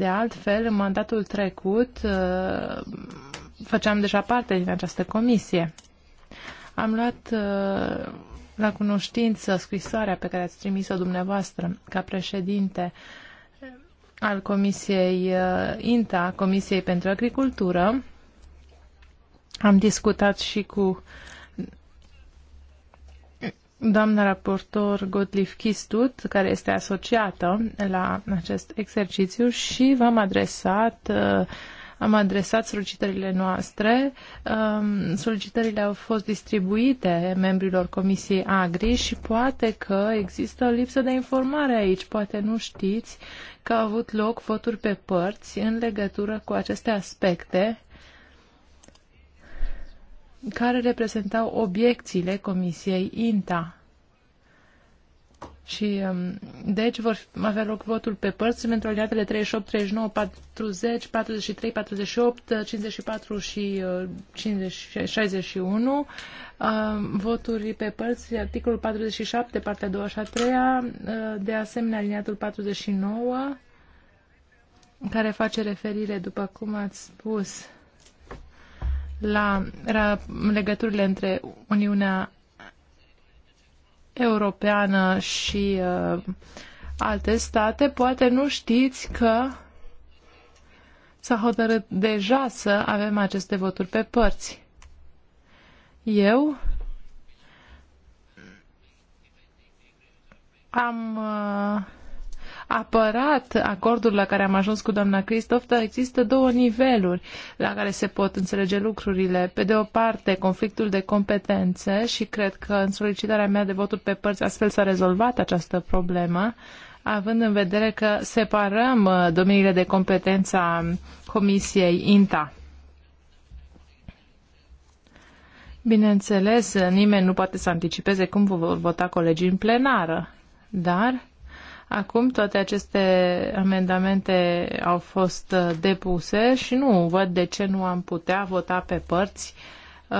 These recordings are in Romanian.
De altfel, în mandatul trecut uh, făceam deja parte din această comisie. Am luat uh, la cunoștință scrisoarea pe care ați trimis-o dumneavoastră ca președinte al Comisiei uh, INTA, Comisiei pentru Agricultură. Am discutat și cu uh, doamna raportor Gottlieb Kistut, care este asociată la acest exercițiu și v-am adresat uh, am adresat solicitările noastre. Um, solicitările au fost distribuite membrilor Comisiei Agri și poate că există o lipsă de informare aici. Poate nu știți că au avut loc voturi pe părți în legătură cu aceste aspecte care reprezentau obiecțiile Comisiei INTA. Și um, deci vor avea loc votul pe părți pentru aliatele 38, 39, 40, 43, 48, 54 și 50, 61. Voturi pe părți, articolul 47, partea 2 și a 3, uh, de asemenea aliniatul 49, care face referire, după cum ați spus, la legăturile între Uniunea Europeană și uh, alte state, poate nu știți că s-a hotărât deja să avem aceste voturi pe părți. Eu am uh, apărat acordul la care am ajuns cu doamna Cristof, dar există două niveluri la care se pot înțelege lucrurile. Pe de o parte, conflictul de competențe și cred că în solicitarea mea de voturi pe părți astfel s-a rezolvat această problemă având în vedere că separăm uh, domeniile de competență a Comisiei INTA. Bineînțeles, nimeni nu poate să anticipeze cum vor vota colegii în plenară, dar Acum toate aceste amendamente au fost uh, depuse și nu văd de ce nu am putea vota pe părți um,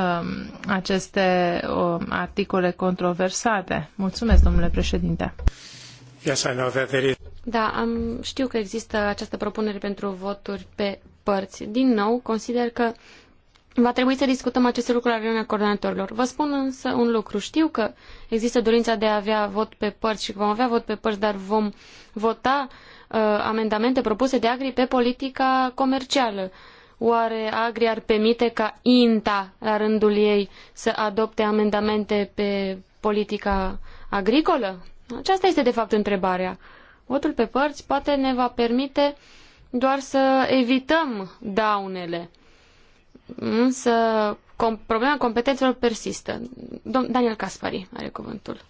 aceste um, articole controversate. Mulțumesc, domnule președinte. Da, am, știu că există această propunere pentru voturi pe părți. Din nou, consider că Va trebui să discutăm aceste lucruri la reuniunea coordonatorilor. Vă spun însă un lucru. Știu că există dorința de a avea vot pe părți și că vom avea vot pe părți, dar vom vota uh, amendamente propuse de Agri pe politica comercială. Oare Agri ar permite ca INTA, la rândul ei, să adopte amendamente pe politica agricolă? Aceasta este, de fapt, întrebarea. Votul pe părți poate ne va permite doar să evităm daunele însă com- problema competențelor persistă. Dom- Daniel Caspari are cuvântul.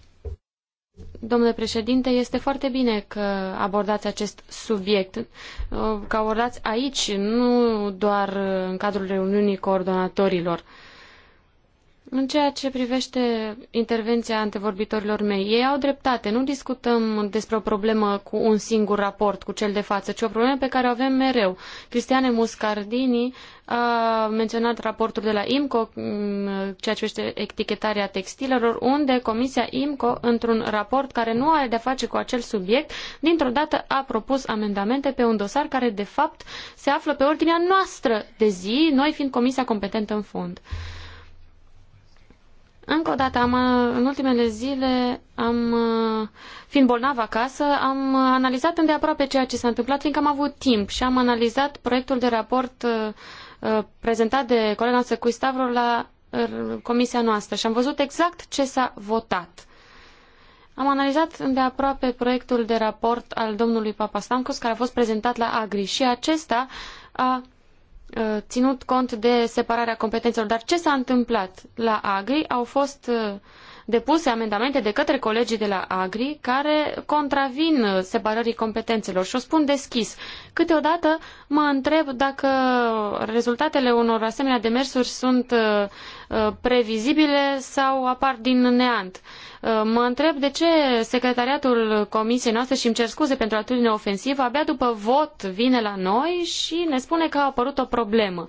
Domnule președinte, este foarte bine că abordați acest subiect, uh, că abordați aici, nu doar în cadrul reuniunii coordonatorilor. Uh, în ceea ce privește intervenția antevorbitorilor mei, ei au dreptate. Nu discutăm despre o problemă cu un singur raport, cu cel de față, ci o problemă pe care o avem mereu. Cristiane Muscardini a menționat raportul de la IMCO, mm, ceea ce privește etichetarea textilelor, unde Comisia IMCO, într-un raport care nu are de-a face cu acel subiect, dintr-o dată a propus amendamente pe un dosar care, de fapt, se află pe ordinea noastră de zi, noi fiind Comisia competentă în fond. Încă o dată, am, în ultimele zile, am, fiind bolnav acasă, am analizat îndeaproape ceea ce s-a întâmplat, fiindcă am avut timp și am analizat proiectul de raport uh, uh, prezentat de colega noastră cu Stavro la uh, comisia noastră și am văzut exact ce s-a votat. Am analizat îndeaproape proiectul de raport al domnului Papastamcos, care a fost prezentat la Agri și acesta a Uh, ținut cont de separarea competențelor. Dar ce s-a întâmplat la Agri? Au fost uh, depuse amendamente de către colegii de la Agri care contravin separării competențelor și o spun deschis. Câteodată mă întreb dacă rezultatele unor asemenea demersuri sunt uh, uh, previzibile sau apar din neant. Uh, mă întreb de ce secretariatul comisiei noastre și îmi cer scuze pentru atitudine ofensivă, abia după vot vine la noi și ne spune că a apărut o problemă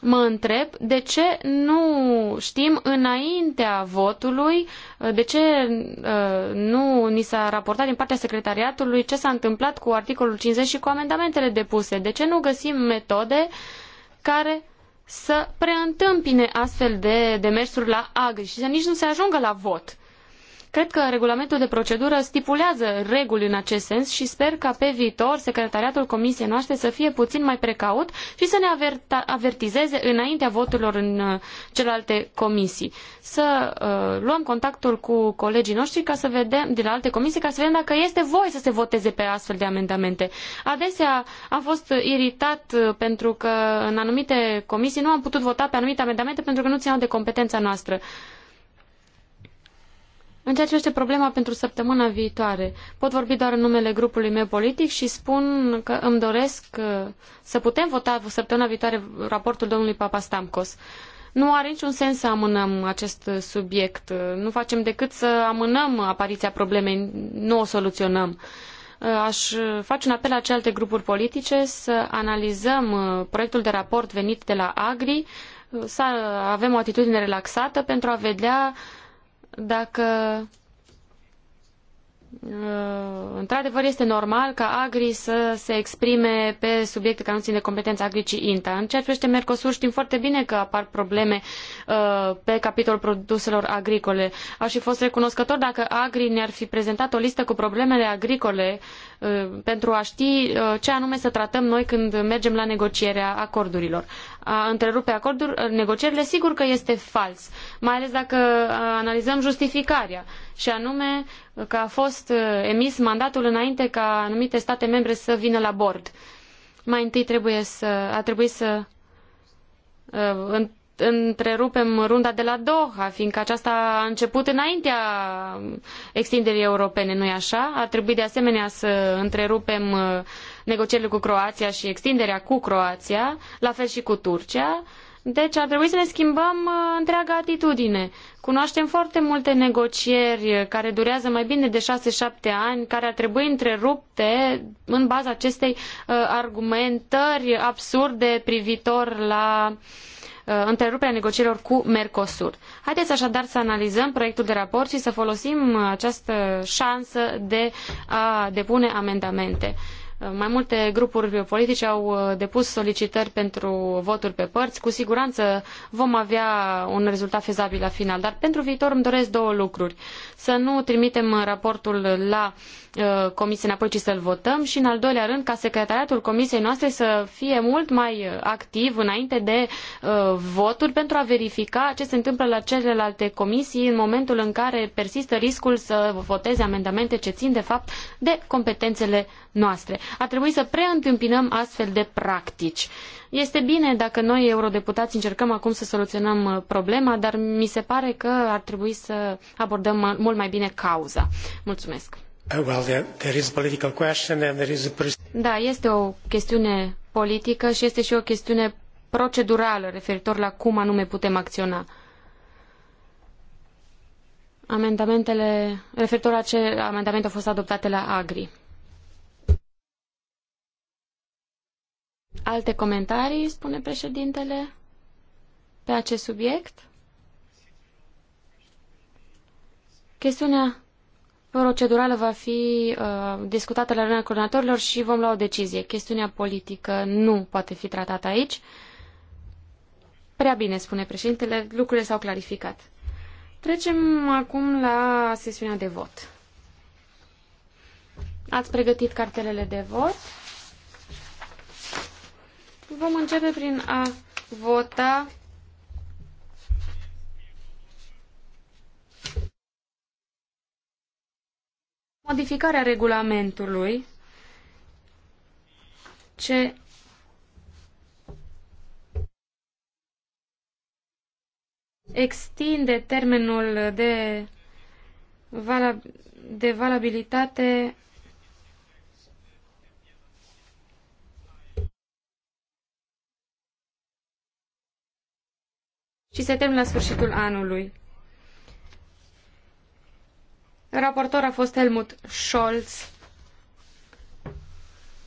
mă întreb de ce nu știm înaintea votului, de ce uh, nu ni s-a raportat din partea secretariatului ce s-a întâmplat cu articolul 50 și cu amendamentele depuse. De ce nu găsim metode care să preîntâmpine astfel de demersuri la agri și să nici nu se ajungă la vot? Cred că regulamentul de procedură stipulează reguli în acest sens și sper ca pe viitor secretariatul comisiei noastre să fie puțin mai precaut și să ne avertizeze înaintea voturilor în uh, celelalte comisii. Să uh, luăm contactul cu colegii noștri ca să vedem, din alte comisii ca să vedem dacă este voie să se voteze pe astfel de amendamente. Adesea am fost iritat uh, pentru că în anumite comisii nu am putut vota pe anumite amendamente pentru că nu țineau de competența noastră. În ceea ce este problema pentru săptămâna viitoare, pot vorbi doar în numele grupului meu politic și spun că îmi doresc uh, să putem vota săptămâna viitoare raportul domnului Papastamkos. Nu are niciun sens să amânăm acest subiect. Uh, nu facem decât să amânăm apariția problemei, nu o soluționăm uh, aș face un apel la celelalte grupuri politice să analizăm proiectul de raport venit de la Agri, să avem o atitudine relaxată pentru a vedea dacă uh, într-adevăr este normal ca Agri să se exprime pe subiecte care nu țin de competența Agri, ci INTA. În ceea ce privește Mercosur știm foarte bine că apar probleme uh, pe capitolul produselor agricole. Aș fi fost recunoscător dacă Agri ne-ar fi prezentat o listă cu problemele agricole Uh, pentru a ști uh, ce anume să tratăm noi când mergem la negocierea acordurilor. A întrerupe acorduri, uh, negocierile, sigur că este fals, mai ales dacă analizăm justificarea, și anume că a fost emis mandatul înainte ca anumite state membre să vină la bord. Mai întâi trebuie să, a trebuit să întrerupem runda de la Doha, fiindcă aceasta a început înaintea extinderii europene, nu-i așa? Ar trebui de asemenea să întrerupem uh, negocierile cu Croația și extinderea cu Croația, la fel și cu Turcia. Deci ar trebui să ne schimbăm uh, întreaga atitudine. Cunoaștem foarte multe negocieri uh, care durează mai bine de 6-7 ani, care ar trebui întrerupte în baza acestei argumentări absurde privitor la uh, Uh, întreruperea negocierilor cu Mercosur. Haideți așadar să analizăm proiectul de raport și să folosim această șansă de a depune amendamente. Mai multe grupuri politice au uh, depus solicitări pentru voturi pe părți. Cu siguranță vom avea un rezultat fezabil la final, dar pentru viitor îmi doresc două lucruri. Să nu trimitem raportul la uh, comisie înapoi, ci să-l votăm și, în al doilea rând, ca secretariatul comisiei noastre să fie mult mai activ înainte de uh, voturi pentru a verifica ce se întâmplă la celelalte comisii în momentul în care persistă riscul să voteze amendamente ce țin, de fapt, de competențele noastre ar trebui să preîntâmpinăm astfel de practici. Este bine dacă noi, eurodeputați, încercăm acum să soluționăm uh, problema, dar mi se pare că ar trebui să abordăm mult mai bine cauza. Mulțumesc! Da, este o chestiune politică și este și o chestiune procedurală referitor la cum anume putem acționa. Amendamentele, referitor la ce amendamente au fost adoptate la Agri. Alte comentarii, spune președintele, pe acest subiect? Chestiunea procedurală va fi uh, discutată la reuniunea coordonatorilor și vom lua o decizie. Chestiunea politică nu poate fi tratată aici. Prea bine, spune președintele, lucrurile s-au clarificat. Trecem acum la sesiunea de vot. Ați pregătit cartelele de vot. Vom începe prin a vota modificarea regulamentului ce extinde termenul de, de valabilitate și se termină la sfârșitul anului. Raportor a fost Helmut Scholz.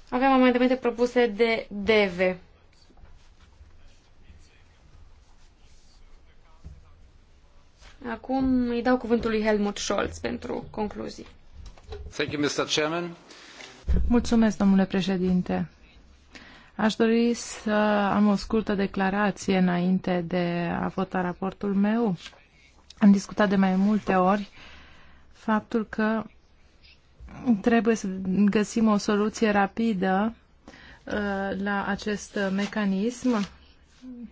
Avem amendamente propuse de DEVE. Acum îi dau cuvântul lui Helmut Scholz pentru concluzii. Mulțumesc, domnule președinte. Aș dori să am o scurtă declarație înainte de a vota raportul meu. Am discutat de mai multe ori faptul că trebuie să găsim o soluție rapidă uh, la acest mecanism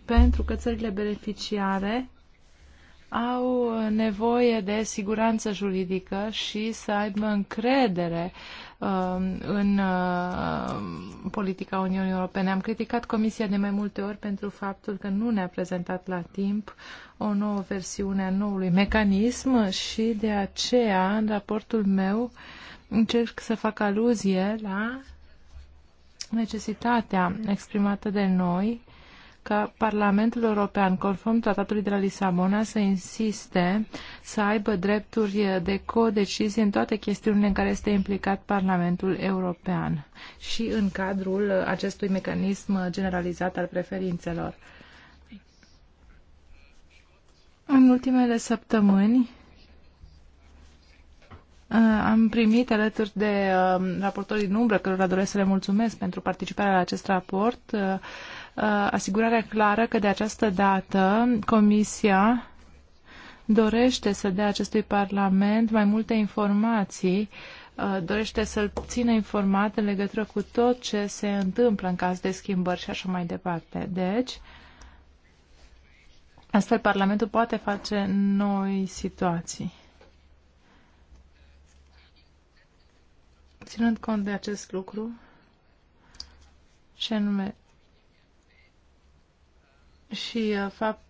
pentru că țările beneficiare au nevoie de siguranță juridică și să aibă încredere Um, în uh, politica Uniunii Europene. Am criticat Comisia de mai multe ori pentru faptul că nu ne-a prezentat la timp o nouă versiune a noului mecanism și de aceea, în raportul meu, încerc să fac aluzie la necesitatea exprimată de noi ca Parlamentul European, conform tratatului de la Lisabona, să insiste să aibă drepturi de codecizie în toate chestiunile în care este implicat Parlamentul European și în cadrul acestui mecanism generalizat al preferințelor. În ultimele săptămâni, uh, am primit alături de uh, raportorii din umbră, cărora doresc să le mulțumesc pentru participarea la acest raport, uh, Uh, asigurarea clară că de această dată Comisia dorește să dea acestui Parlament mai multe informații, uh, dorește să-l țină informat în legătură cu tot ce se întâmplă în caz de schimbări și așa mai departe. Deci, astfel Parlamentul poate face noi situații. Ținând cont de acest lucru, ce anume și uh, fapt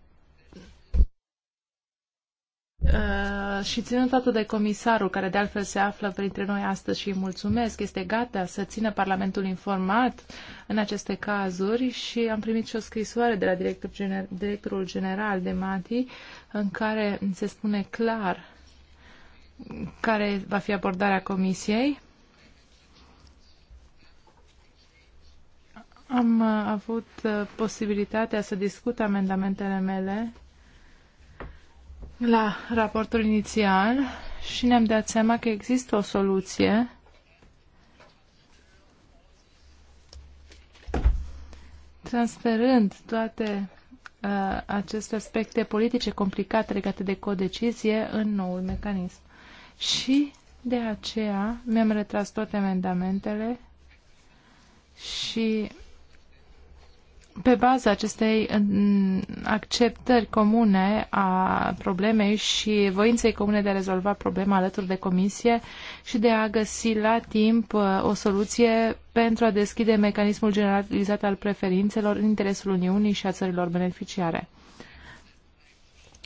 uh, și ținând totul de comisarul, care de altfel se află printre noi astăzi și îi mulțumesc, este gata să țină Parlamentul informat în aceste cazuri și am primit și o scrisoare de la director gener- directorul general de Mati în care se spune clar care va fi abordarea comisiei Am uh, avut uh, posibilitatea să discut amendamentele mele la raportul inițial și ne-am dat seama că există o soluție transferând toate uh, aceste aspecte politice complicate legate de codecizie în noul mecanism. Și de aceea mi-am retras toate amendamentele și pe baza acestei acceptări comune a problemei și voinței comune de a rezolva problema alături de comisie și de a găsi la timp uh, o soluție pentru a deschide mecanismul generalizat al preferințelor în interesul Uniunii și a țărilor beneficiare.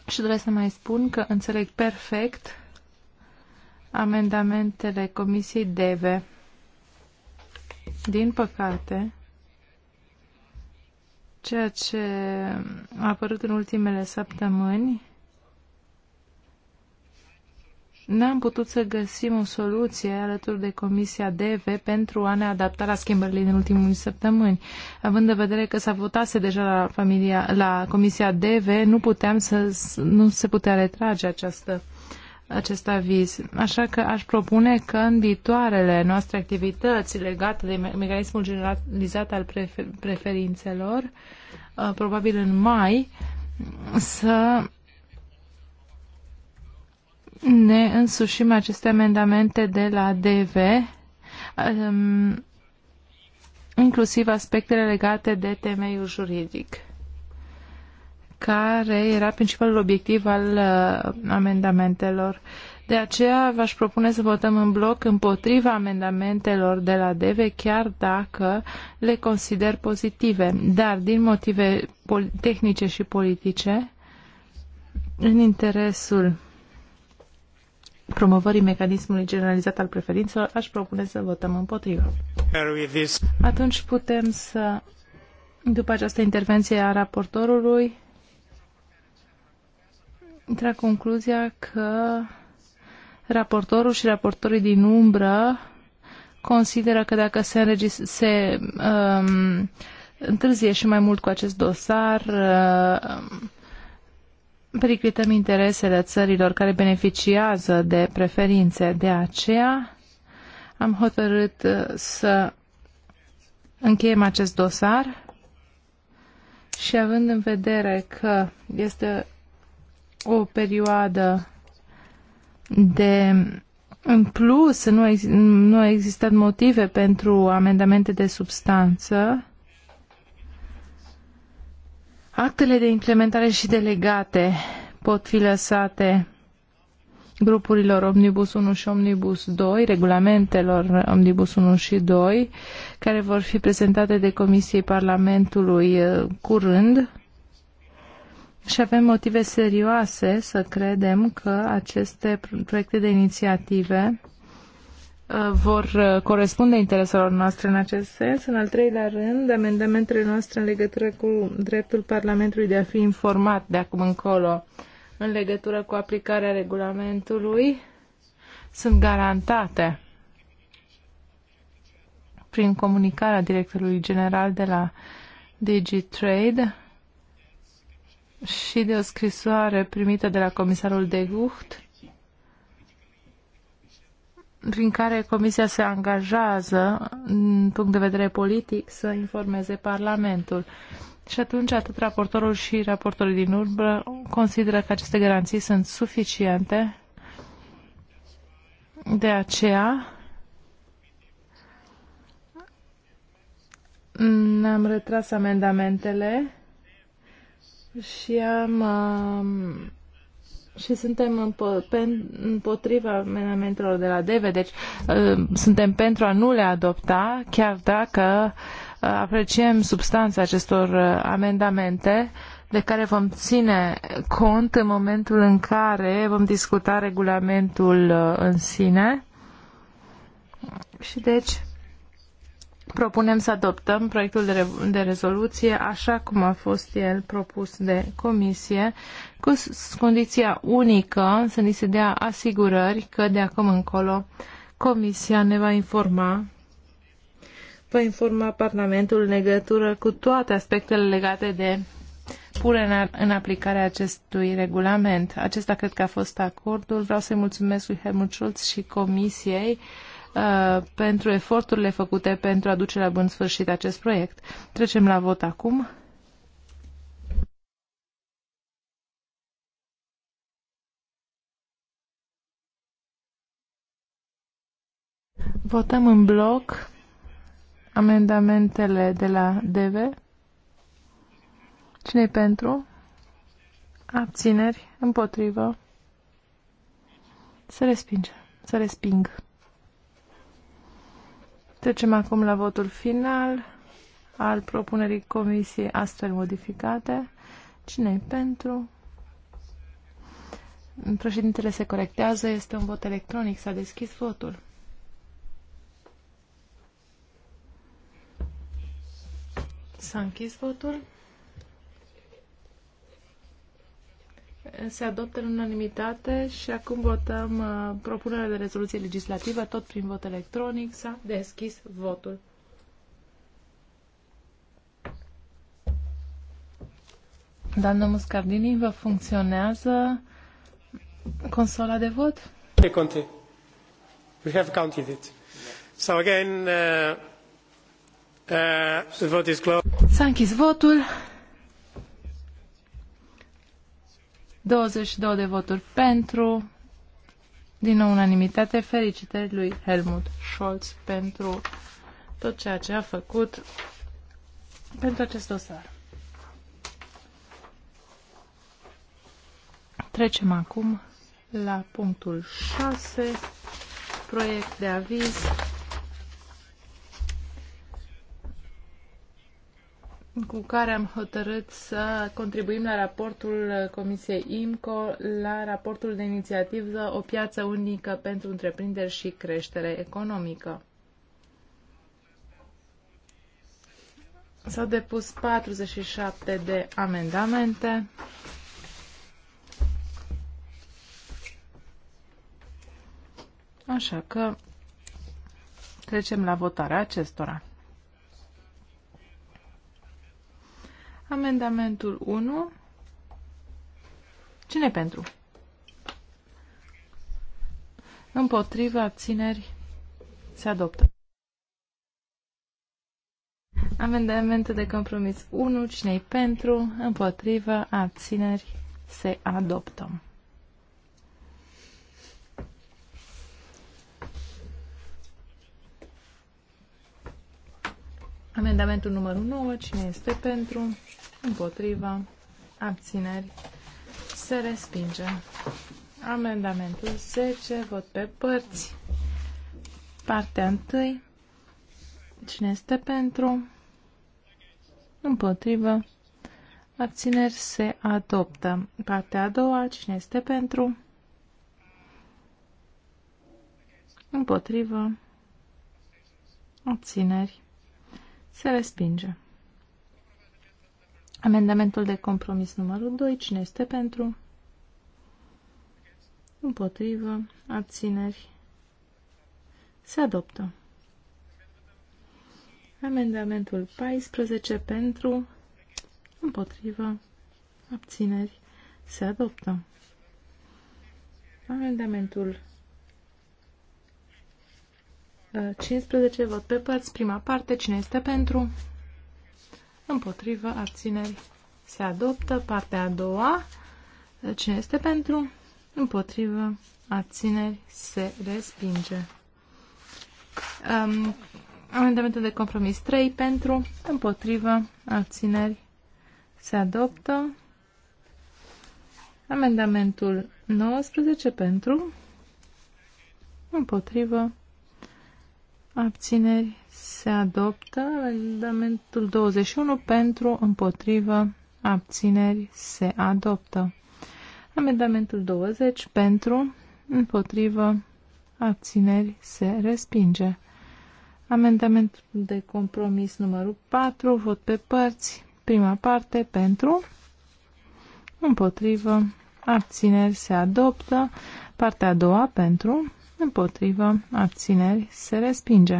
Și doresc să mai spun că înțeleg perfect amendamentele Comisiei DEVE. Din păcate, Ceea ce a apărut în ultimele săptămâni, n-am putut să găsim o soluție alături de Comisia DV pentru a ne adapta la schimbările din ultimul săptămâni. Având în vedere că s-a votase deja la, familia, la Comisia DV, nu, puteam să, nu se putea retrage această acest aviz. Așa că aș propune că în viitoarele noastre activități legate de mecanismul generalizat al prefer preferințelor, uh, probabil în mai, să ne însușim aceste amendamente de la DV, um, inclusiv aspectele legate de temeiul juridic care era principalul obiectiv al uh, amendamentelor. De aceea v-aș propune să votăm în bloc împotriva amendamentelor de la DEVE, chiar dacă le consider pozitive. Dar din motive tehnice și politice, în interesul promovării mecanismului generalizat al preferințelor, aș propune să votăm împotriva. Atunci putem să, după această intervenție a raportorului, trag concluzia că raportorul și raportorii din umbră consideră că dacă se, înregis, se um, întârzie și mai mult cu acest dosar, um, periclităm interesele țărilor care beneficiază de preferințe. De aceea am hotărât uh, să încheiem acest dosar și având în vedere că este o perioadă de în plus, nu, ex, nu au existat motive pentru amendamente de substanță. Actele de implementare și delegate pot fi lăsate grupurilor Omnibus 1 și Omnibus 2, regulamentelor Omnibus 1 și 2, care vor fi prezentate de Comisiei Parlamentului uh, curând și avem motive serioase să credem că aceste proiecte de inițiative uh, vor uh, corespunde intereselor noastre în acest sens. În al treilea rând, amendamentele noastre în legătură cu dreptul Parlamentului de a fi informat de acum încolo în legătură cu aplicarea regulamentului sunt garantate prin comunicarea directorului general de la DigiTrade și de o scrisoare primită de la comisarul de Gucht, prin care Comisia se angajează, în punct de vedere politic, să informeze Parlamentul. Și atunci atât raportorul și raportorii din urmă consideră că aceste garanții sunt suficiente. De aceea ne-am retras amendamentele și am și suntem împotriva amendamentelor de la DEVE, deci ă, suntem pentru a nu le adopta, chiar dacă apreciem substanța acestor ă, amendamente de care vom ține cont în momentul în care vom discuta regulamentul ă, în sine. Și deci propunem să adoptăm proiectul de, re de rezoluție așa cum a fost el propus de comisie, cu condiția unică să ni se dea asigurări că de acum încolo comisia ne va informa va informa Parlamentul în legătură cu toate aspectele legate de punerea în aplicare acestui regulament. Acesta cred că a fost acordul. Vreau să-i mulțumesc lui Helmut Schulz și Comisiei uh, Uh, pentru eforturile făcute pentru a duce la bun sfârșit acest proiect. Trecem la vot acum. Votăm în bloc amendamentele de la DV. Cine pentru? Abțineri? Împotrivă? să respinge. să resping. Trecem acum la votul final al propunerii comisiei astfel modificate. cine e pentru? Președintele se corectează, este un vot electronic, s-a deschis votul. S-a închis votul. se adoptă în unanimitate și acum votăm uh, propunerea de rezoluție legislativă, tot prin vot electronic. S-a deschis votul. Doamna Muscardini, vă funcționează consola de vot? E conte. We have counted it. So again, uh, uh, the vote is closed. S-a închis votul. 22 de voturi pentru, din nou unanimitate, fericitări lui Helmut Scholz pentru tot ceea ce a făcut pentru acest dosar. Trecem acum la punctul 6, proiect de aviz cu care am hotărât să contribuim la raportul Comisiei IMCO, la raportul de inițiativă O piață unică pentru întreprinderi și creștere economică. S-au depus 47 de amendamente. Așa că trecem la votarea acestora. Amendamentul 1. Cine pentru? Împotriva abțineri se adoptă. Amendamente de compromis 1. Cine-i pentru? Împotriva abțineri se adoptă. Amendamentul numărul 9. Cine este pentru? Împotriva. Abțineri. Se respinge. Amendamentul 10. Vot pe părți. Partea 1. Cine este pentru? Împotrivă. Abțineri se adoptă. Partea a doua. Cine este pentru? Împotrivă. Abțineri. Se respinge. Amendamentul de compromis numărul 2. Cine este pentru? Împotrivă. Abțineri. Se adoptă. Amendamentul 14 pentru, împotrivă, abțineri, se adoptă. Amendamentul 15, vot pe părți, prima parte, cine este pentru? Împotrivă, abțineri, se adoptă. Partea a doua, cine este pentru? Împotrivă, abțineri, se respinge. Um, amendamentul de compromis 3, pentru, împotrivă, abțineri, se adoptă. Amendamentul 19, pentru, împotrivă, Abțineri se adoptă. Amendamentul 21 pentru, împotrivă, abțineri se adoptă. Amendamentul 20 pentru, împotrivă, abțineri se respinge. Amendamentul de compromis numărul 4, vot pe părți, prima parte pentru, împotrivă, abțineri se adoptă, partea a doua pentru, împotrivă, abțineri, se respinge.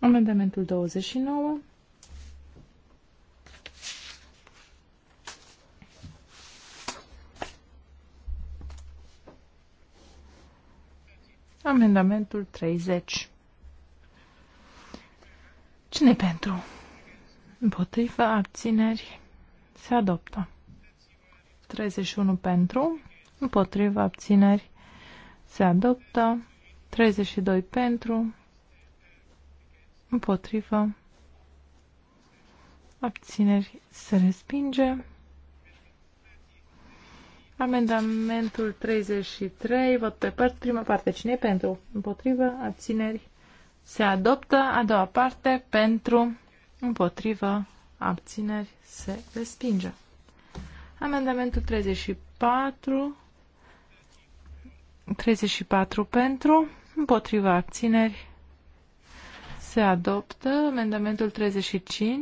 Amendamentul 29. Amendamentul 30. Cine pentru? Împotriva abțineri se adoptă. 31 pentru, împotriva abțineri. Se adoptă. 32 pentru, împotriva abțineri. Se respinge. Amendamentul 33, vot pe part, prima parte, cine pentru? Împotriva abțineri. Se adoptă a doua parte pentru, împotriva abțineri, se respinge. Amendamentul 34, 34 pentru, împotriva abțineri, se adoptă. Amendamentul 35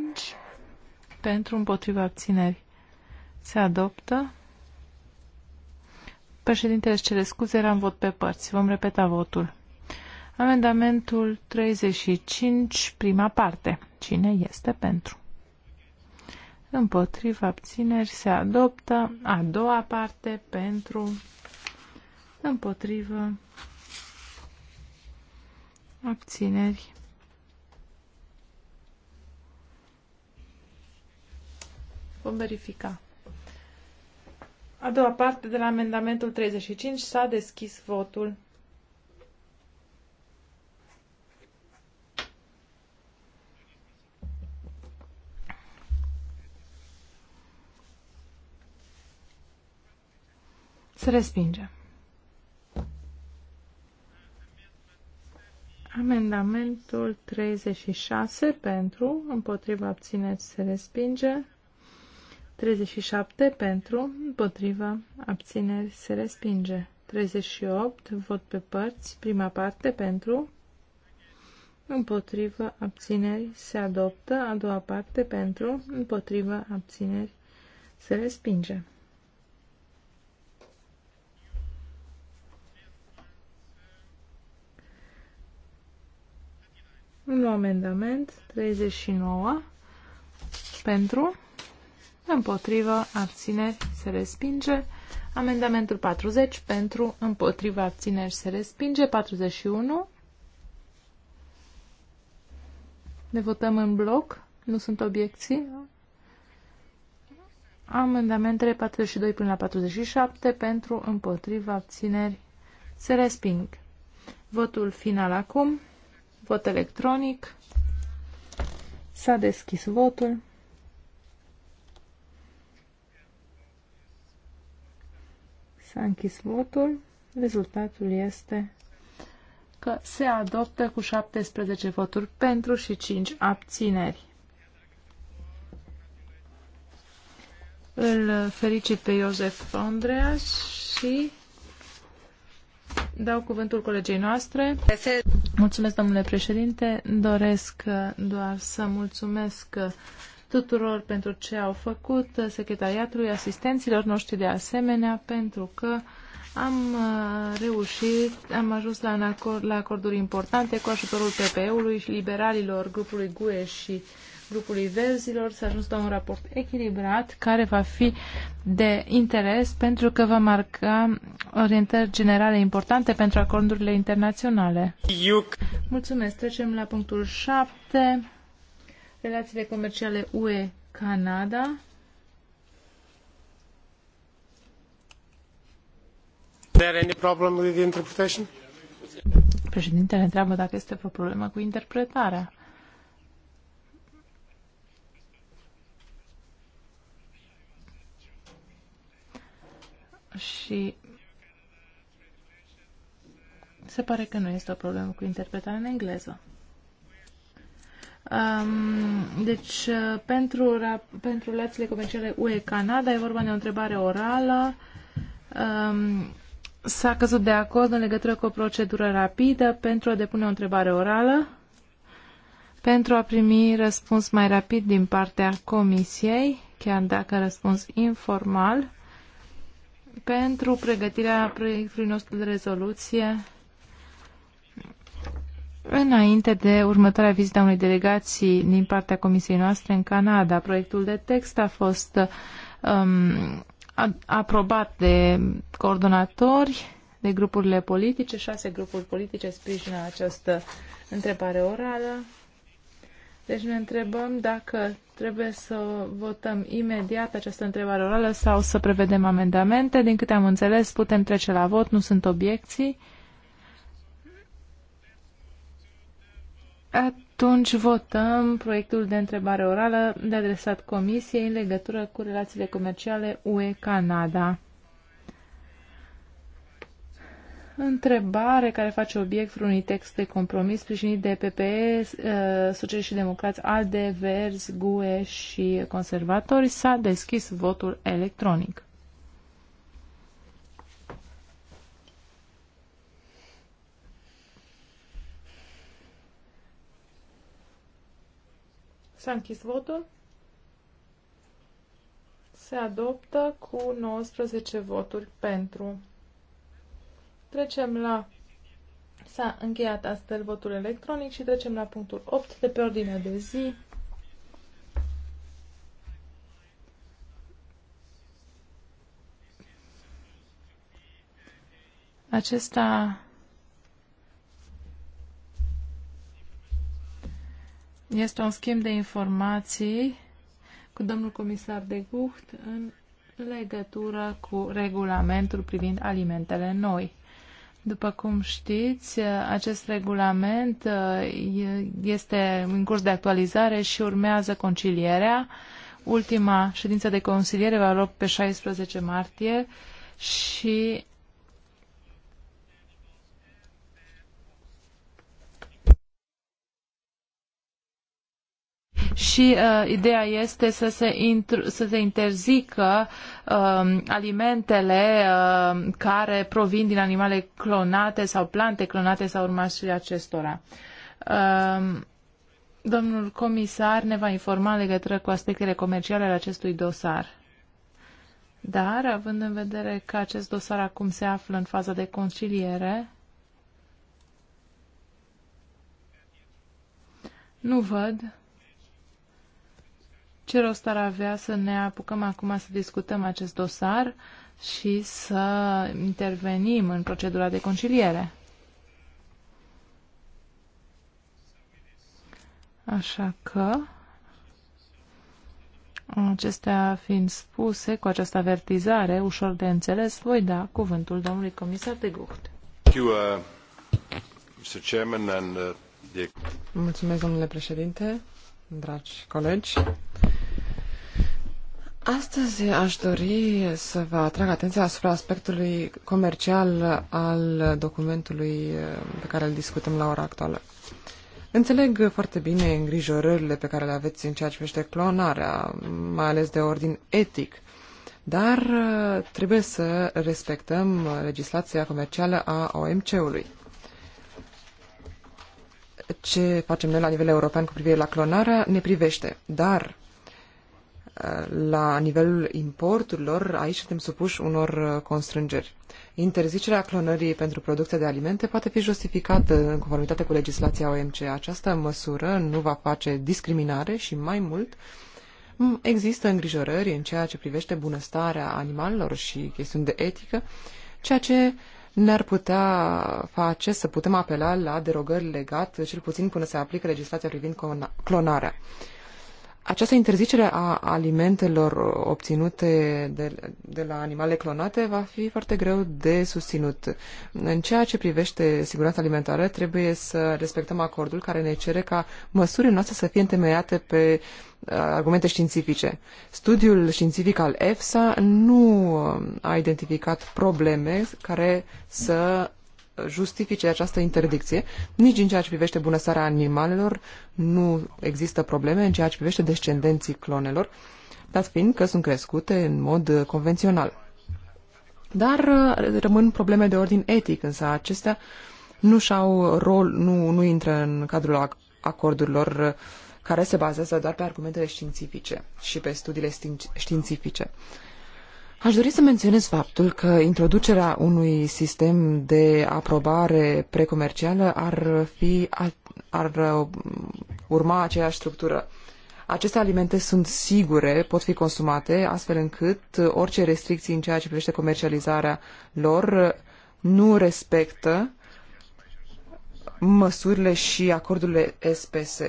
pentru, împotriva abțineri, se adoptă. Președintele își cere scuze, era în vot pe părți. Vom repeta votul. Amendamentul 35, prima parte. Cine este pentru? împotriva abțineri se adoptă. A doua parte pentru împotrivă abțineri. Vom verifica. A doua parte de la amendamentul 35 s-a deschis votul. Se respinge. Amendamentul 36 pentru, împotriva abțineți se respinge. 37 pentru, împotriva abțineri se respinge. 38 vot pe părți, prima parte pentru, împotriva abțineri se adoptă, a doua parte pentru, împotriva abțineri se respinge. Un amendament 39 pentru, împotrivă, abțineri, se respinge. Amendamentul 40 pentru, împotrivă, abțineri, se respinge. 41. Ne votăm în bloc. Nu sunt obiecții. Amendamentele 42 până la 47 pentru, împotriva abțineri, se resping. Votul final acum. Vot electronic. S-a deschis votul. S-a închis votul. Rezultatul este că se adoptă cu 17 voturi pentru și 5 abțineri. Îl felicit pe Iosef Andreas și Dau cuvântul colegei noastre. Mulțumesc, domnule președinte. Doresc uh, doar să mulțumesc uh, tuturor pentru ce au făcut, uh, secretariatului, asistenților noștri de asemenea, pentru că am reușit, am ajuns la, acord, la acorduri importante cu ajutorul PPE-ului și liberalilor grupului GUE și uh, grupului verzilor să ajungă ajuns la un raport echilibrat care va fi de interes pentru că va marca orientări generale importante pentru acordurile internaționale. Iuc. Mulțumesc. Trecem la punctul 7. Relațiile comerciale UE-Canada. There any problem with interpretation? Președintele întreabă dacă este o problemă cu interpretarea. și se pare că nu este o problemă cu interpretarea în engleză. Um, deci, pentru, pentru relațiile comerciale UE-Canada e vorba de o întrebare orală. Um, S-a căzut de acord în legătură cu o procedură rapidă pentru a depune o întrebare orală, pentru a primi răspuns mai rapid din partea Comisiei, chiar dacă răspuns informal pentru pregătirea proiectului nostru de rezoluție înainte de următoarea vizită a unei delegații din partea comisiei noastre în Canada. Proiectul de text a fost um, aprobat de coordonatori de grupurile politice, șase grupuri politice sprijină această întrebare orală. Deci ne întrebăm dacă trebuie să votăm imediat această întrebare orală sau să prevedem amendamente. Din câte am înțeles, putem trece la vot, nu sunt obiecții. Atunci votăm proiectul de întrebare orală de adresat Comisiei în legătură cu relațiile comerciale UE-Canada întrebare care face obiect unui text de compromis sprijinit de PPE, eh, Socialiști și Democrați, ALDE, Verzi, GUE și Conservatori. S-a deschis votul electronic. S-a închis votul. Se adoptă cu 19 voturi pentru. Trecem la... S-a încheiat astfel votul electronic și trecem la punctul 8 de pe ordinea de zi. Acesta este un schimb de informații cu domnul comisar de Gucht în legătură cu regulamentul privind alimentele noi. După cum știți, acest regulament uh, este în curs de actualizare și urmează concilierea. Ultima ședință de consiliere va loc pe 16 martie și și uh, ideea este să se, intru, să se interzică uh, alimentele uh, care provin din animale clonate sau plante clonate sau urmașii acestora. Uh, domnul comisar ne va informa legătură cu aspectele comerciale ale acestui dosar. Dar, având în vedere că acest dosar acum se află în faza de conciliere, nu văd ce rost ar avea să ne apucăm acum să discutăm acest dosar și să intervenim în procedura de conciliere? Așa că, acestea fiind spuse, cu această avertizare ușor de înțeles, voi da cuvântul domnului comisar de Gucht. Uh, uh, Mulțumesc, domnule președinte, dragi colegi. Astăzi aș dori să vă atrag atenția asupra aspectului comercial al documentului uh, pe care îl discutăm la ora actuală. Înțeleg foarte bine îngrijorările pe care le aveți în ceea ce privește clonarea, mai ales de ordin etic, dar uh, trebuie să respectăm legislația comercială a OMC-ului. Ce facem noi la nivel european cu privire la clonarea ne privește, dar la nivelul importurilor, aici suntem supuși unor uh, constrângeri. Interzicerea clonării pentru producte de alimente poate fi justificată în conformitate cu legislația OMC. Această măsură nu va face discriminare și mai mult există îngrijorări în ceea ce privește bunăstarea animalelor și chestiuni de etică, ceea ce ne-ar putea face să putem apela la derogări legate, cel puțin până se aplică legislația privind clonarea. Această interzicere a alimentelor obținute de, de la animale clonate va fi foarte greu de susținut. În ceea ce privește siguranța alimentară, trebuie să respectăm acordul care ne cere ca măsurile noastre să fie întemeiate pe uh, argumente științifice. Studiul științific al EFSA nu uh, a identificat probleme care să justifice această interdicție. Nici în ceea ce privește bunăstarea animalelor nu există probleme în ceea ce privește descendenții clonelor, dat fiind că sunt crescute în mod convențional. Dar uh, rămân probleme de ordin etic, însă acestea nu și-au rol, nu, nu intră în cadrul acordurilor uh, care se bazează doar pe argumentele științifice și pe studiile științifice. Aș dori să menționez faptul că introducerea unui sistem de aprobare precomercială ar, fi, ar, ar uh, urma aceeași structură. Aceste alimente sunt sigure, pot fi consumate, astfel încât orice restricții în ceea ce privește comercializarea lor nu respectă măsurile și acordurile SPS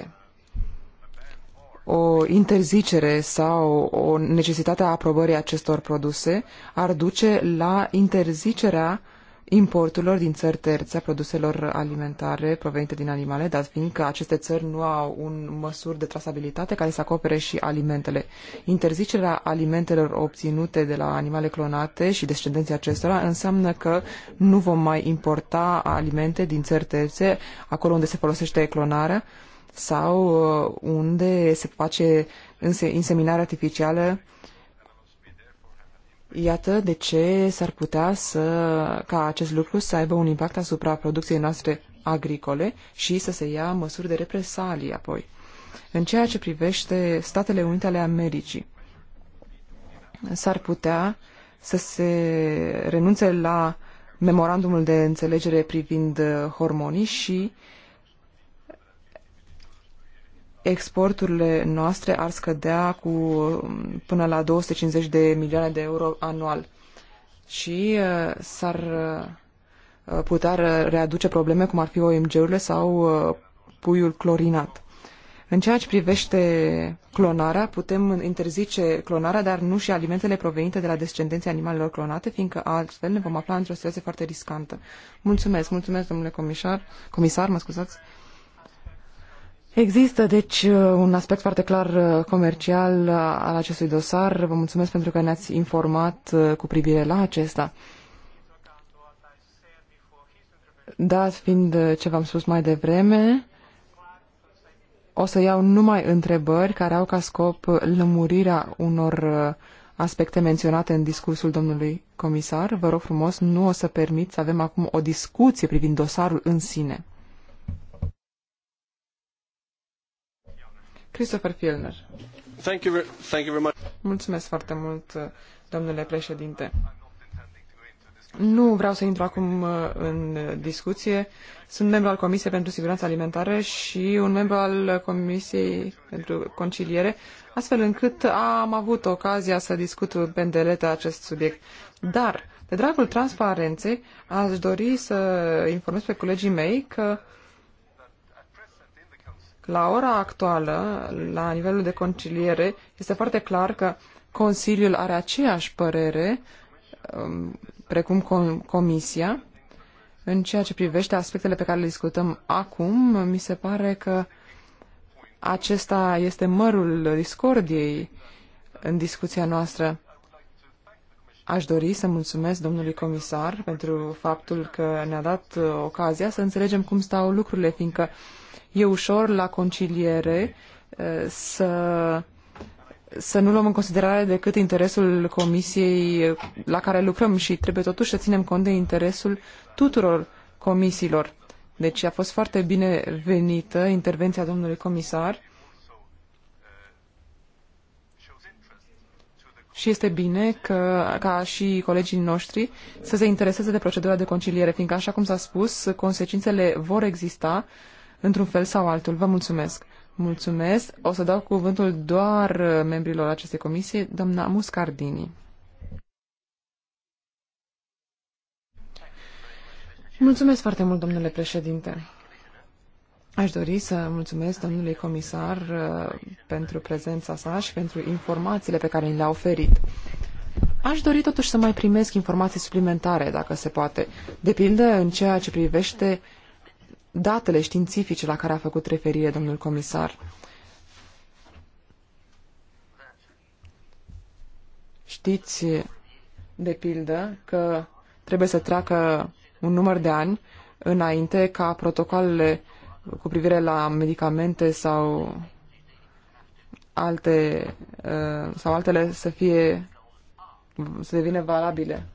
o interzicere sau o necesitate a aprobării acestor produse ar duce la interzicerea importurilor din țări terțe a produselor alimentare provenite din animale, dat fiind că aceste țări nu au un măsuri de trasabilitate care să acopere și alimentele. Interzicerea alimentelor obținute de la animale clonate și descendenții acestora înseamnă că nu vom mai importa alimente din țări terțe, acolo unde se folosește clonarea, sau uh, unde se face inseminarea artificială. Iată de ce s-ar putea să, ca acest lucru să aibă un impact asupra producției noastre agricole și să se ia măsuri de represalii apoi. În ceea ce privește Statele Unite ale Americii, s-ar putea să se renunțe la memorandumul de înțelegere privind uh, hormonii și uh, exporturile noastre ar scădea cu până la 250 de milioane de euro anual și uh, s-ar uh, putea readuce probleme cum ar fi OMG-urile sau uh, puiul clorinat. În ceea ce privește clonarea, putem interzice clonarea, dar nu și alimentele provenite de la descendenții animalelor clonate, fiindcă altfel ne vom afla într-o situație foarte riscantă. Mulțumesc, mulțumesc, domnule comisar, comisar mă scuzați. Există, deci, uh, un aspect foarte clar uh, comercial uh, al acestui dosar. Vă mulțumesc pentru că ne-ați informat cu privire la acesta. Da, fiind ce v-am spus mai devreme, o să iau numai întrebări care au ca scop lămurirea unor aspecte menționate în discursul domnului comisar. Vă rog frumos, nu o să permit să avem acum o discuție privind dosarul în sine. Christopher Thank you, thank you very much. Mulțumesc foarte mult, domnule președinte. Nu vreau să intru acum uh, în discuție. Sunt membru al Comisiei pentru Siguranță Alimentară și un membru al Comisiei pentru Conciliere, astfel încât am avut ocazia să discut pe îndelete acest subiect. Dar, de dragul transparenței, aș dori să informez pe colegii mei că la ora actuală, la nivelul de conciliere, este foarte clar că Consiliul are aceeași părere um, precum Comisia în ceea ce privește aspectele pe care le discutăm acum. Mi se pare că acesta este mărul discordiei în discuția noastră. Aș dori să mulțumesc domnului comisar pentru faptul că ne-a dat uh, ocazia să înțelegem cum stau lucrurile, fiindcă e ușor la conciliere uh, să să nu luăm în considerare decât interesul comisiei uh, la care lucrăm și trebuie totuși să ținem cont de interesul tuturor comisiilor. Deci a fost foarte bine venită intervenția domnului comisar și este bine că, ca și colegii noștri să se intereseze de procedura de conciliere, fiindcă, așa cum s-a spus, consecințele vor exista într-un fel sau altul. Vă mulțumesc! Mulțumesc! O să dau cuvântul doar membrilor acestei comisii, doamna Muscardini. Mulțumesc foarte mult, domnule președinte. Aș dori să mulțumesc domnului comisar uh, pentru prezența sa și pentru informațiile pe care ni le-a oferit. Aș dori totuși să mai primesc informații suplimentare, dacă se poate, de pildă în ceea ce privește datele științifice la care a făcut referire domnul comisar. Știți, de pildă, că trebuie să treacă un număr de ani înainte ca protocoalele uh, cu privire la medicamente sau alte uh, sau altele să fie să devină valabile.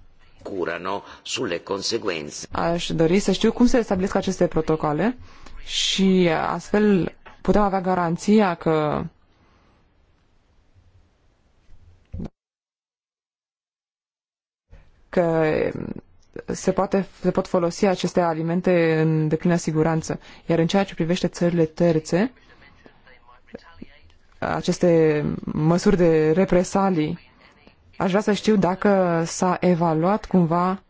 Curano sulle conseguenze. Aș dori să știu cum se stabilesc aceste protocoale și astfel putem avea garanția că că se, poate, se pot folosi aceste alimente în deplină siguranță. Iar în ceea ce privește țările terțe, aceste măsuri de represalii, aș vrea să știu dacă s-a evaluat cumva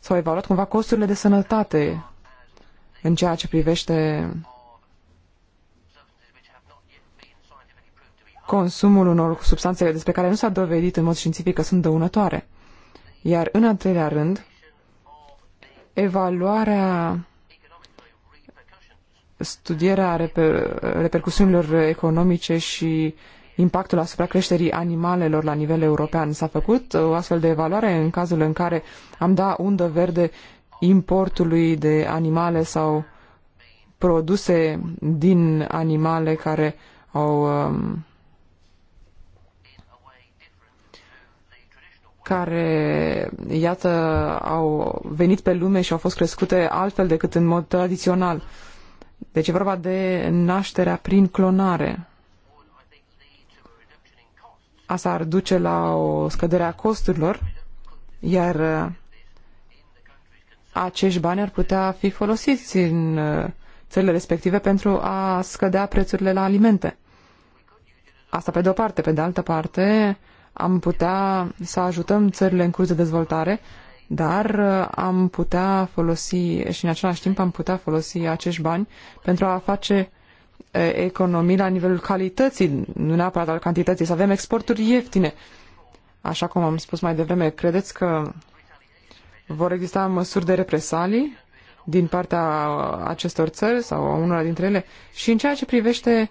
s-au evaluat cumva costurile de sănătate în ceea ce privește consumul unor substanțe despre care nu s-a dovedit în mod științific că sunt dăunătoare. Iar în al treilea rând, evaluarea studierea reper, repercusiunilor economice și impactul asupra creșterii animalelor la nivel european. S-a făcut uh, o astfel de evaluare în cazul în care am dat undă verde importului de animale sau produse din animale care au um, care, iată, au venit pe lume și au fost crescute altfel decât în mod tradițional. Deci e vorba de nașterea prin clonare. Asta ar duce la o scădere a costurilor, iar uh, acești bani ar putea fi folosiți în uh, țările respective pentru a scădea prețurile la alimente. Asta pe de o parte. Pe de altă parte, am putea să ajutăm țările în curs de dezvoltare, dar uh, am putea folosi și în același timp am putea folosi acești bani pentru a face uh, economii la nivelul calității, nu neapărat al cantității, să avem exporturi ieftine. Așa cum am spus mai devreme, credeți că vor exista măsuri de represalii din partea uh, acestor țări sau a unora dintre ele? Și în ceea ce privește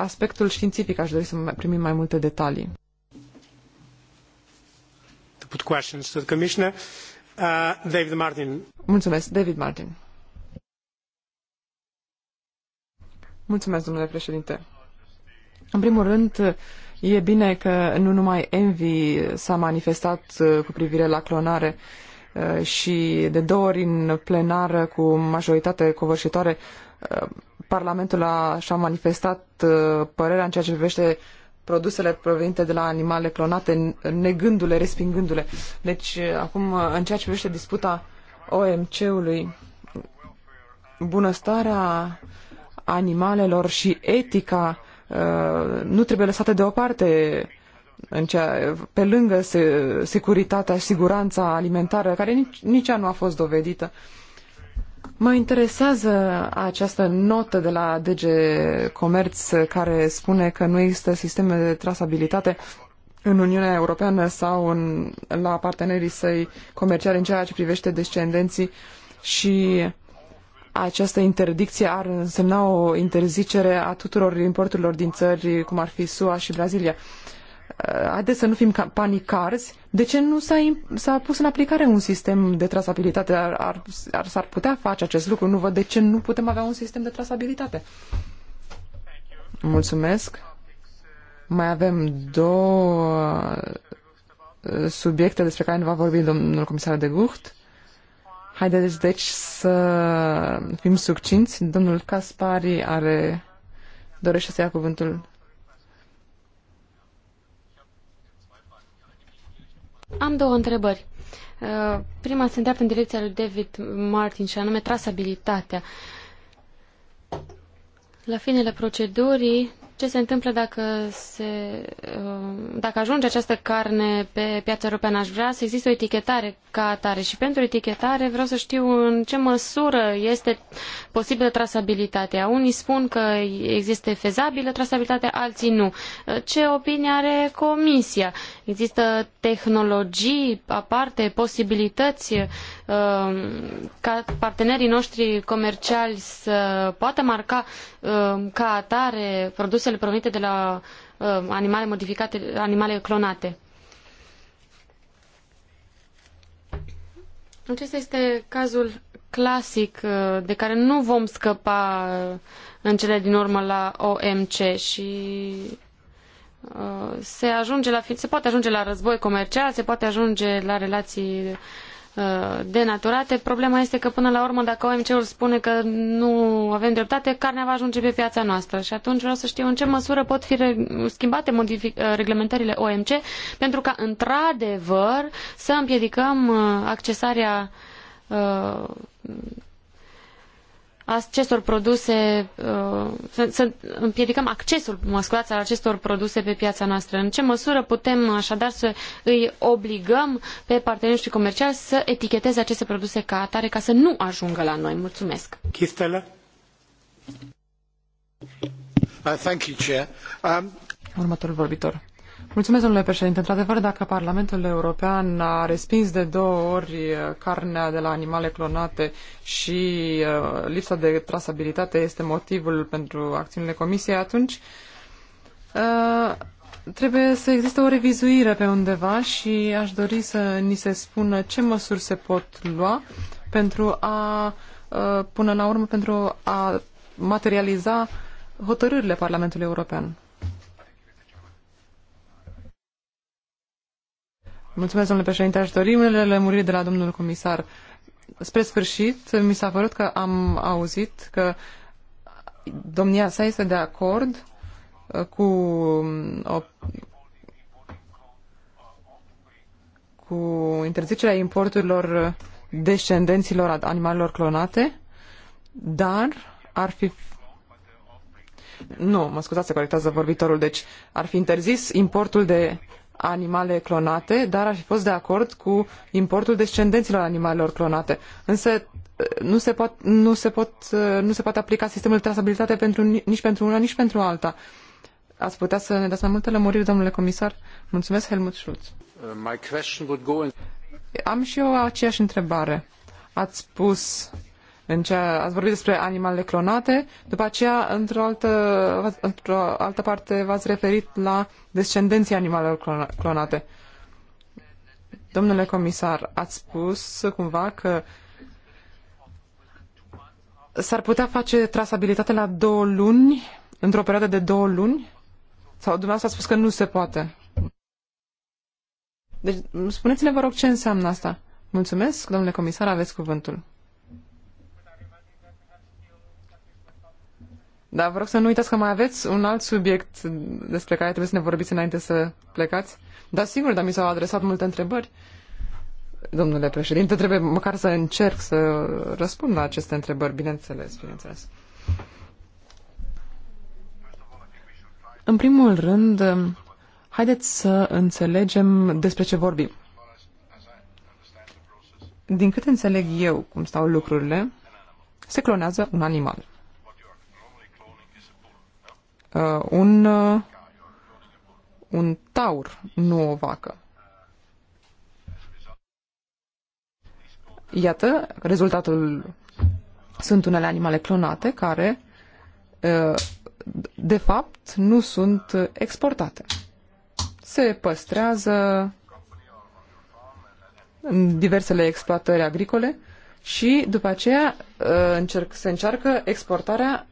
aspectul științific, aș dori să primim mai multe detalii put questions to the Commissioner. Uh, David Martin. Mulțumesc, David Martin. Mulțumesc, domnule președinte. În primul rând, e bine că nu numai Envy s-a manifestat uh, cu privire la clonare uh, și de două ori în plenară cu majoritate covârșitoare uh, Parlamentul a, și-a manifestat părerea în ceea ce privește produsele provenite de la animale clonate, negându-le, respingându-le. Deci, uh, acum, uh, în ceea ce privește disputa OMC-ului, bunăstarea animalelor și etica uh, nu trebuie lăsate deoparte în cea, pe lângă se, securitatea și siguranța alimentară, care nici, nici ea nu a fost dovedită. Uh, Mă interesează această notă de la DG Comerț care spune că nu există sisteme de trasabilitate în Uniunea Europeană sau în, la partenerii săi comerciali în ceea ce privește descendenții și această interdicție ar însemna o interzicere a tuturor importurilor din țări cum ar fi SUA și Brazilia. Uh, Uh, haideți să nu fim panicarzi, de ce nu s-a, s-a pus în aplicare un sistem de trasabilitate? Ar, ar, ar, s-ar putea face acest lucru, nu văd de ce nu putem avea un sistem de trasabilitate. Mulțumesc. Mai avem două uh, subiecte despre care ne va vorbi domnul comisar de Gucht. Haideți, deci, să fim succinți. Domnul Caspari are... dorește să ia cuvântul Am două întrebări. Uh, prima se îndreaptă în direcția lui David Martin și anume trasabilitatea. La finele procedurii ce se întâmplă dacă, se, uh, dacă ajunge această carne pe piața europeană. Aș vrea să existe o etichetare ca atare și pentru etichetare vreau să știu în ce măsură este posibilă trasabilitatea. Unii spun că există fezabilă trasabilitatea, alții nu. Uh, ce opinie are Comisia? Există tehnologii aparte, posibilități Um, ca partenerii noștri comerciali să poată marca um, ca atare produsele provenite de la um, animale modificate, animale clonate. Acesta este cazul clasic uh, de care nu vom scăpa uh, în cele din urmă la OMC și uh, se, ajunge la, se poate ajunge la război comercial, se poate ajunge la relații Uh, denaturate. Problema este că până la urmă dacă OMC-ul spune că nu avem dreptate, carnea va ajunge pe piața noastră și atunci vreau să știu în ce măsură pot fi schimbate uh, reglementările OMC pentru ca într-adevăr să împiedicăm uh, accesarea acestor produse, uh, să, împiedicăm accesul, mă scuzați, al acestor produse pe piața noastră. În ce măsură putem așadar să îi obligăm pe partenerii comerciali să eticheteze aceste produse ca atare ca să nu ajungă la noi? Mulțumesc! Chistele? Uh, thank you, Chair. Um... Următorul vorbitor. Mulțumesc, domnule președinte. Într-adevăr, dacă Parlamentul European a respins de două ori uh, carnea de la animale clonate și uh, lipsa de trasabilitate este motivul pentru acțiunile Comisiei, atunci uh, trebuie să existe o revizuire pe undeva și aș dori să ni se spună ce măsuri se pot lua pentru a, până la urmă, pentru a materializa hotărârile Parlamentului European. Mulțumesc, domnule președinte. Aș dori unele lămuriri de la domnul comisar. Spre sfârșit, mi s-a părut că am auzit că domnia sa este de acord uh, cu, um, o, cu interzicerea importurilor descendenților animalelor clonate, dar ar fi nu, mă scuzați, se corectează vorbitorul, deci ar fi interzis importul de animale clonate, dar aș fi fost de acord cu importul descendenților animalelor clonate. Însă nu se, pot, nu, se pot, nu se poate aplica sistemul de trasabilitate pentru, nici pentru una, nici pentru alta. Ați putea să ne dați mai multe lămuriri, domnule comisar? Mulțumesc, Helmut Schulz. Uh, in... Am și eu aceeași întrebare. Ați spus în cea, ați vorbit despre animalele clonate, după aceea, într-o altă, într o altă parte, v-ați referit la descendenții animalelor clonate. Domnule comisar, ați spus cumva că s-ar putea face trasabilitate la două luni, într-o perioadă de două luni? Sau dumneavoastră a spus că nu se poate? Deci, spuneți-ne, vă rog, ce înseamnă asta. Mulțumesc, domnule comisar, aveți cuvântul. Dar vă rog să nu uitați că mai aveți un alt subiect despre care trebuie să ne vorbiți înainte să plecați. Da, sigur, dar mi s-au adresat multe întrebări. Domnule președinte, trebuie măcar să încerc să răspund la aceste întrebări, bineînțeles, bineînțeles. În primul rând, haideți să înțelegem despre ce vorbim. Din cât înțeleg eu cum stau lucrurile, se clonează un animal uh, un, uh, un taur, nu o vacă. Iată, rezultatul sunt unele animale clonate care, uh, de fapt, nu sunt exportate. Se păstrează în diversele exploatări agricole și după aceea uh, încerc, se încearcă exportarea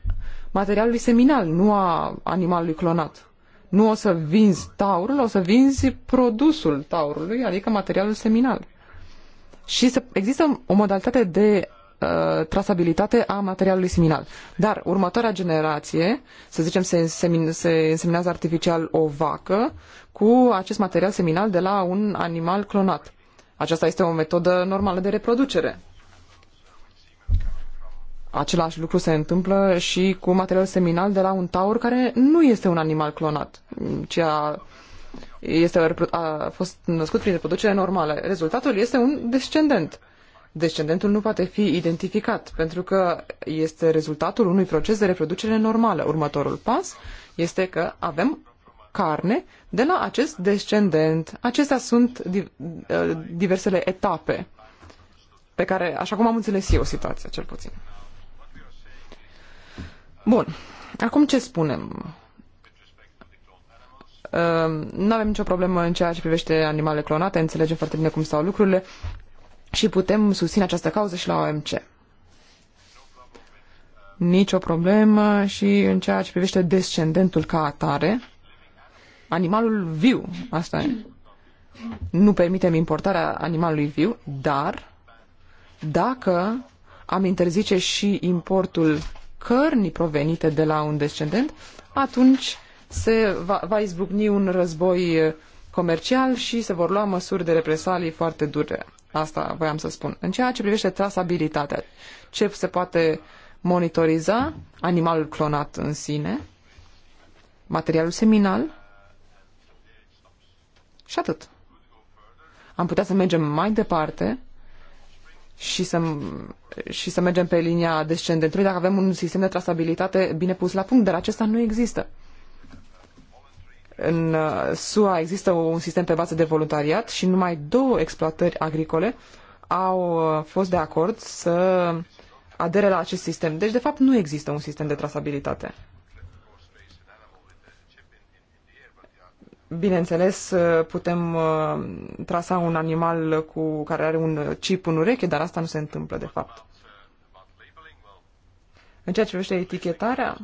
materialului seminal, nu a animalului clonat. Nu o să vinzi taurul, o să vinzi produsul taurului, adică materialul seminal. Și să, există o modalitate de uh, trasabilitate a materialului seminal. Dar următoarea generație, să zicem, se, însemin, se înseminează artificial o vacă cu acest material seminal de la un animal clonat. Aceasta este o metodă normală de reproducere. Același lucru se întâmplă și cu material seminal de la un taur care nu este un animal clonat, ci a, este, a fost născut prin reproducere normală. Rezultatul este un descendent. Descendentul nu poate fi identificat pentru că este rezultatul unui proces de reproducere normală. Următorul pas este că avem carne de la acest descendent. Acestea sunt eh, diversele etape pe care, așa cum am înțeles eu situația, cel puțin. Bun. Acum ce spunem? Ehm, nu avem nicio problemă în ceea ce privește animalele clonate, înțelegem foarte bine cum stau lucrurile și putem susține această cauză și la OMC. Nicio problemă și în ceea ce privește descendentul ca atare, animalul viu, asta e. Nu permitem importarea animalului viu, dar dacă am interzice și importul cărnii provenite de la un descendent, atunci se va, va izbucni un război comercial și se vor lua măsuri de represalii foarte dure. Asta voiam să spun. În ceea ce privește trasabilitatea, ce se poate monitoriza? Animalul clonat în sine, materialul seminal și atât. Am putea să mergem mai departe și să, și să mergem pe linia descendentului dacă avem un sistem de trasabilitate bine pus la punct, dar acesta nu există. În uh, SUA există un sistem pe bază de voluntariat și numai două exploatări agricole au uh, fost de acord să adere la acest sistem. Deci, de fapt, nu există un sistem de trasabilitate. Bineînțeles, putem uh, trasa un animal cu care are un chip în ureche, dar asta nu se întâmplă, de fapt. În ceea ce privește etichetarea,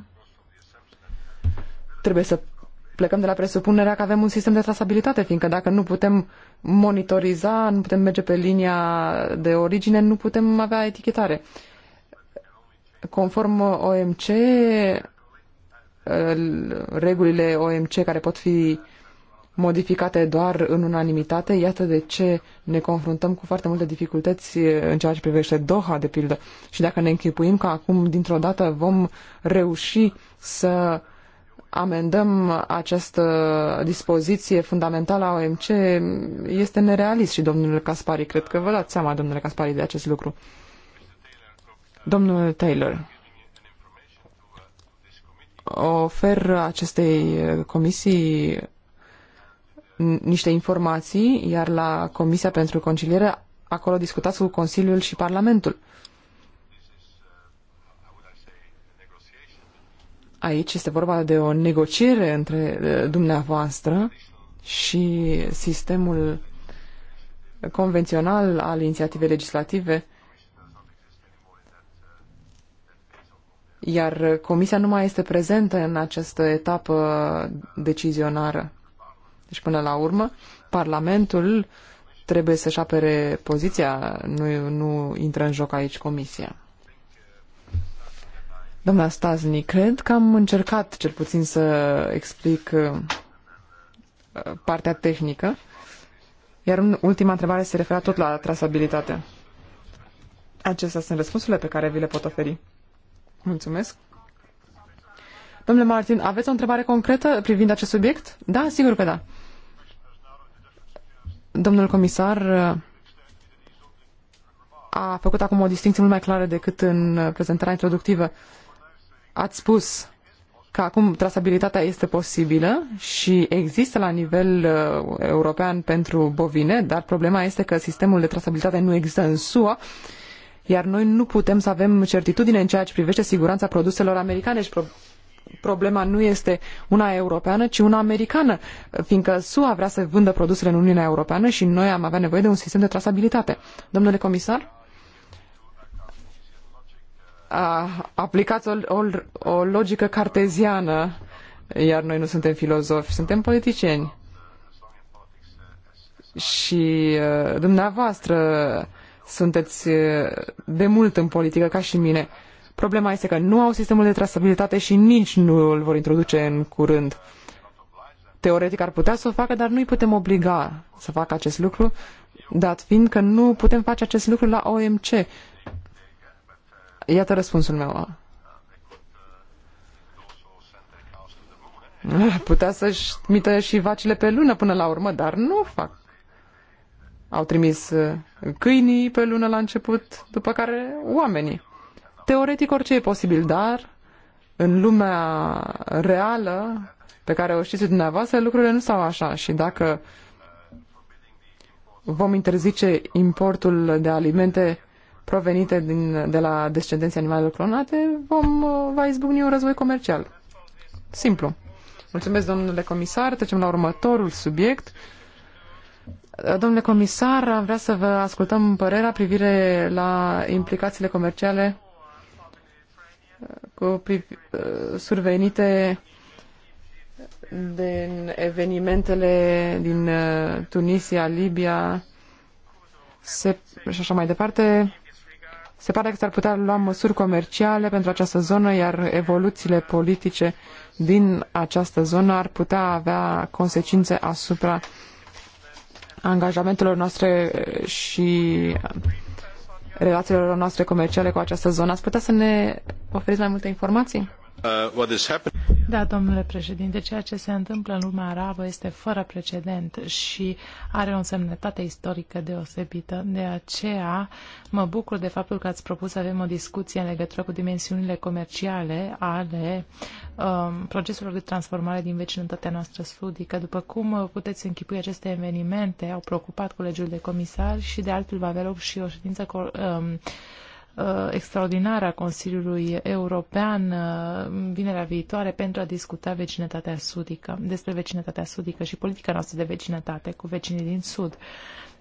trebuie să plecăm de la presupunerea că avem un sistem de trasabilitate, fiindcă dacă nu putem monitoriza, nu putem merge pe linia de origine, nu putem avea etichetare. Conform OMC, uh, regulile OMC care pot fi modificate doar în unanimitate. Iată de ce ne confruntăm cu foarte multe dificultăți în ceea ce privește Doha, de pildă. Și dacă ne închipuim că acum, dintr-o dată, vom reuși să amendăm această dispoziție fundamentală a OMC, este nerealist și domnul Caspari, cred că vă dați seama, domnule Caspari, de acest lucru. Domnul Taylor, ofer acestei comisii niște informații, iar la Comisia pentru Conciliere, acolo discutați cu Consiliul și Parlamentul. Aici este vorba de o negociere între eh, dumneavoastră și sistemul convențional al inițiativei legislative, iar Comisia nu mai este prezentă în această etapă decizionară. Deci, până la urmă, Parlamentul trebuie să-și apere poziția, nu, nu intră în joc aici Comisia. Doamna Stazni, cred că am încercat cel puțin să explic uh, partea tehnică, iar ultima întrebare se referă tot la trasabilitate. Acestea sunt răspunsurile pe care vi le pot oferi. Mulțumesc. Domnule Martin, aveți o întrebare concretă privind acest subiect? Da, sigur că da. Domnul comisar uh, a făcut acum o distinție mult mai clară decât în prezentarea introductivă. Ați spus că acum trasabilitatea este posibilă și există la nivel uh, european pentru bovine, dar problema este că sistemul de trasabilitate nu există în SUA, iar noi nu putem să avem certitudine în ceea ce privește siguranța produselor americane și pro problema nu este una europeană, ci una americană, fiindcă SUA vrea să vândă produsele în Uniunea Europeană și noi am avea nevoie de un sistem de trasabilitate. Domnule comisar? A, aplicați o, o, o logică carteziană, iar noi nu suntem filozofi, suntem politicieni. Și uh, dumneavoastră sunteți uh, de mult în politică ca și mine. Problema este că nu au sistemul de trasabilitate și nici nu îl vor introduce în curând. Teoretic ar putea să o facă, dar nu îi putem obliga să facă acest lucru, dat fiind că nu putem face acest lucru la OMC. Iată răspunsul meu. Putea să-și mită și vacile pe lună până la urmă, dar nu fac. Au trimis uh, câinii pe lună la început, după care oamenii. Teoretic orice e posibil, dar în lumea reală pe care o știți dumneavoastră, lucrurile nu stau așa și dacă vom interzice importul de alimente provenite din, de la descendenții animalelor clonate, vom, va izbucni un război comercial. Simplu. Mulțumesc, domnule comisar. Trecem la următorul subiect. Domnule comisar, am vrea să vă ascultăm părerea privire la implicațiile comerciale cu, uh, survenite din evenimentele din uh, Tunisia, Libia se, și așa mai departe, se pare că s-ar putea lua măsuri comerciale pentru această zonă, iar evoluțiile politice din această zonă ar putea avea consecințe asupra angajamentelor noastre și relațiilor noastre comerciale cu această zonă. Ați putea să ne oferiți mai multe informații? Uh, da, domnule președinte, ceea ce se întâmplă în lumea arabă este fără precedent și are o însemnătate istorică deosebită. De aceea mă bucur de faptul că ați propus să avem o discuție în legătură cu dimensiunile comerciale ale procesului um, proceselor de transformare din vecinătatea noastră sudică. După cum puteți închipui, aceste evenimente au preocupat colegiul de comisar și de altfel va avea loc și o ședință um, Uh, extraordinară a Consiliului European uh, vinerea viitoare pentru a discuta vecinătatea sudică, despre vecinătatea sudică și politica noastră de vecinătate cu vecinii din Sud.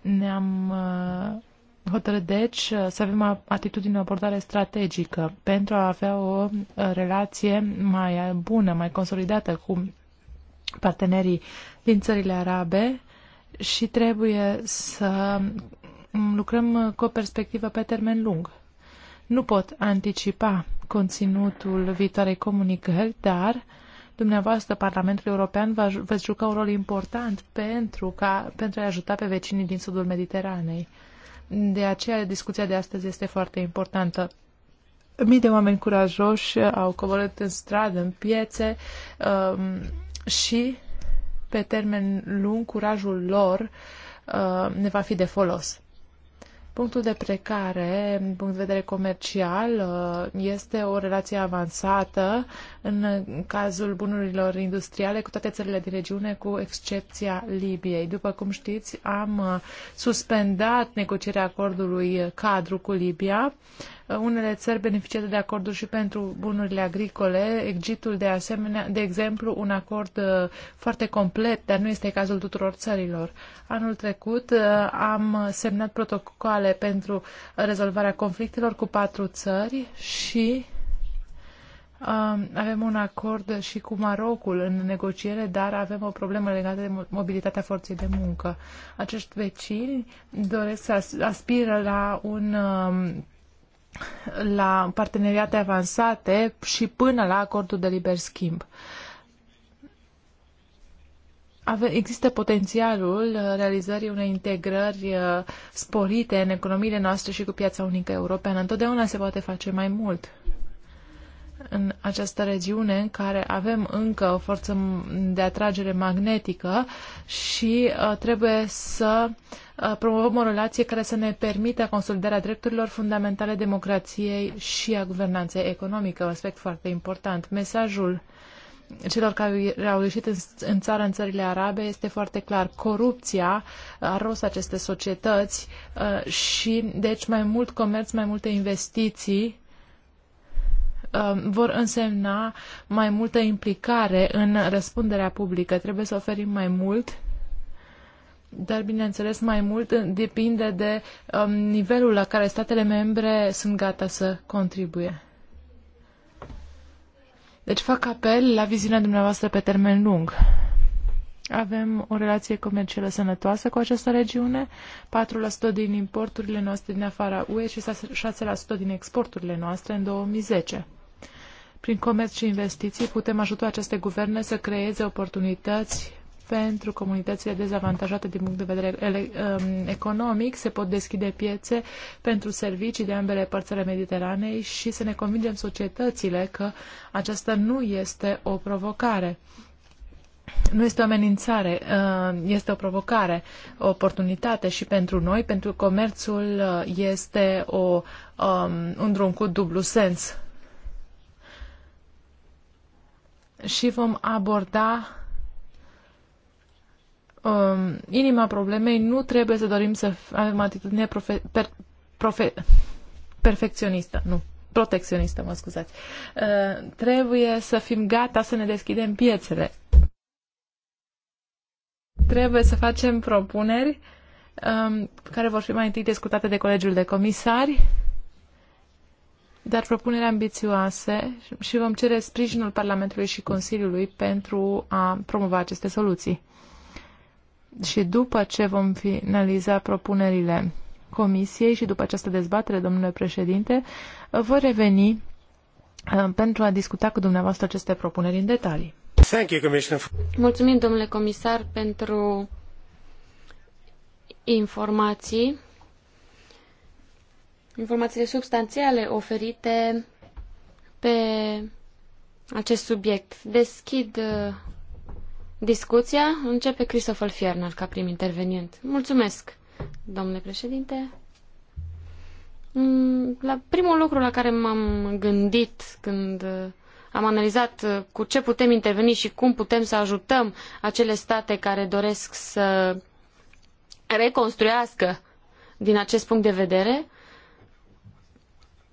Ne-am uh, hotărât deci să avem atitudine, o abordare strategică pentru a avea o relație mai bună, mai consolidată cu partenerii din țările arabe și trebuie să um, lucrăm cu o perspectivă pe termen lung. Nu pot anticipa conținutul viitoarei comunicări, dar dumneavoastră, Parlamentul European, va, veți juca un rol important pentru, ca, pentru a ajuta pe vecinii din sudul Mediteranei. De aceea, discuția de astăzi este foarte importantă. Mii de oameni curajoși au coborât în stradă, în piețe um, și, pe termen lung, curajul lor uh, ne va fi de folos. Punctul de precare, din punct de vedere comercial, uh, este o relație avansată în cazul bunurilor industriale cu toate țările din regiune, cu excepția Libiei. După cum știți, am uh, suspendat negocierea acordului cadru cu Libia Uh, unele țări beneficiază de acorduri și pentru bunurile agricole. Egiptul, de asemenea, de exemplu, un acord uh, foarte complet, dar nu este cazul tuturor țărilor. Anul trecut uh, am semnat protocoale pentru rezolvarea conflictelor cu patru țări și um, avem un acord și cu Marocul în negociere, dar avem o problemă legată de mobilitatea forței de muncă. Acești vecini doresc să aspiră la un um, la parteneriate avansate și până la acordul de liber schimb. Ave, există potențialul uh, realizării unei integrări uh, sporite în economiile noastre și cu piața unică europeană. Întotdeauna se poate face mai mult în această regiune în care avem încă o forță de atragere magnetică și uh, trebuie să uh, promovăm o relație care să ne permită consolidarea drepturilor fundamentale democrației și a guvernanței economică, un aspect foarte important. Mesajul celor care au ieșit în, în țară, în țările arabe, este foarte clar. Corupția a rost aceste societăți uh, și, deci, mai mult comerț, mai multe investiții Um, vor însemna mai multă implicare în răspunderea publică. Trebuie să oferim mai mult dar, bineînțeles, mai mult depinde de um, nivelul la care statele membre sunt gata să contribuie. Deci fac apel la viziunea dumneavoastră pe termen lung. Avem o relație comercială sănătoasă cu această regiune, 4% din importurile noastre din afara UE și 6% din exporturile noastre în 2010. Prin comerț și investiții putem ajuta aceste guverne să creeze oportunități pentru comunitățile dezavantajate din punct de vedere um, economic, se pot deschide piețe pentru servicii de ambele părțile Mediteranei și să ne convingem societățile că aceasta nu este o provocare. Nu este o amenințare, uh, este o provocare, o oportunitate și pentru noi, pentru comerțul uh, este o, um, un drum cu dublu sens. și vom aborda um, inima problemei. Nu trebuie să dorim să avem atitudine profe- per- profe- perfecționistă, nu, protecționistă, mă scuzați. Uh, trebuie să fim gata să ne deschidem piețele. Trebuie să facem propuneri um, care vor fi mai întâi discutate de colegiul de comisari dar propuneri ambițioase și vom cere sprijinul Parlamentului și Consiliului pentru a promova aceste soluții. Și după ce vom finaliza propunerile Comisiei și după această dezbatere, domnule președinte, voi reveni uh, pentru a discuta cu dumneavoastră aceste propuneri în detalii. Mulțumim, domnule comisar, pentru informații informațiile substanțiale oferite pe acest subiect. Deschid uh, discuția. Începe Christopher Fierner ca prim intervenient. Mulțumesc, domnule președinte. Mm, la primul lucru la care m-am gândit când uh, am analizat uh, cu ce putem interveni și cum putem să ajutăm acele state care doresc să reconstruiască din acest punct de vedere,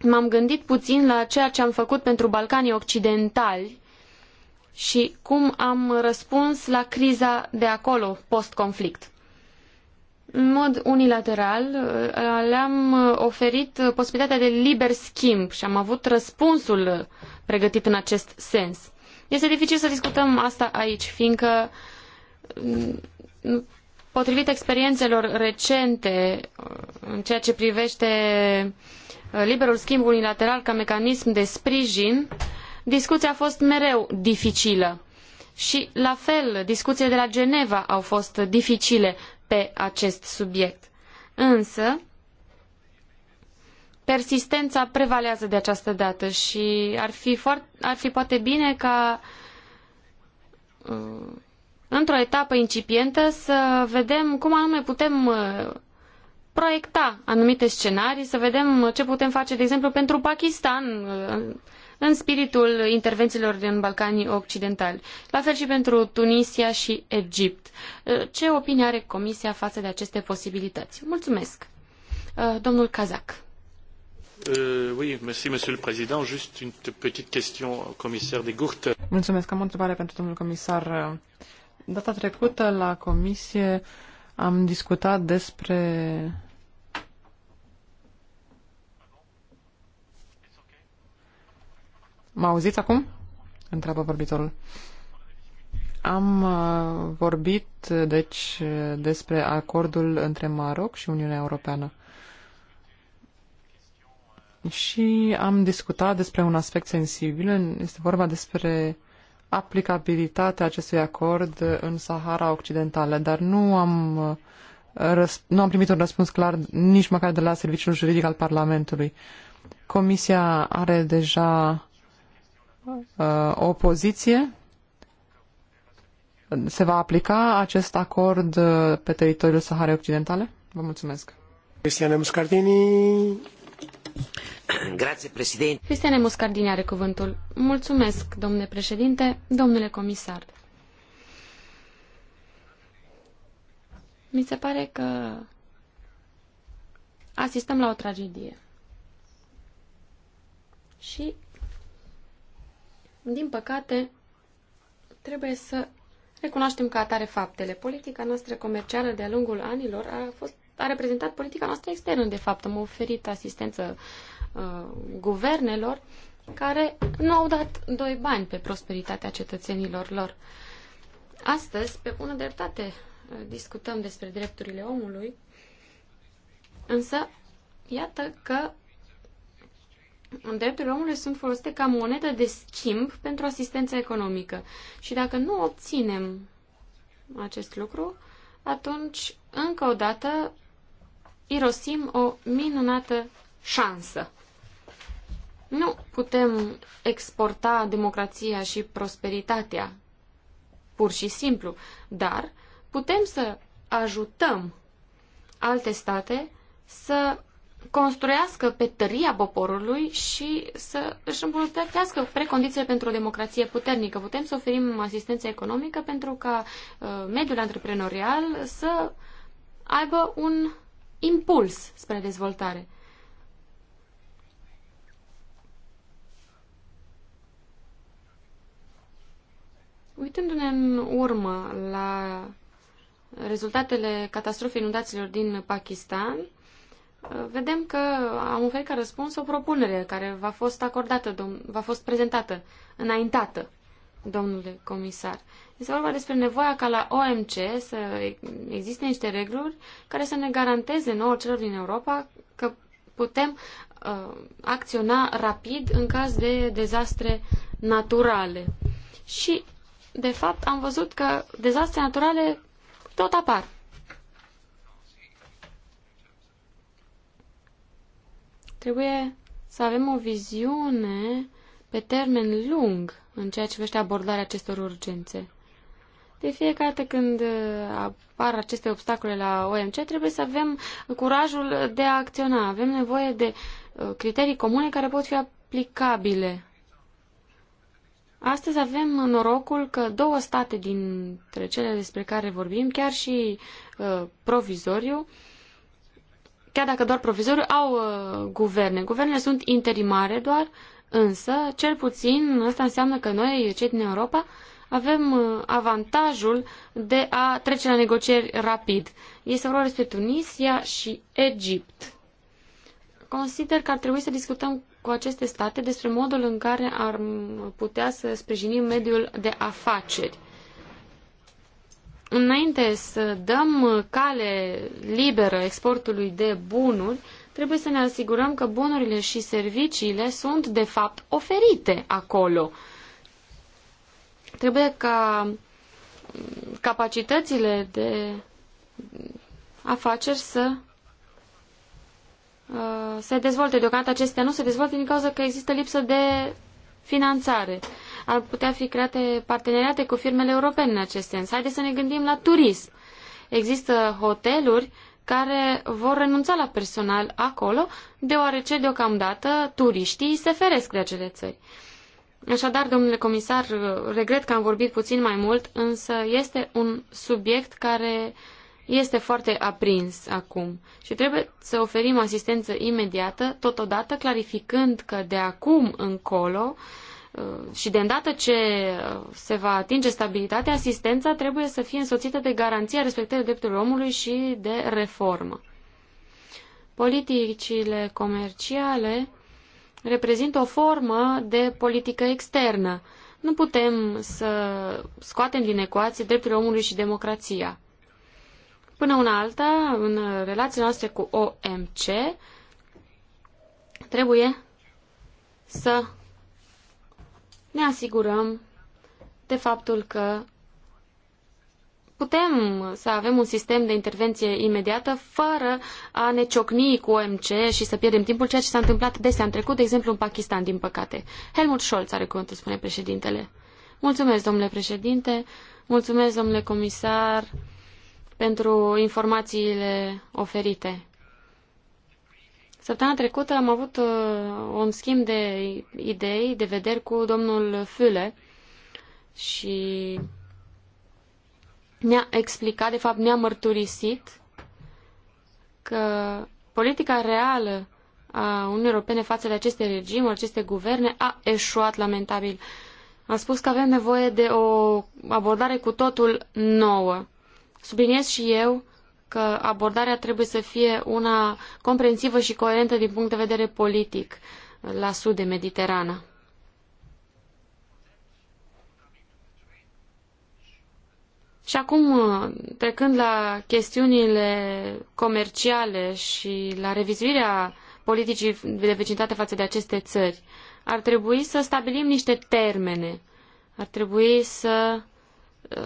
m-am gândit puțin la ceea ce am făcut pentru Balcanii Occidentali și cum am răspuns la criza de acolo, post-conflict. În mod unilateral uh, le-am oferit posibilitatea de liber schimb și am avut răspunsul pregătit în acest sens. Este dificil să discutăm asta aici, fiindcă mm, potrivit experiențelor recente uh, în ceea ce privește Uh, liberul schimb unilateral ca mecanism de sprijin, discuția a fost mereu dificilă. Și, la fel, discuțiile de la Geneva au fost dificile pe acest subiect. Însă, persistența prevalează de această dată și ar fi, foarte, ar fi poate bine ca uh, într-o etapă incipientă să vedem cum anume putem uh, proiecta anumite scenarii, să vedem ce putem face, de exemplu, pentru Pakistan, în spiritul intervențiilor în Balcanii Occidentali. La fel și pentru Tunisia și Egipt. Ce opinie are Comisia față de aceste posibilități? Mulțumesc. Uh, domnul Kazak. Uh, oui, merci, Monsieur le Président. Just une petite question au commissaire de Gucht. Mulțumesc. Am o întrebare pentru domnul comisar. Data trecută la comisie am discutat despre Mă auziți acum? Întreabă vorbitorul. Am uh, vorbit, deci, despre acordul între Maroc și Uniunea Europeană. Și am discutat despre un aspect sensibil. Este vorba despre aplicabilitatea acestui acord în Sahara Occidentală, dar nu am, uh, nu am primit un răspuns clar nici măcar de la Serviciul Juridic al Parlamentului. Comisia are deja Uh, opoziție, se va aplica acest acord uh, pe teritoriul Saharei Occidentale? Vă mulțumesc. Cristiane Muscardini. Grazie, președinte. Cristiane Muscardini are cuvântul. Mulțumesc, domnule președinte, domnule comisar. Mi se pare că asistăm la o tragedie. Și din păcate, trebuie să recunoaștem ca atare faptele. Politica noastră comercială de-a lungul anilor a, fost, a reprezentat politica noastră externă, de fapt. Am oferit asistență uh, guvernelor care nu au dat doi bani pe prosperitatea cetățenilor lor. Astăzi, pe bună dreptate, uh, discutăm despre drepturile omului, însă iată că drepturile omului sunt folosite ca monedă de schimb pentru asistență economică. Și dacă nu obținem acest lucru, atunci, încă o dată, irosim o minunată șansă. Nu putem exporta democrația și prosperitatea, pur și simplu, dar putem să ajutăm alte state să construiască pe tăria poporului și să își îmbunătățească precondițiile pentru o democrație puternică. Putem să oferim asistență economică pentru ca uh, mediul antreprenorial să aibă un impuls spre dezvoltare. Uitându-ne în urmă la rezultatele catastrofei inundațiilor din Pakistan, vedem că am oferit ca răspuns o propunere care v-a fost acordată, v-a fost prezentată, înaintată, domnule comisar. Este vorba despre nevoia ca la OMC să existe niște reguli care să ne garanteze nouă celor din Europa că putem uh, acționa rapid în caz de dezastre naturale. Și, de fapt, am văzut că dezastre naturale tot apar. Trebuie să avem o viziune pe termen lung în ceea ce vește abordarea acestor urgențe. De fiecare dată când uh, apar aceste obstacole la OMC, trebuie să avem curajul de a acționa. Avem nevoie de uh, criterii comune care pot fi aplicabile. Astăzi avem norocul că două state dintre cele despre care vorbim, chiar și uh, provizoriu, chiar dacă doar provizoriu, au uh, guverne. Guvernele sunt interimare doar, însă, cel puțin, asta înseamnă că noi, cei din Europa, avem uh, avantajul de a trece la negocieri rapid. Este vorba despre Tunisia și Egipt. Consider că ar trebui să discutăm cu aceste state despre modul în care ar putea să sprijinim mediul de afaceri înainte să dăm cale liberă exportului de bunuri, trebuie să ne asigurăm că bunurile și serviciile sunt, de fapt, oferite acolo. Trebuie ca capacitățile de afaceri să uh, se dezvolte. Deocamdată acestea nu se dezvoltă din cauza că există lipsă de finanțare ar putea fi create parteneriate cu firmele europene în acest sens. Haideți să ne gândim la turism. Există hoteluri care vor renunța la personal acolo, deoarece deocamdată turiștii se feresc de acele țări. Așadar, domnule comisar, regret că am vorbit puțin mai mult, însă este un subiect care este foarte aprins acum și trebuie să oferim asistență imediată, totodată clarificând că de acum încolo uh, și de îndată ce uh, se va atinge stabilitatea, asistența trebuie să fie însoțită de garanția respectării drepturilor omului și de reformă. Politicile comerciale reprezintă o formă de politică externă. Nu putem să scoatem din ecuație drepturile omului și democrația. Până una alta, în relația noastră cu OMC, trebuie să ne asigurăm de faptul că putem să avem un sistem de intervenție imediată fără a ne ciocni cu OMC și să pierdem timpul, ceea ce s-a întâmplat desea în trecut, de exemplu în Pakistan, din păcate. Helmut Scholz are cuvântul, spune președintele. Mulțumesc, domnule președinte, mulțumesc, domnule comisar, pentru informațiile oferite. Săptămâna trecută am avut uh, un schimb de idei, de vederi cu domnul Füle și ne-a explicat, de fapt ne-a mărturisit că politica reală a Uniunii Europene față de aceste regimuri, aceste guverne, a eșuat lamentabil. A spus că avem nevoie de o abordare cu totul nouă. Subliniez și eu că abordarea trebuie să fie una comprensivă și coerentă din punct de vedere politic la sud de Mediterană. Și acum, trecând la chestiunile comerciale și la revizuirea politicii de vecinitate față de aceste țări, ar trebui să stabilim niște termene. Ar trebui să uh,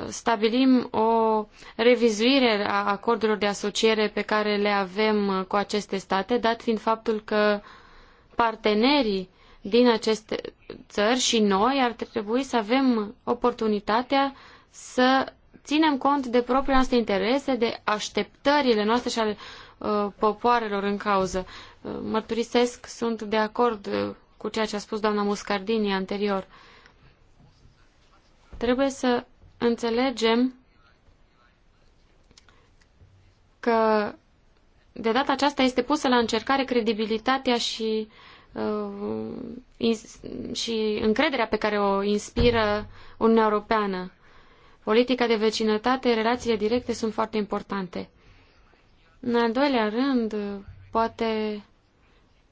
stabilim o revizuire a acordurilor de asociere pe care le avem cu aceste state, dat fiind faptul că partenerii din aceste țări și noi ar trebui să avem oportunitatea să ținem cont de propriile noastre interese, de așteptările noastre și ale uh, popoarelor în cauză. Uh, mărturisesc, sunt de acord uh, cu ceea ce a spus doamna Muscardini anterior. Trebuie să înțelegem că de data aceasta este pusă la încercare credibilitatea și, uh, și încrederea pe care o inspiră Uniunea Europeană. Politica de vecinătate, relațiile directe sunt foarte importante. În al doilea rând, poate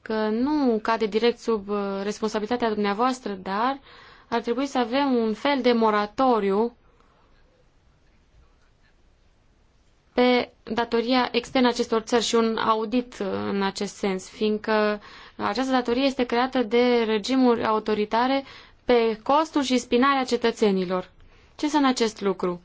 că nu cade direct sub uh, responsabilitatea dumneavoastră, dar ar trebui să avem un fel de moratoriu pe datoria externă acestor țări și un audit în acest sens, fiindcă această datorie este creată de regimuri autoritare pe costul și spinarea cetățenilor. Ce înseamnă acest lucru?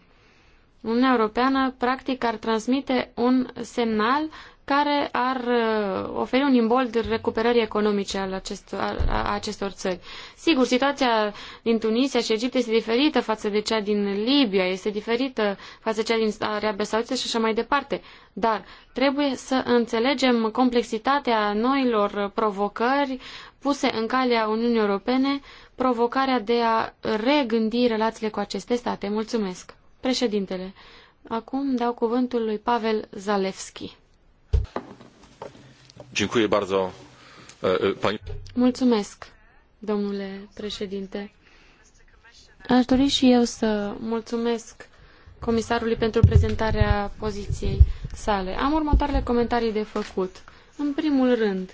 Uniunea Europeană, practic, ar transmite un semnal care ar uh, oferi un imbold recuperării economice al acestor, a acestor țări. Sigur, situația din Tunisia și Egipt este diferită față de cea din Libia, este diferită față de cea din Arabia Saudită și așa mai departe, dar trebuie să înțelegem complexitatea noilor provocări puse în calea Uniunii Europene, provocarea de a regândi relațiile cu aceste state. Mulțumesc. Președintele, acum dau cuvântul lui Pavel Zalewski. Mulțumesc, domnule președinte. Aș dori și eu să mulțumesc comisarului pentru prezentarea poziției sale. Am următoarele comentarii de făcut. În primul rând,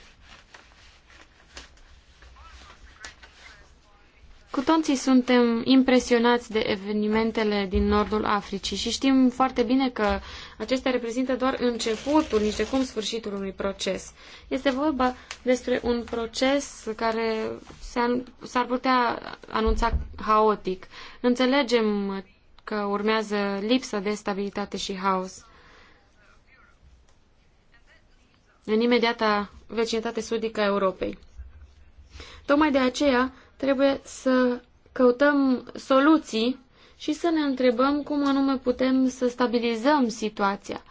Cu toții suntem impresionați de evenimentele din nordul Africii și știm foarte bine că acestea reprezintă doar începutul, nici de cum sfârșitul unui proces. Este vorba despre un proces care s-ar putea anunța haotic. Înțelegem că urmează lipsă de stabilitate și haos. În imediata vecinătate sudică a Europei. Tocmai de aceea, Trebuie să căutăm soluții și să ne întrebăm cum anume putem să stabilizăm situația.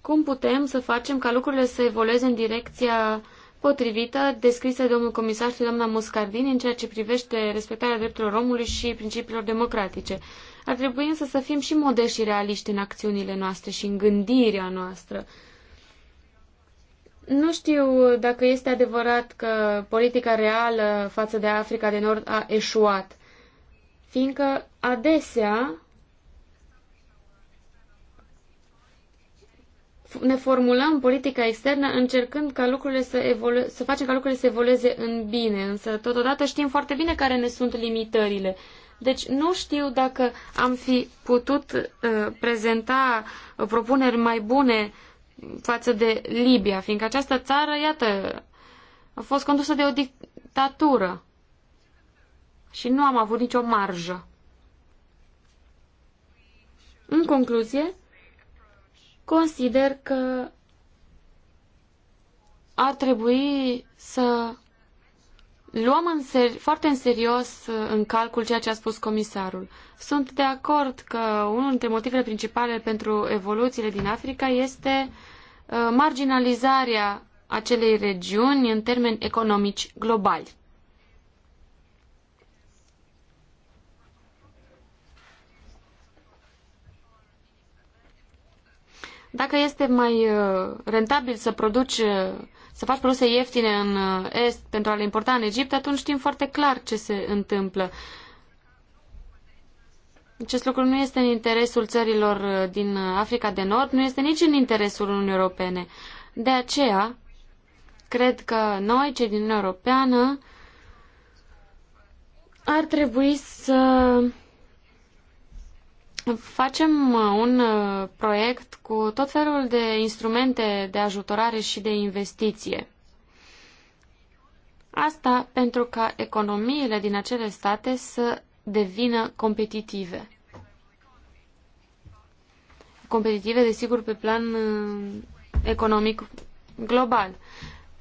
Cum putem să facem ca lucrurile să evolueze în direcția potrivită descrisă de domnul comisar și doamna Muscardini în ceea ce privește respectarea drepturilor omului și principiilor democratice. Ar trebui însă să fim și modești și realiști în acțiunile noastre și în gândirea noastră. Nu știu dacă este adevărat că politica reală față de Africa de Nord a eșuat, fiindcă adesea ne formulăm politica externă încercând ca lucrurile să, evolu- să facem ca lucrurile să evolueze în bine, însă totodată știm foarte bine care ne sunt limitările. Deci nu știu dacă am fi putut uh, prezenta uh, propuneri mai bune față de Libia, fiindcă această țară, iată, a fost condusă de o dictatură și nu am avut nicio marjă. În concluzie, consider că ar trebui să luăm în foarte în serios uh, în calcul ceea ce a spus comisarul. Sunt de acord că unul dintre motivele principale pentru evoluțiile din Africa este uh, marginalizarea acelei regiuni în termeni economici globali. Dacă este mai uh, rentabil să produci să faci produse ieftine în uh, Est pentru a le importa în Egipt, atunci știm foarte clar ce se întâmplă. Acest lucru nu este în interesul țărilor uh, din uh, Africa de Nord, nu este nici în interesul Uniunii Europene. De aceea, cred că noi, cei din Uniunea Europeană, ar trebui să facem uh, un uh, proiect cu tot felul de instrumente de ajutorare și de investiție. Asta pentru ca economiile din acele state să devină competitive. Competitive, desigur, pe plan uh, economic global.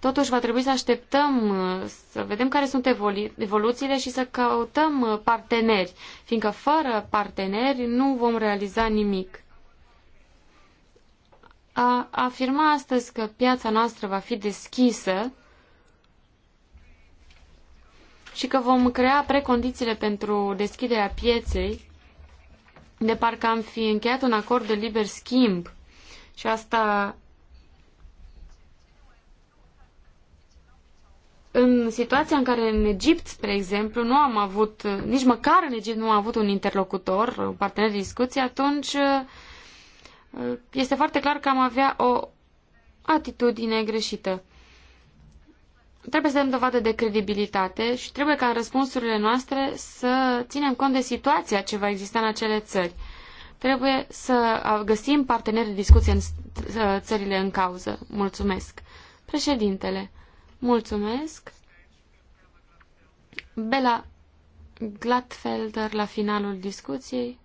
Totuși va trebui să așteptăm uh, să vedem care sunt evolu- evoluțiile și să căutăm uh, parteneri, fiindcă fără parteneri nu vom realiza nimic. A afirma astăzi că piața noastră va fi deschisă și că vom crea precondițiile pentru deschiderea pieței, de parcă am fi încheiat un acord de liber schimb și asta în situația în care în Egipt, spre exemplu, nu am avut, nici măcar în Egipt nu am avut un interlocutor, un partener de discuție, atunci uh, este foarte clar că am avea o atitudine greșită. Trebuie să dăm dovadă de credibilitate și trebuie ca în răspunsurile noastre să ținem cont de situația ce va exista în acele țări. Trebuie să găsim parteneri de discuție în țările în cauză. Mulțumesc. Președintele. Mulțumesc. Bela Glatfelder la finalul discuției.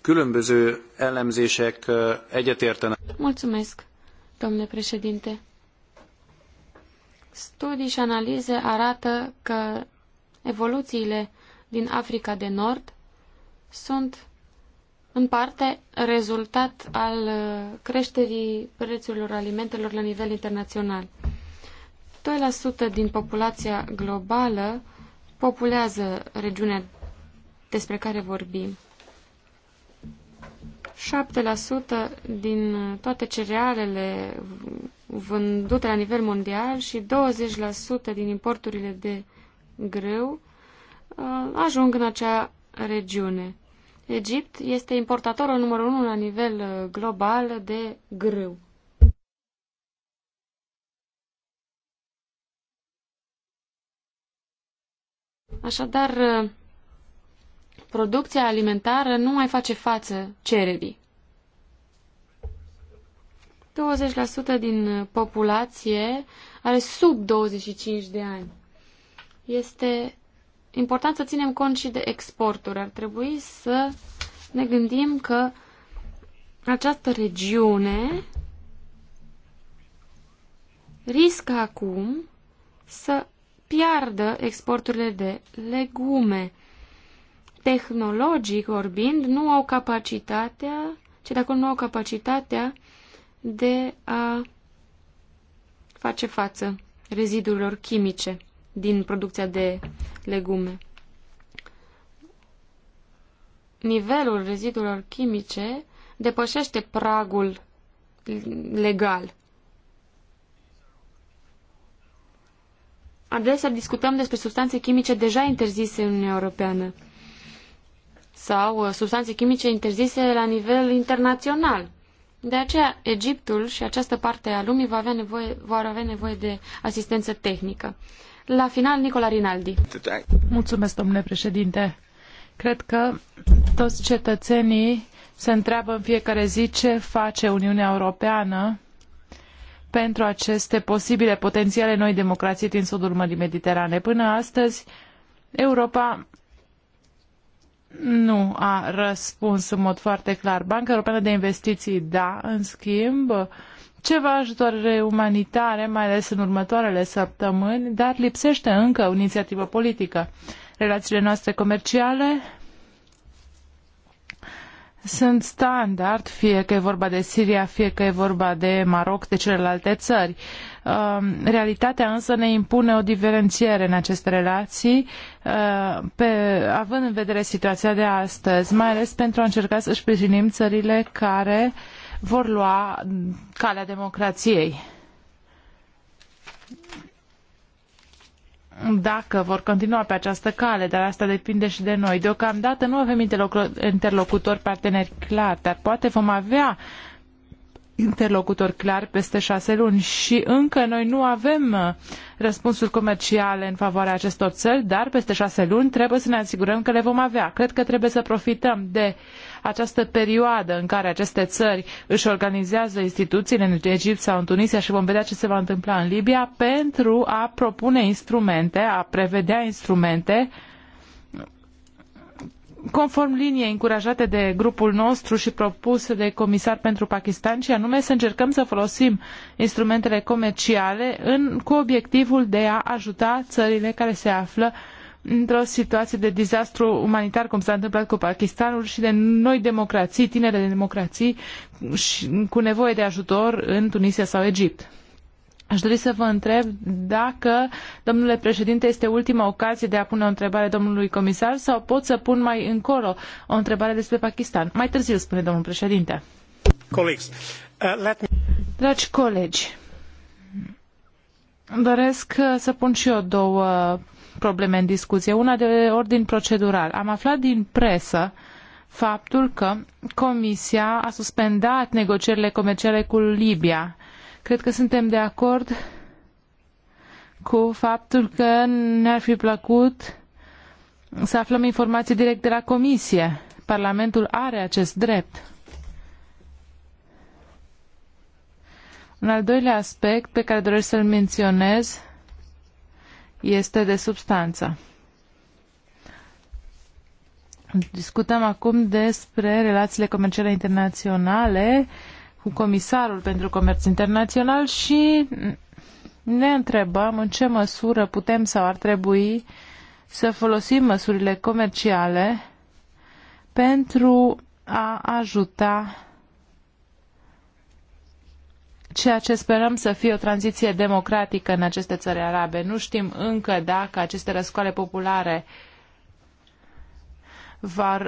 Különböző elemzések egyetértenek. Mulțumesc, domnule președinte. Studii și analize arată că evoluțiile din Africa de Nord sunt în parte rezultat al uh, creșterii prețurilor alimentelor la nivel internațional. 2% din populația globală populează regiunea despre care vorbim. 7% din toate cerealele vândute la nivel mondial și 20% din importurile de grâu uh, ajung în acea regiune. Egipt este importatorul numărul unu la nivel uh, global de grâu. Așadar, uh, producția alimentară nu mai face față cererii. 20% din uh, populație are sub 25 de ani. Este important să ținem cont și de exporturi. Ar trebui să ne gândim că această regiune riscă acum să piardă exporturile de legume. Tehnologic vorbind, nu au capacitatea, ce dacă nu au capacitatea de a face față rezidurilor chimice din producția de legume. Nivelul rezidurilor chimice depășește pragul legal. Adesea discutăm despre substanțe chimice deja interzise în Uniunea Europeană sau uh, substanțe chimice interzise la nivel internațional. De aceea, Egiptul și această parte a lumii va avea nevoie, vor avea nevoie de asistență tehnică. La final, Nicola Rinaldi. Mulțumesc, domnule președinte. Cred că toți cetățenii se întreabă în fiecare zi ce face Uniunea Europeană pentru aceste posibile potențiale noi democrații din sudul Mării Mediterane. Până astăzi, Europa nu a răspuns în mod foarte clar. Banca Europeană de Investiții, da, în schimb, ceva ajutoare umanitare, mai ales în următoarele săptămâni, dar lipsește încă o inițiativă politică. Relațiile noastre comerciale sunt standard, fie că e vorba de Siria, fie că e vorba de Maroc, de celelalte țări. Um, realitatea însă ne impune o diferențiere în aceste relații, uh, pe, având în vedere situația de astăzi, mai ales pentru a încerca să-și sprijinim țările care uh, vor lua calea democrației. dacă vor continua pe această cale, dar asta depinde și de noi. Deocamdată nu avem interlocutori parteneri clar, dar poate vom avea interlocutor clar peste șase luni și încă noi nu avem uh, răspunsuri comerciale în favoarea acestor țări, dar peste șase luni trebuie să ne asigurăm că le vom avea. Cred că trebuie să profităm de această perioadă în care aceste țări își organizează instituțiile în Egipt sau în Tunisia și vom vedea ce se va întâmpla în Libia pentru a propune instrumente, a prevedea instrumente conform liniei încurajate de grupul nostru și propus de comisar pentru Pakistan, și anume să încercăm să folosim instrumentele comerciale în, cu obiectivul de a ajuta țările care se află într-o situație de dezastru umanitar, cum s-a întâmplat cu Pakistanul, și de noi democrații, tinere de democrații, și cu nevoie de ajutor în Tunisia sau Egipt. Aș dori să vă întreb dacă, domnule președinte, este ultima ocazie de a pune o întrebare domnului comisar sau pot să pun mai încolo o întrebare despre Pakistan. Mai târziu, spune domnul președinte. Colegi, uh, me... Dragi colegi, doresc uh, să pun și eu două probleme în discuție. Una de ordin procedural. Am aflat din presă faptul că Comisia a suspendat negocierile comerciale cu Libia Cred că suntem de acord cu faptul că ne-ar fi plăcut să aflăm informații direct de la Comisie. Parlamentul are acest drept. Un al doilea aspect pe care doresc să-l menționez este de substanță. Discutăm acum despre relațiile comerciale internaționale uh, cu Comisarul pentru Comerț Internațional și ne întrebăm în ce măsură putem sau ar trebui să folosim măsurile comerciale pentru a ajuta ceea ce sperăm să fie o tranziție democratică în aceste țări arabe. Nu știm încă dacă aceste răscoale populare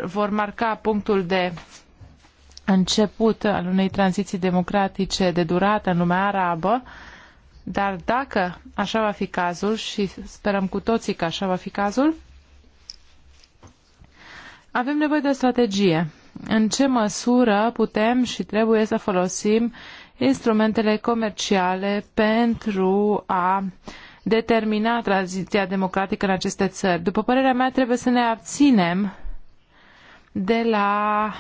vor marca punctul de început al unei tranziții democratice de durată în lumea arabă, dar dacă așa va fi cazul și sperăm cu toții că așa va fi cazul, avem nevoie de o strategie. În ce măsură putem și trebuie să folosim instrumentele comerciale pentru a determina tranziția democratică în aceste țări. După părerea mea, trebuie să ne abținem de la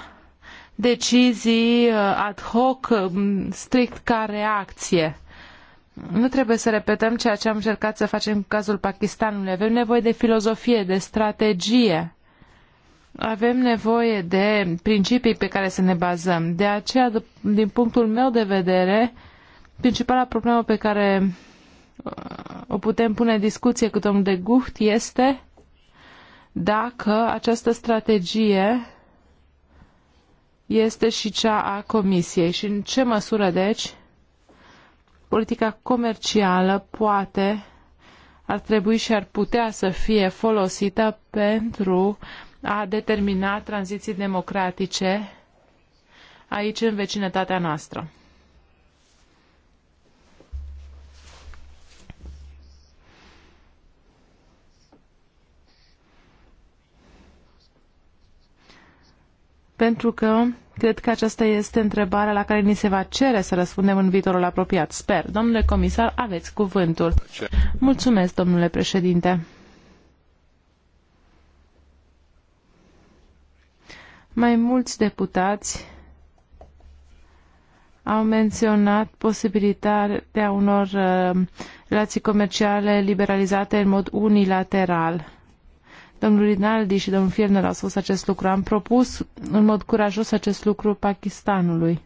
decizii uh, ad hoc, uh, strict ca reacție. Nu trebuie să repetăm ceea ce am încercat să facem în cazul Pakistanului. Avem nevoie de filozofie, de strategie. Avem nevoie de principii pe care să ne bazăm. De aceea, din punctul meu de vedere, principala problemă pe care uh, o putem pune în discuție cu domnul de Gucht este dacă această strategie este și cea a Comisiei și în ce măsură, deci, politica comercială poate, ar trebui și ar putea să fie folosită pentru a determina tranziții democratice aici în vecinătatea noastră. pentru că cred că aceasta este întrebarea la care ni se va cere să răspundem în viitorul apropiat. Sper. Domnule comisar, aveți cuvântul. Mulțumesc, domnule președinte. Mai mulți deputați au menționat posibilitatea unor uh, relații comerciale liberalizate în mod unilateral Domnul Rinaldi și domnul Fierner au spus acest lucru. Am propus în mod curajos acest lucru Pakistanului.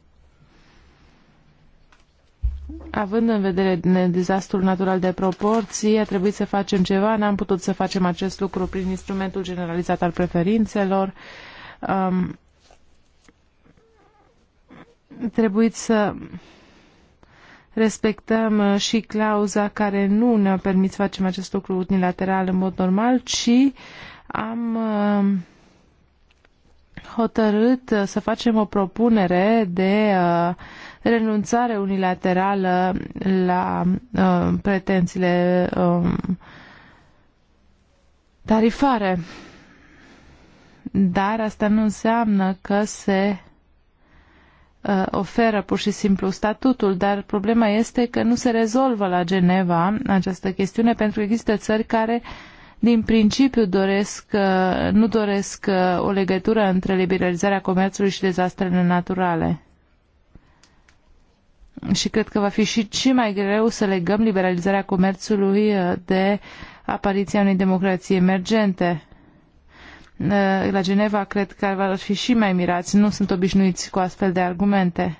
Având în vedere dezastrul natural de proporții, a trebuit să facem ceva, n-am putut să facem acest lucru prin instrumentul generalizat al preferințelor. Um, trebuit să respectăm uh, și clauza care nu ne-a permis să facem acest lucru unilateral în mod normal, ci am uh, hotărât uh, să facem o propunere de renunțare unilaterală la pretențiile um, tarifare. Dar asta nu înseamnă că se Uh, oferă pur și simplu statutul, dar problema este că nu se rezolvă la Geneva această chestiune pentru că există țări care din principiu doresc, uh, nu doresc uh, o legătură între liberalizarea comerțului și dezastrele naturale. Și cred că va fi și, și mai greu să legăm liberalizarea comerțului de apariția unei democrații emergente. Eh, la Geneva cred că ar fi și mai mirați, nu sunt obișnuiți cu astfel de argumente.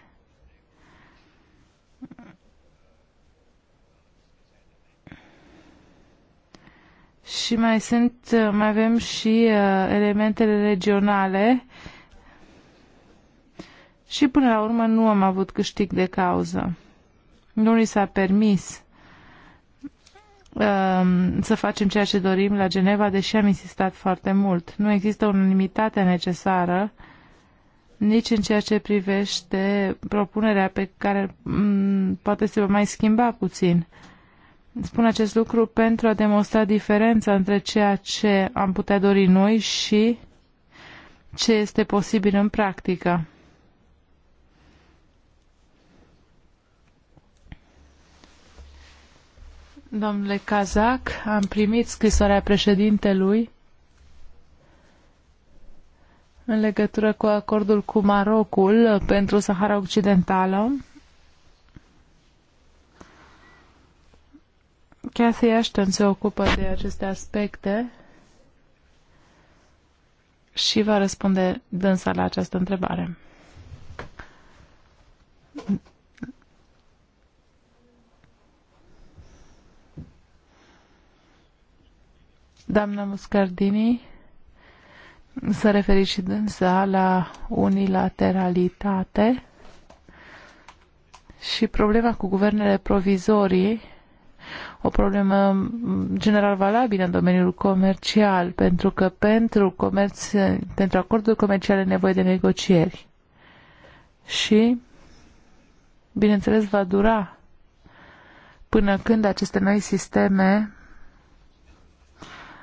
Și mai sunt, eh, mai avem și uh, elementele regionale și până la urmă nu am avut câștig de cauză. Nu li s-a permis Um, să facem ceea ce dorim la Geneva, deși am insistat foarte mult. Nu există unanimitate necesară nici în ceea ce privește propunerea pe care mm, poate se va mai schimba puțin. Spun acest lucru pentru a demonstra diferența între ceea ce am putea dori noi și ce este posibil în practică. Domnule Kazak, am primit scrisoarea președintelui în legătură cu acordul cu Marocul pentru Sahara Occidentală. Cathy Ashton se ocupă de aceste aspecte și va răspunde dânsa la această întrebare. doamna Muscardini s-a referit și dânsa la unilateralitate și problema cu guvernele provizorii, o problemă general valabilă în domeniul comercial, pentru că pentru, comerț, pentru acorduri comerciale e nevoie de negocieri. Și, bineînțeles, va dura până când aceste noi sisteme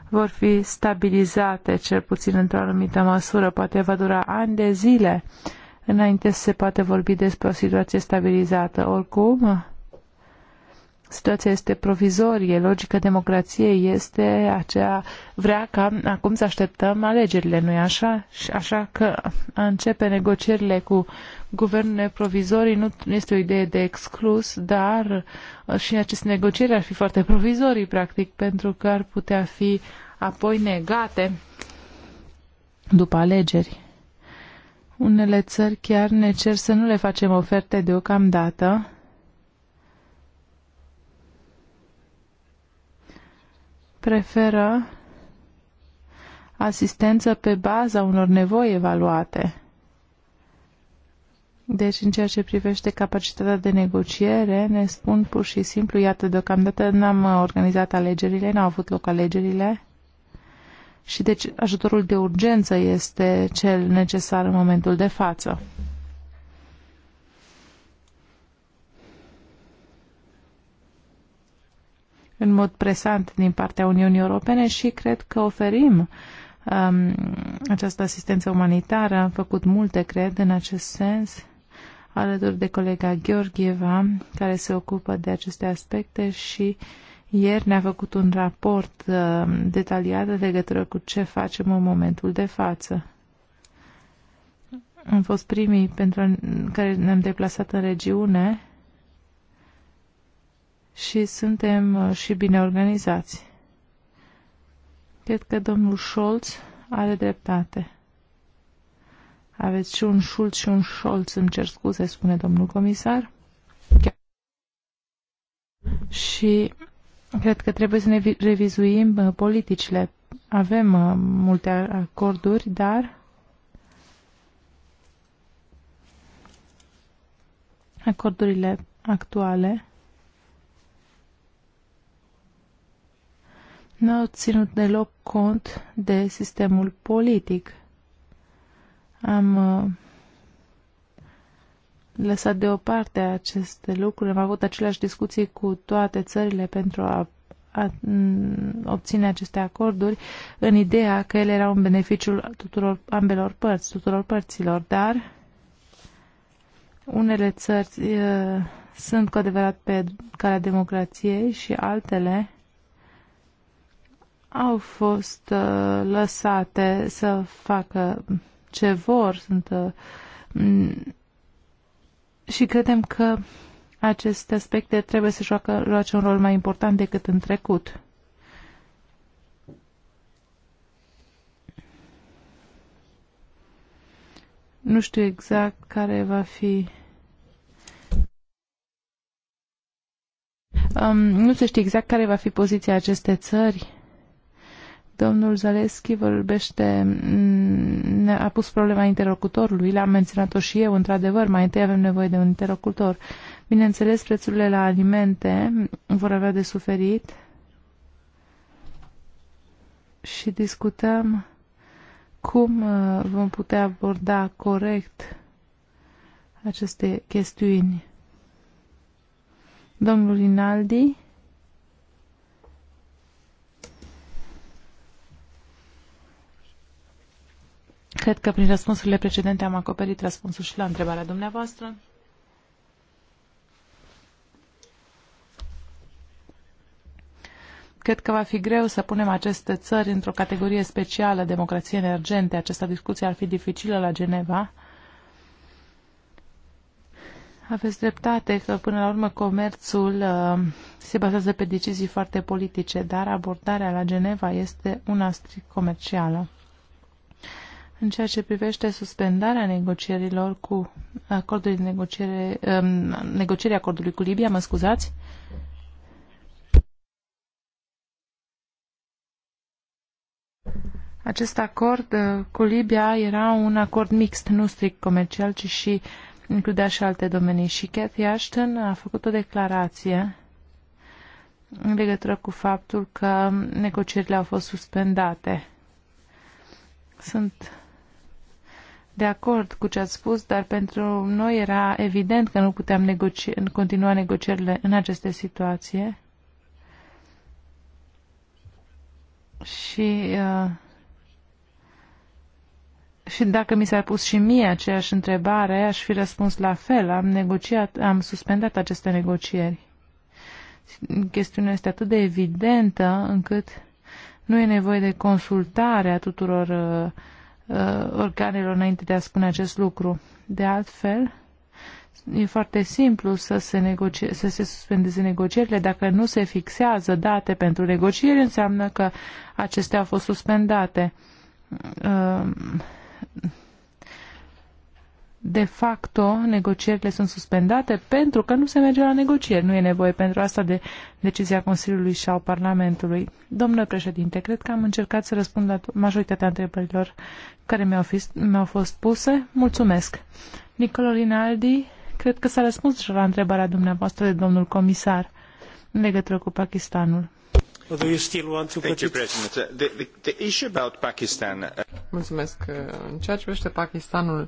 vor fi stabilizate, cel puțin într-o anumită măsură. Poate va dura ani de zile înainte să se poate vorbi despre o situație stabilizată. Oricum, situația este provizorie, logica democrației este aceea, vrea ca acum să așteptăm alegerile, nu-i așa? Așa că începe negocierile cu guvernele provizorii nu este o idee de exclus, dar uh, și aceste negocieri ar fi foarte provizorii, practic, pentru că ar putea fi apoi negate după alegeri. Unele țări chiar ne cer să nu le facem oferte deocamdată, preferă asistență pe baza unor nevoi evaluate. Deci, în ceea ce privește capacitatea de negociere, ne spun pur și simplu, iată, deocamdată n-am organizat alegerile, n-au avut loc alegerile și deci ajutorul de urgență este cel necesar în momentul de față. în mod presant din partea Uniunii Europene și cred că oferim um, această asistență umanitară. Am făcut multe, cred, în acest sens alături de colega Gheorgheva, care se ocupă de aceste aspecte și ieri ne-a făcut un raport uh, detaliat de legătură cu ce facem în momentul de față. Am fost primii pentru care ne-am deplasat în regiune și suntem uh, și bine organizați. Cred că domnul Scholz are dreptate. Aveți și un Schulz și un șolț, îmi cer scuze, spune domnul comisar. Și cred că trebuie să ne revizuim uh, politicile. Avem uh, multe acorduri, dar acordurile actuale nu au ținut deloc cont de sistemul politic. Am uh, lăsat deoparte aceste lucruri, am avut aceleași discuții cu toate țările pentru a a obține aceste acorduri în ideea că ele erau în beneficiul tuturor ambelor părți, tuturor părților, dar unele țări uh, sunt cu adevărat pe calea democrației și altele au fost uh, lăsate să facă ce vor, sunt uh, și credem că aceste aspecte trebuie să joacă, joace un rol mai important decât în trecut. Nu știu exact care va fi Um, nu se știe exact care va fi poziția acestei țări Domnul Zaleschi vorbește, mm, a pus problema interlocutorului, l-am menționat-o și eu, într-adevăr, mai întâi avem nevoie de un interlocutor. Bineînțeles, prețurile la alimente vor avea de suferit și discutăm cum uh, vom putea aborda corect aceste chestiuni. Domnul Rinaldi Cred că prin răspunsurile precedente am acoperit răspunsul și la întrebarea dumneavoastră. Cred că va fi greu să punem aceste țări într-o categorie specială, democrație emergente. Această discuție ar fi dificilă la Geneva. Aveți dreptate că, până la urmă, comerțul uh, se bazează pe decizii foarte politice, dar abordarea la Geneva este una strict comercială. În ceea ce privește suspendarea negocierilor cu acordul de negociere, um, negocierea acordului cu Libia, mă scuzați, Acest acord uh, cu Libia era un acord mixt, nu strict comercial, ci și includea și alte domenii. Și Cathy Ashton a făcut o declarație în legătură cu faptul că negocierile au fost suspendate. Sunt de acord cu ce ați spus, dar pentru noi era evident că nu puteam negoci continua negocierile în aceste situații. Și, uh, și dacă mi s-ar pus și mie aceeași întrebare, aș fi răspuns la fel. Am, negociat, am suspendat aceste negocieri. Chestiunea este atât de evidentă încât nu e nevoie de consultare a tuturor uh, uh, organelor înainte de a spune acest lucru. De altfel, e foarte simplu să se, negocie, să se suspendeze negocierile. Dacă nu se fixează date pentru negocieri, înseamnă că acestea au fost suspendate. Uh, de facto negocierile sunt suspendate pentru că nu se merge la negocieri. Nu e nevoie pentru asta de decizia Consiliului sau Parlamentului. Domnule președinte, cred că am încercat să răspund la majoritatea întrebărilor care mi-au, fost mi-au fost puse. Mulțumesc. Nicolo Rinaldi, cred că s-a răspuns și la întrebarea dumneavoastră de domnul comisar în legătură cu Pakistanul. Uh, uh, Mulțumesc. În ceea ce privește Pakistanul,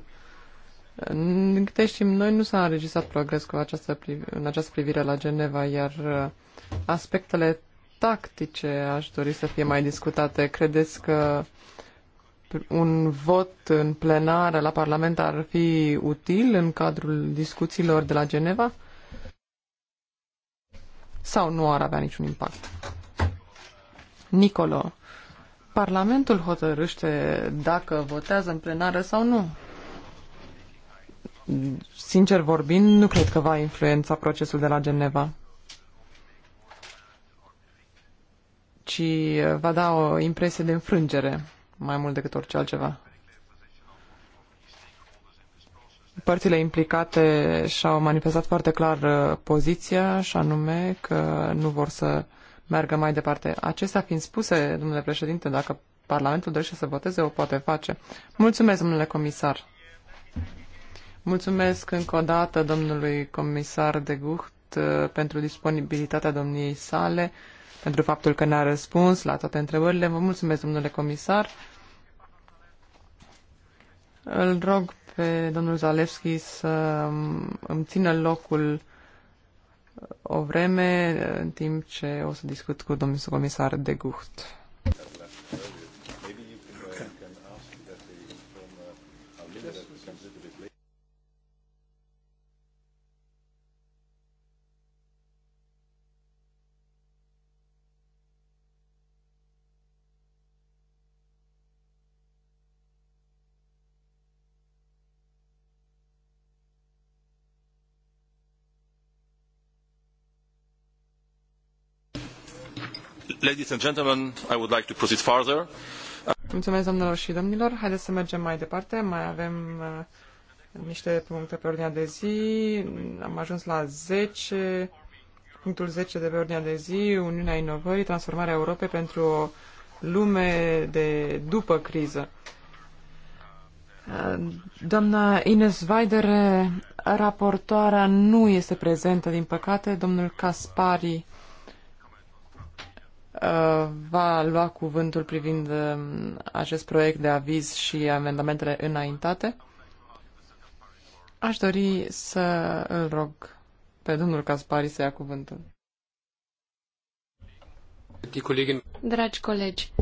din câte știm, noi nu s-a înregistrat progres cu această, în această privire la Geneva, iar uh, aspectele tactice aș dori să fie mai discutate. Credeți că un vot în plenară la Parlament ar fi util în cadrul discuțiilor de la Geneva? Sau nu ar avea niciun impact? Nicolo, Parlamentul hotărăște dacă votează în plenară sau nu sincer vorbind, nu cred că va influența procesul de la Geneva, ci uh, va da o impresie de înfrângere mai mult decât orice altceva. Părțile implicate și-au manifestat foarte clar uh, poziția, și anume că nu vor să meargă mai departe. Acestea fiind spuse, domnule președinte, dacă Parlamentul dorește să voteze, o poate face. Mulțumesc, domnule comisar. Mulțumesc încă o dată domnului comisar de Gucht uh, pentru disponibilitatea domniei sale, pentru faptul că ne-a răspuns la toate întrebările. Vă mulțumesc, domnule comisar. Îl rog pe domnul Zalewski să um, îmi țină locul uh, o vreme, uh, în timp ce o să discut cu domnul comisar de Gucht. ladies and gentlemen, I would like to proceed further. Mulțumesc, doamnelor și domnilor. Haideți să mergem mai departe. Mai avem uh, niște puncte pe ordinea de zi. Am ajuns la 10, punctul 10 de pe ordinea de zi, Uniunea Inovării, transformarea Europei pentru o lume de după criză. Uh, doamna Ines Weidere, raportoarea nu este prezentă, din păcate. Domnul Caspari Uh, va lua cuvântul privind um, acest proiect de aviz și amendamentele înaintate. Aș dori să îl rog pe domnul Caspari să ia cuvântul. Dragi colegi,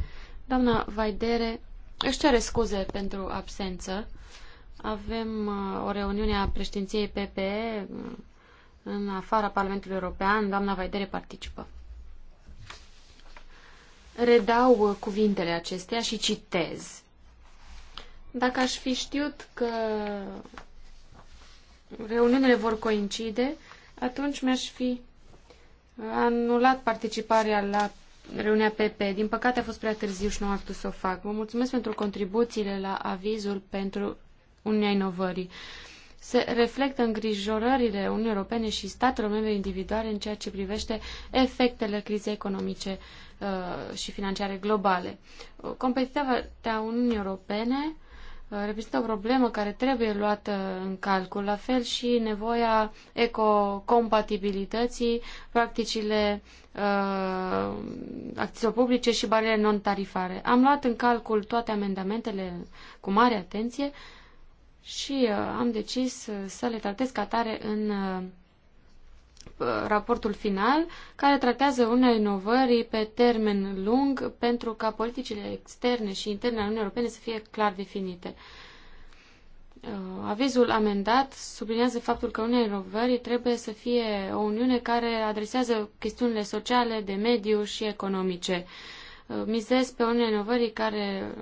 doamna Vaidere își cere scuze pentru absență. Avem uh, o reuniune a președinției PPE uh, în afara Parlamentului European. Doamna Vaidere participă redau uh, cuvintele acestea și citez. Dacă aș fi știut că reuniunile vor coincide, atunci mi-aș fi uh, anulat participarea la reuniunea PP. Din păcate a fost prea târziu și nu am putut să o fac. Vă mulțumesc pentru contribuțiile la avizul pentru Uniunea Inovării. Se reflectă îngrijorările Uniunii Europene și statelor membre individuale în ceea ce privește efectele crizei economice Uh, și financiare globale. Uh, competitivitatea Uniunii Europene uh, reprezintă o problemă care trebuie luată în calcul, la fel și nevoia ecocompatibilității, practicile uh, acțiilor publice și barele non-tarifare. Am luat în calcul toate amendamentele cu mare atenție și uh, am decis să le tratez ca tare în uh, raportul final, care tratează unele inovări pe termen lung pentru ca politicile externe și interne ale Uniunii Europene să fie clar definite. Uh, avizul amendat sublinează faptul că Uniunea Inovării trebuie să fie o Uniune care adresează chestiunile sociale, de mediu și economice. Uh, mizez pe Uniunea Inovării care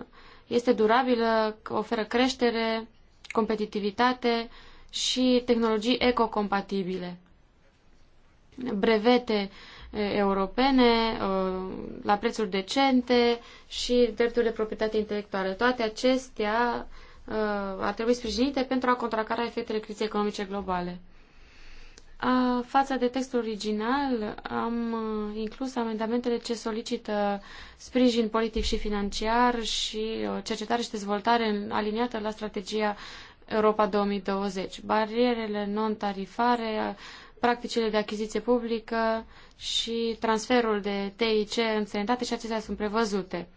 este durabilă, oferă creștere, competitivitate și tehnologii ecocompatibile brevete europene la prețuri decente și drepturi de proprietate intelectuală. Toate acestea ar trebui sprijinite pentru a contracara efectele crizei economice globale. A, față de textul original, am inclus amendamentele ce solicită sprijin politic și financiar și cercetare și dezvoltare aliniată la strategia Europa 2020. Barierele non-tarifare practicile de achiziție publică și transferul de TIC în sănătate și acestea sunt prevăzute.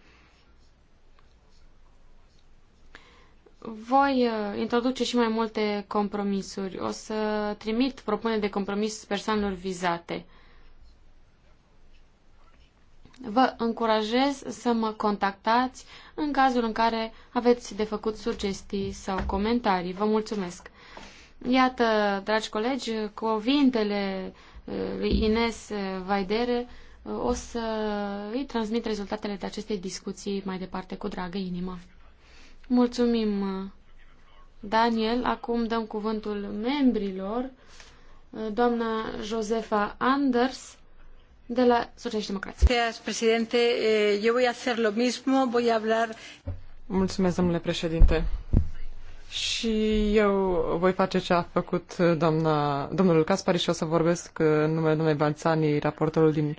Voi uh, introduce și mai multe compromisuri. O să trimit propuneri de compromis persoanelor vizate. Vă încurajez să mă contactați în cazul în care aveți de făcut sugestii sau comentarii. Vă mulțumesc! Iată, dragi colegi, cuvintele uh, lui Ines Vaidere uh, o să îi transmit rezultatele de aceste discuții mai departe cu dragă inimă. Mulțumim, uh, Daniel. Acum dăm cuvântul membrilor. Doamna Josefa Anders, de la Socialiști Democrați. Eh, hacer lo mismo, hablar... Mulțumesc, domnule președinte. Și eu voi face ce a făcut doamna, domnul Caspari și o să vorbesc în numele domnului Balțani, raportorul din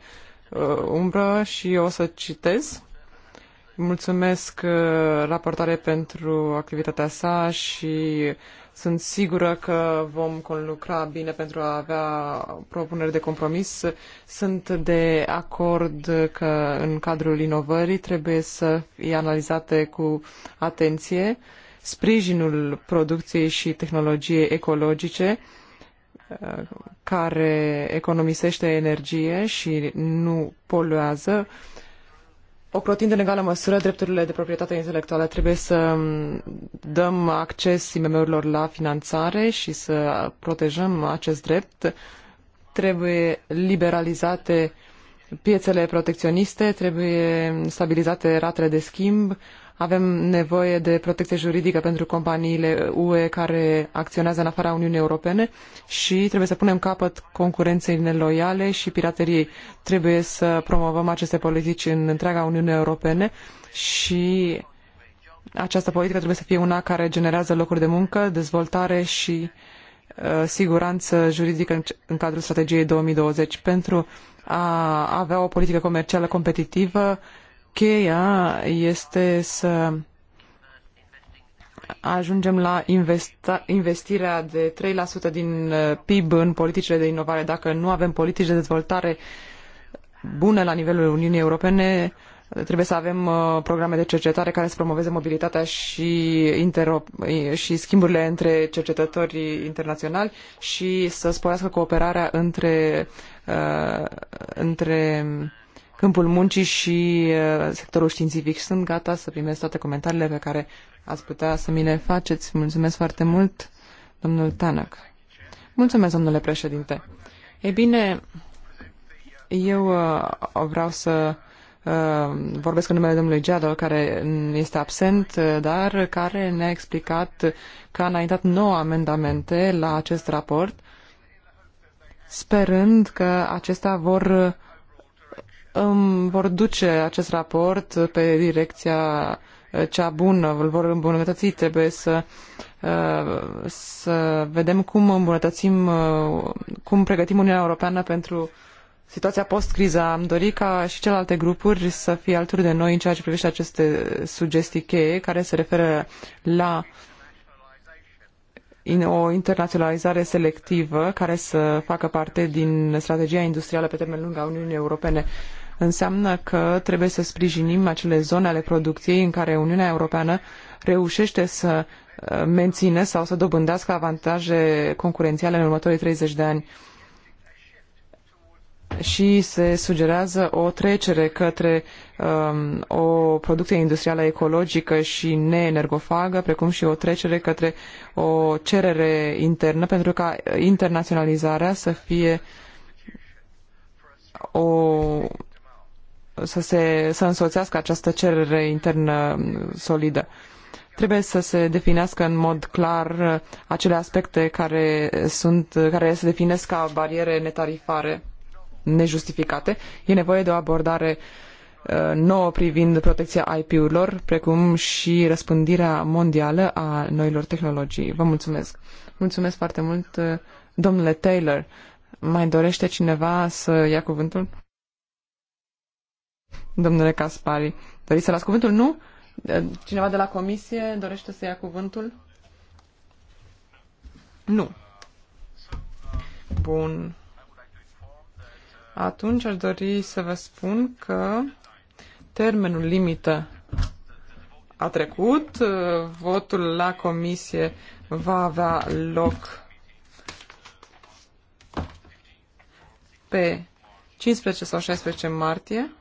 uh, umbră și eu o să citez. Mulțumesc uh, raportare pentru activitatea sa și sunt sigură că vom conlucra bine pentru a avea propuneri de compromis. Sunt de acord că în cadrul inovării trebuie să fie analizate cu atenție uh, sprijinul producției și tehnologiei ecologice uh, care economisește energie și nu poluează, ocrotind în egală măsură drepturile de proprietate intelectuală. Trebuie să um, dăm acces IMM-urilor la finanțare și să protejăm acest drept. Trebuie liberalizate piețele protecționiste, trebuie stabilizate ratele de schimb, avem nevoie de protecție juridică pentru companiile UE care acționează în afara Uniunii Europene și trebuie să punem capăt concurenței neloiale și pirateriei. Trebuie să promovăm aceste politici în întreaga Uniune Europene și această politică trebuie să fie una care generează locuri de muncă, dezvoltare și uh, siguranță juridică în, în cadrul strategiei 2020 pentru a avea o politică comercială competitivă uh, cheia este să ajungem la investa, investirea de 3% din uh, PIB în politicile de inovare. Dacă nu avem politici de dezvoltare bune la nivelul Uniunii Europene, trebuie să avem uh, programe de cercetare care să promoveze mobilitatea și, intero- și schimburile între cercetători internaționali și să sporească cooperarea între, uh, între câmpul muncii și sectorul științific. Sunt gata să primesc toate comentariile pe care ați putea să mi le faceți. Mulțumesc foarte mult, domnul Tanak. Mulțumesc, domnule președinte. Ei bine, eu vreau să vorbesc în numele domnului Geadol, care este absent, dar care ne-a explicat că a înaintat nouă amendamente la acest raport, sperând că acestea vor um, vor duce acest raport pe direcția uh, cea bună, îl vor îmbunătăți, trebuie să, uh, să vedem cum îmbunătățim, uh, cum pregătim Uniunea Europeană pentru situația post-criză. Am dorit ca și celelalte grupuri să fie alături de noi în ceea ce privește aceste sugestii cheie care se referă la o internaționalizare selectivă care să facă parte din strategia industrială pe termen lung a Uniunii Europene înseamnă că trebuie să sprijinim acele zone ale producției în care Uniunea Europeană reușește să uh, mențină sau să dobândească avantaje concurențiale în următorii 30 de ani. Și se sugerează o trecere către um, o producție industrială ecologică și neenergofagă, precum și o trecere către o cerere internă, pentru ca internaționalizarea să fie o să, se, să însoțească această cerere internă solidă. Trebuie să se definească în mod clar acele aspecte care, sunt, care se definesc ca bariere netarifare nejustificate. E nevoie de o abordare uh, nouă privind protecția IP-urilor, precum și răspândirea mondială a noilor tehnologii. Vă mulțumesc! Mulțumesc foarte mult, uh, domnule Taylor. Mai dorește cineva să ia cuvântul? domnule Caspari. Doriți să las cuvântul? Nu? Eh, cineva de la comisie dorește să ia cuvântul? Nu. Bun. Atunci aș dori să vă spun că termenul limită a trecut, eh, votul la comisie va avea loc pe 15 sau 16 martie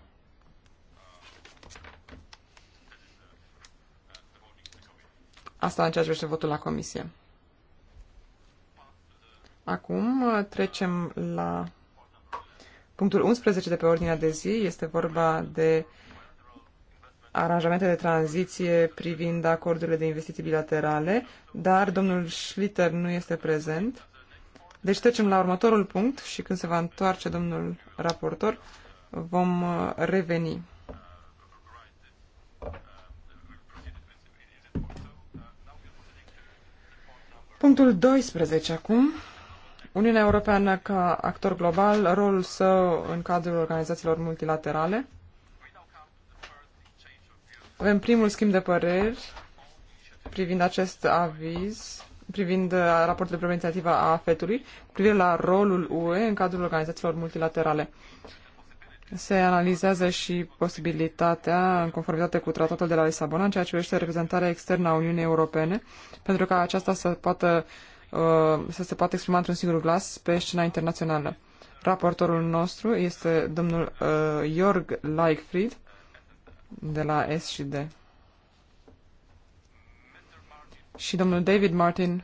Asta în ceea ce privește votul la comisie. Acum uh, trecem la punctul 11 de pe ordinea de zi. Este vorba de aranjamente de tranziție privind acordurile de investiții bilaterale, dar domnul Schlitter nu este prezent. Deci trecem la următorul punct și când se va întoarce domnul raportor, vom uh, reveni. Punctul 12 acum. Uniunea Europeană ca actor global, rolul său în cadrul organizațiilor multilaterale. Avem primul schimb de păreri privind acest aviz, privind uh, raportul de preventivă a fet privind la rolul UE în cadrul organizațiilor multilaterale. Se analizează și posibilitatea, în conformitate cu tratatul de la Lisabona, în ceea ce privește reprezentarea externă a Uniunii Europene, pentru ca aceasta să, poată, uh, să se poată exprima într-un singur glas pe scena internațională. Raportorul nostru este domnul uh, Jorg Leichfried de la S și D. Și domnul David Martin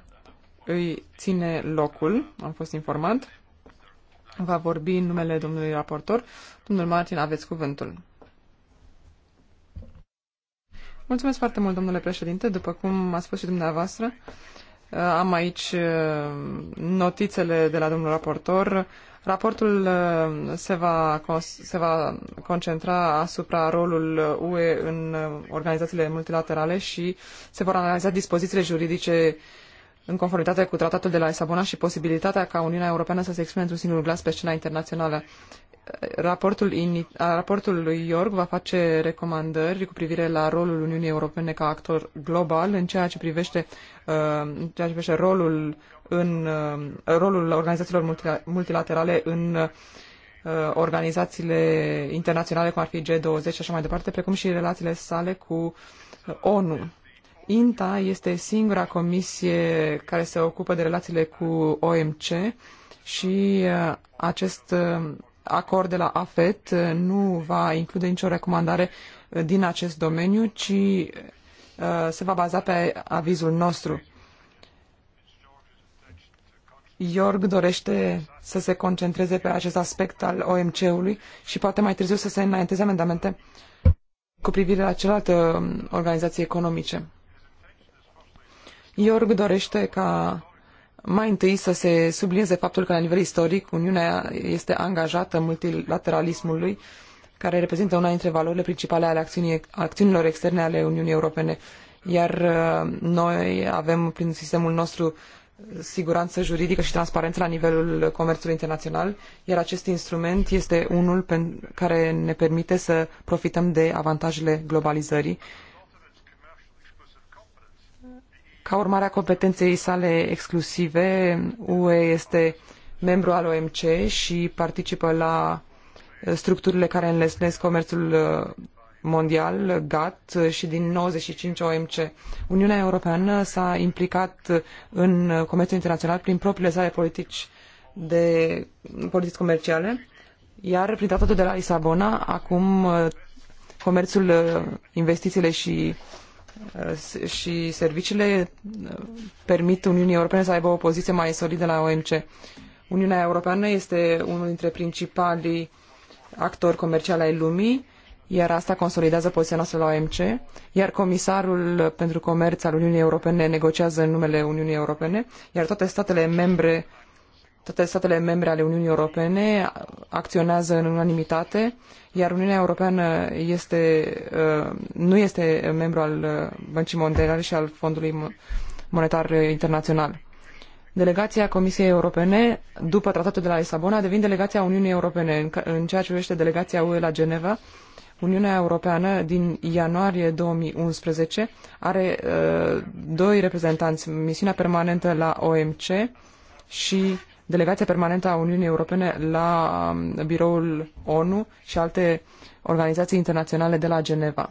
îi ține locul, am fost informat va vorbi în numele domnului raportor. Domnul Martin, aveți cuvântul. Mulțumesc foarte mult, domnule președinte. După cum a spus și dumneavoastră, uh, am aici uh, notițele de la domnul raportor. Raportul uh, se va, se va concentra asupra rolul UE în organizațiile multilaterale și se vor analiza dispozițiile juridice uh, în conformitate cu tratatul de la Lisabona și posibilitatea ca Uniunea Europeană să se exprime într-un singur glas pe scena internațională. Raportul, in, raportul lui York va face recomandări cu privire la rolul Uniunii Europene ca actor global în ceea ce privește, uh, în ceea ce privește rolul, în, uh, rolul organizațiilor multilaterale în uh, organizațiile internaționale, cum ar fi G20 și așa mai departe, precum și relațiile sale cu ONU. INTA este singura comisie care se ocupă de relațiile cu OMC și uh, acest uh, acord de la AFET uh, nu va include nicio recomandare din acest domeniu, ci se va baza pe avizul nostru. Jorg dorește să se concentreze pe acest aspect al OMC-ului și poate mai târziu să se înainteze amendamente cu privire la celelalte um, organizații economice. Iorg dorește ca mai întâi să se sublinieze faptul că la nivel istoric Uniunea este angajată multilateralismului care reprezintă una dintre valorile principale ale acțiunilor externe ale Uniunii Europene. Iar uh, noi avem prin sistemul nostru siguranță juridică și transparență la nivelul comerțului internațional, iar acest instrument este unul care ne permite să profităm de avantajele globalizării ca urmare a competenței sale exclusive, UE este membru al OMC și participă la uh, structurile care înlesnesc comerțul uh, mondial, GATT uh, și din 95 OMC. Uniunea Europeană s-a implicat în comerțul internațional prin propriile sale politici de politici comerciale, iar prin tratatul de la Lisabona, acum comerțul, investițiile și Uh, și serviciile uh, permit Uniunii Europene să aibă o poziție mai solidă la OMC. Uniunea Europeană este unul dintre principalii actori comerciali ai lumii, iar asta consolidează poziția noastră la OMC, iar comisarul pentru comerț al Uniunii Europene negociază în numele Uniunii Europene, iar toate statele membre toate statele membre ale Uniunii Europene acționează în unanimitate, iar Uniunea Europeană este, uh, nu este membru al uh, Băncii Mondiale și al Fondului Monetar Internațional. Delegația Comisiei Europene, după tratatul de la Lisabona, devine delegația Uniunii Europene. În ceea ce privește delegația UE la Geneva, Uniunea Europeană din ianuarie 2011 are uh, doi reprezentanți, misiunea permanentă la OMC și delegația permanentă a Uniunii Europene la um, biroul ONU și alte organizații internaționale de la Geneva.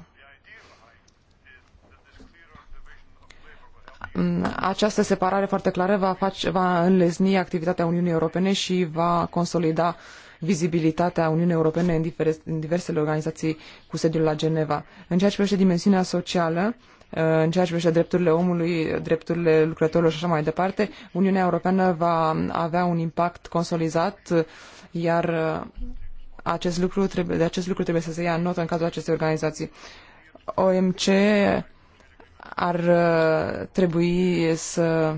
Mm, această separare foarte clară va, face, va înlesni activitatea Uniunii Europene și va consolida vizibilitatea Uniunii Europene în, în diversele organizații cu sediul la Geneva. În ceea ce privește dimensiunea socială, uh, în ceea ce privește drepturile omului, drepturile lucrătorilor și așa mai departe, Uniunea Europeană va avea un impact consolidat, iar uh, acest lucru trebuie, de acest lucru trebuie să se ia notă în cazul acestei organizații. OMC ar uh, trebui să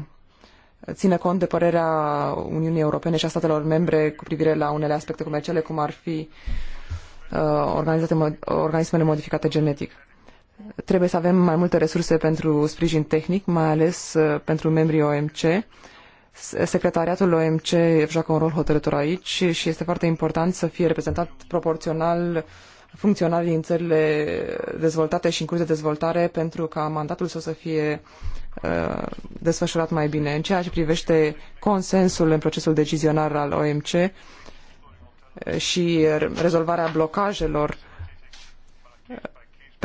țină cont de părerea Uniunii Europene și a statelor membre cu privire la unele aspecte comerciale, cum ar fi uh, organismele modificate genetic. Trebuie să avem mai multe resurse pentru sprijin tehnic, mai ales uh, pentru membrii OMC. Secretariatul OMC joacă un rol hotărător aici și este foarte important să fie reprezentat proporțional funcționarii din țările dezvoltate și în curs de dezvoltare pentru ca mandatul său să fie uh, desfășurat mai bine. În ceea ce privește consensul în procesul decizionar al OMC uh, și rezolvarea blocajelor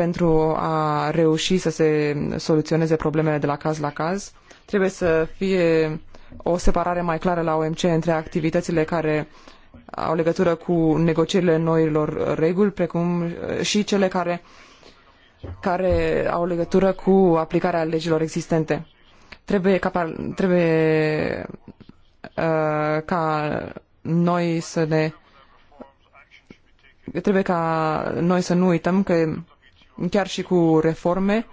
pentru a reuși să se soluționeze problemele de la caz la caz. Trebuie să fie o separare mai clară la OMC între activitățile care au legătură cu negocierile noilor reguli, precum eh, și cele care, care au legătură cu aplicarea legilor existente. Trebuie trebuie, uh, ca noi să ne trebuie ca noi să nu uităm că chiar și cu reforme,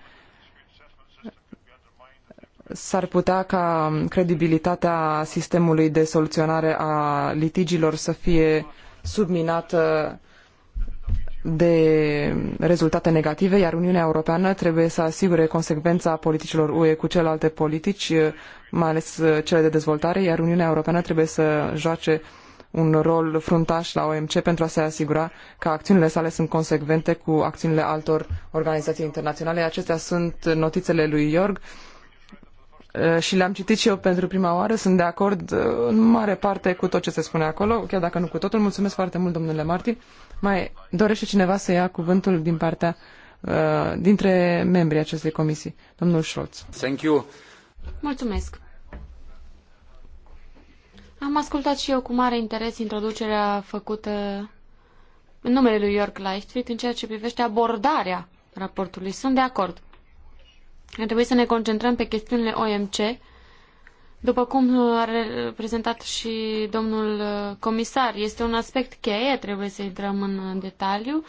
s-ar putea ca credibilitatea sistemului de soluționare a litigiilor să fie subminată de rezultate negative, iar Uniunea Europeană trebuie să asigure consecvența politicilor UE cu celelalte politici, mai ales cele de dezvoltare, iar Uniunea Europeană trebuie să joace un rol fruntaș la OMC pentru a se asigura că acțiunile sale sunt consecvente cu acțiunile altor organizații internaționale. Acestea sunt notițele lui Iorg eh, și le-am citit și eu pentru prima oară. Sunt de acord eh, în mare parte cu tot ce se spune acolo, chiar dacă nu cu totul. Mulțumesc foarte mult, domnule Martin. Mai dorește cineva să ia cuvântul din partea eh, dintre membrii acestei comisii? Domnul Scholz. Mulțumesc. Am ascultat și eu cu mare interes introducerea făcută în numele lui York Lightfried în ceea ce privește abordarea raportului. Sunt de acord. Ar trebui să ne concentrăm pe chestiunile OMC, după cum a prezentat și domnul uh, comisar. Este un aspect cheie, trebuie să intrăm în uh, detaliu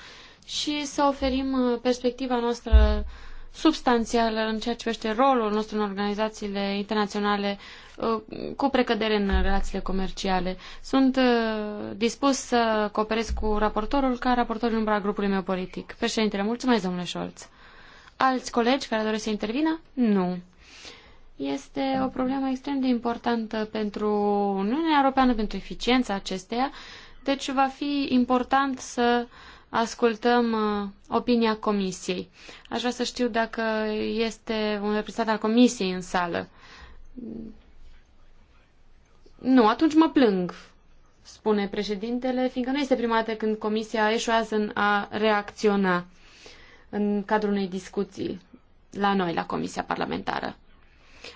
și să oferim uh, perspectiva noastră substanțială în ceea ce privește rolul nostru în organizațiile internaționale uh, cu precădere în relațiile comerciale. Sunt uh, dispus să cooperez cu raportorul ca raportor în umbra grupului meu politic. Președintele, mulțumesc, domnule Scholz. Alți colegi care doresc să intervină? Nu. Este o problemă extrem de importantă pentru Uniunea Europeană, pentru eficiența acesteia, deci va fi important să uh, ascultăm uh, opinia comisiei. Aș vrea să știu dacă este un reprezentant al comisiei în sală. Nu, atunci mă plâng, spune președintele, fiindcă nu este prima dată când comisia eșuează în a reacționa în cadrul unei discuții la noi, la Comisia Parlamentară.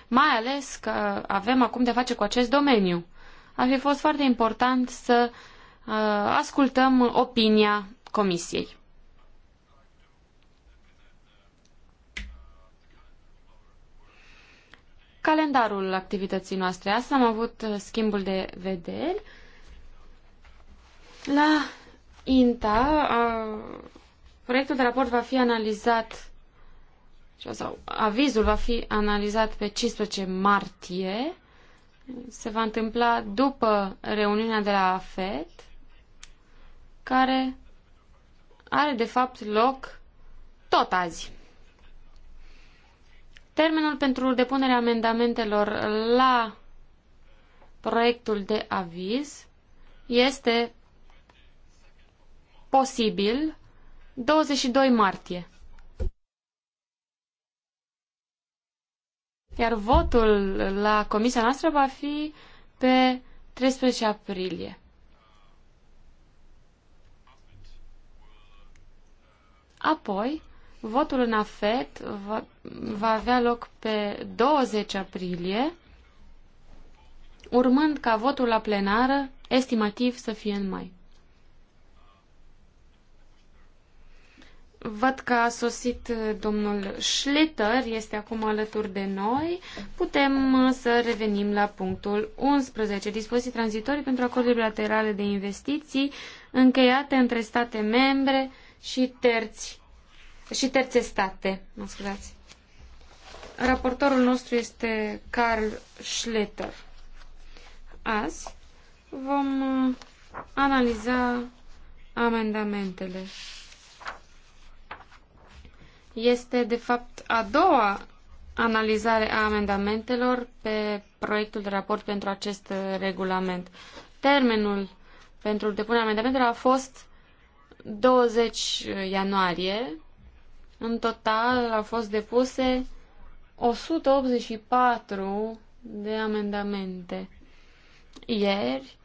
Mai ales că avem acum de face cu acest domeniu. Ar fi fost foarte important să uh, ascultăm opinia Comisiei. Calendarul activității noastre. Astăzi am avut uh, schimbul de vederi. La INTA, uh, proiectul de raport va fi analizat sau avizul va fi analizat pe 15 martie. Se va întâmpla după reuniunea de la AFET, care are de fapt loc tot azi. Termenul pentru depunerea amendamentelor la proiectul de aviz este posibil 22 martie. Iar votul la comisia noastră va fi pe 13 aprilie. Apoi, votul în afet va, va avea loc pe 20 aprilie, urmând ca votul la plenară, estimativ, să fie în mai. Văd că a sosit uh, domnul Schlitter, este acum alături de noi. Putem uh, să revenim la punctul 11. Dispoziții tranzitorii pentru acorduri bilaterale de investiții încheiate între state membre și terți și terțe state. Mă scuzați. Raportorul nostru este Carl Schletter. Azi vom uh, analiza amendamentele. Este, de fapt, a doua analizare a amendamentelor pe proiectul de raport pentru acest regulament. Termenul pentru depunerea amendamentelor a fost 20 ianuarie, în total au fost depuse 184 de amendamente. Ieri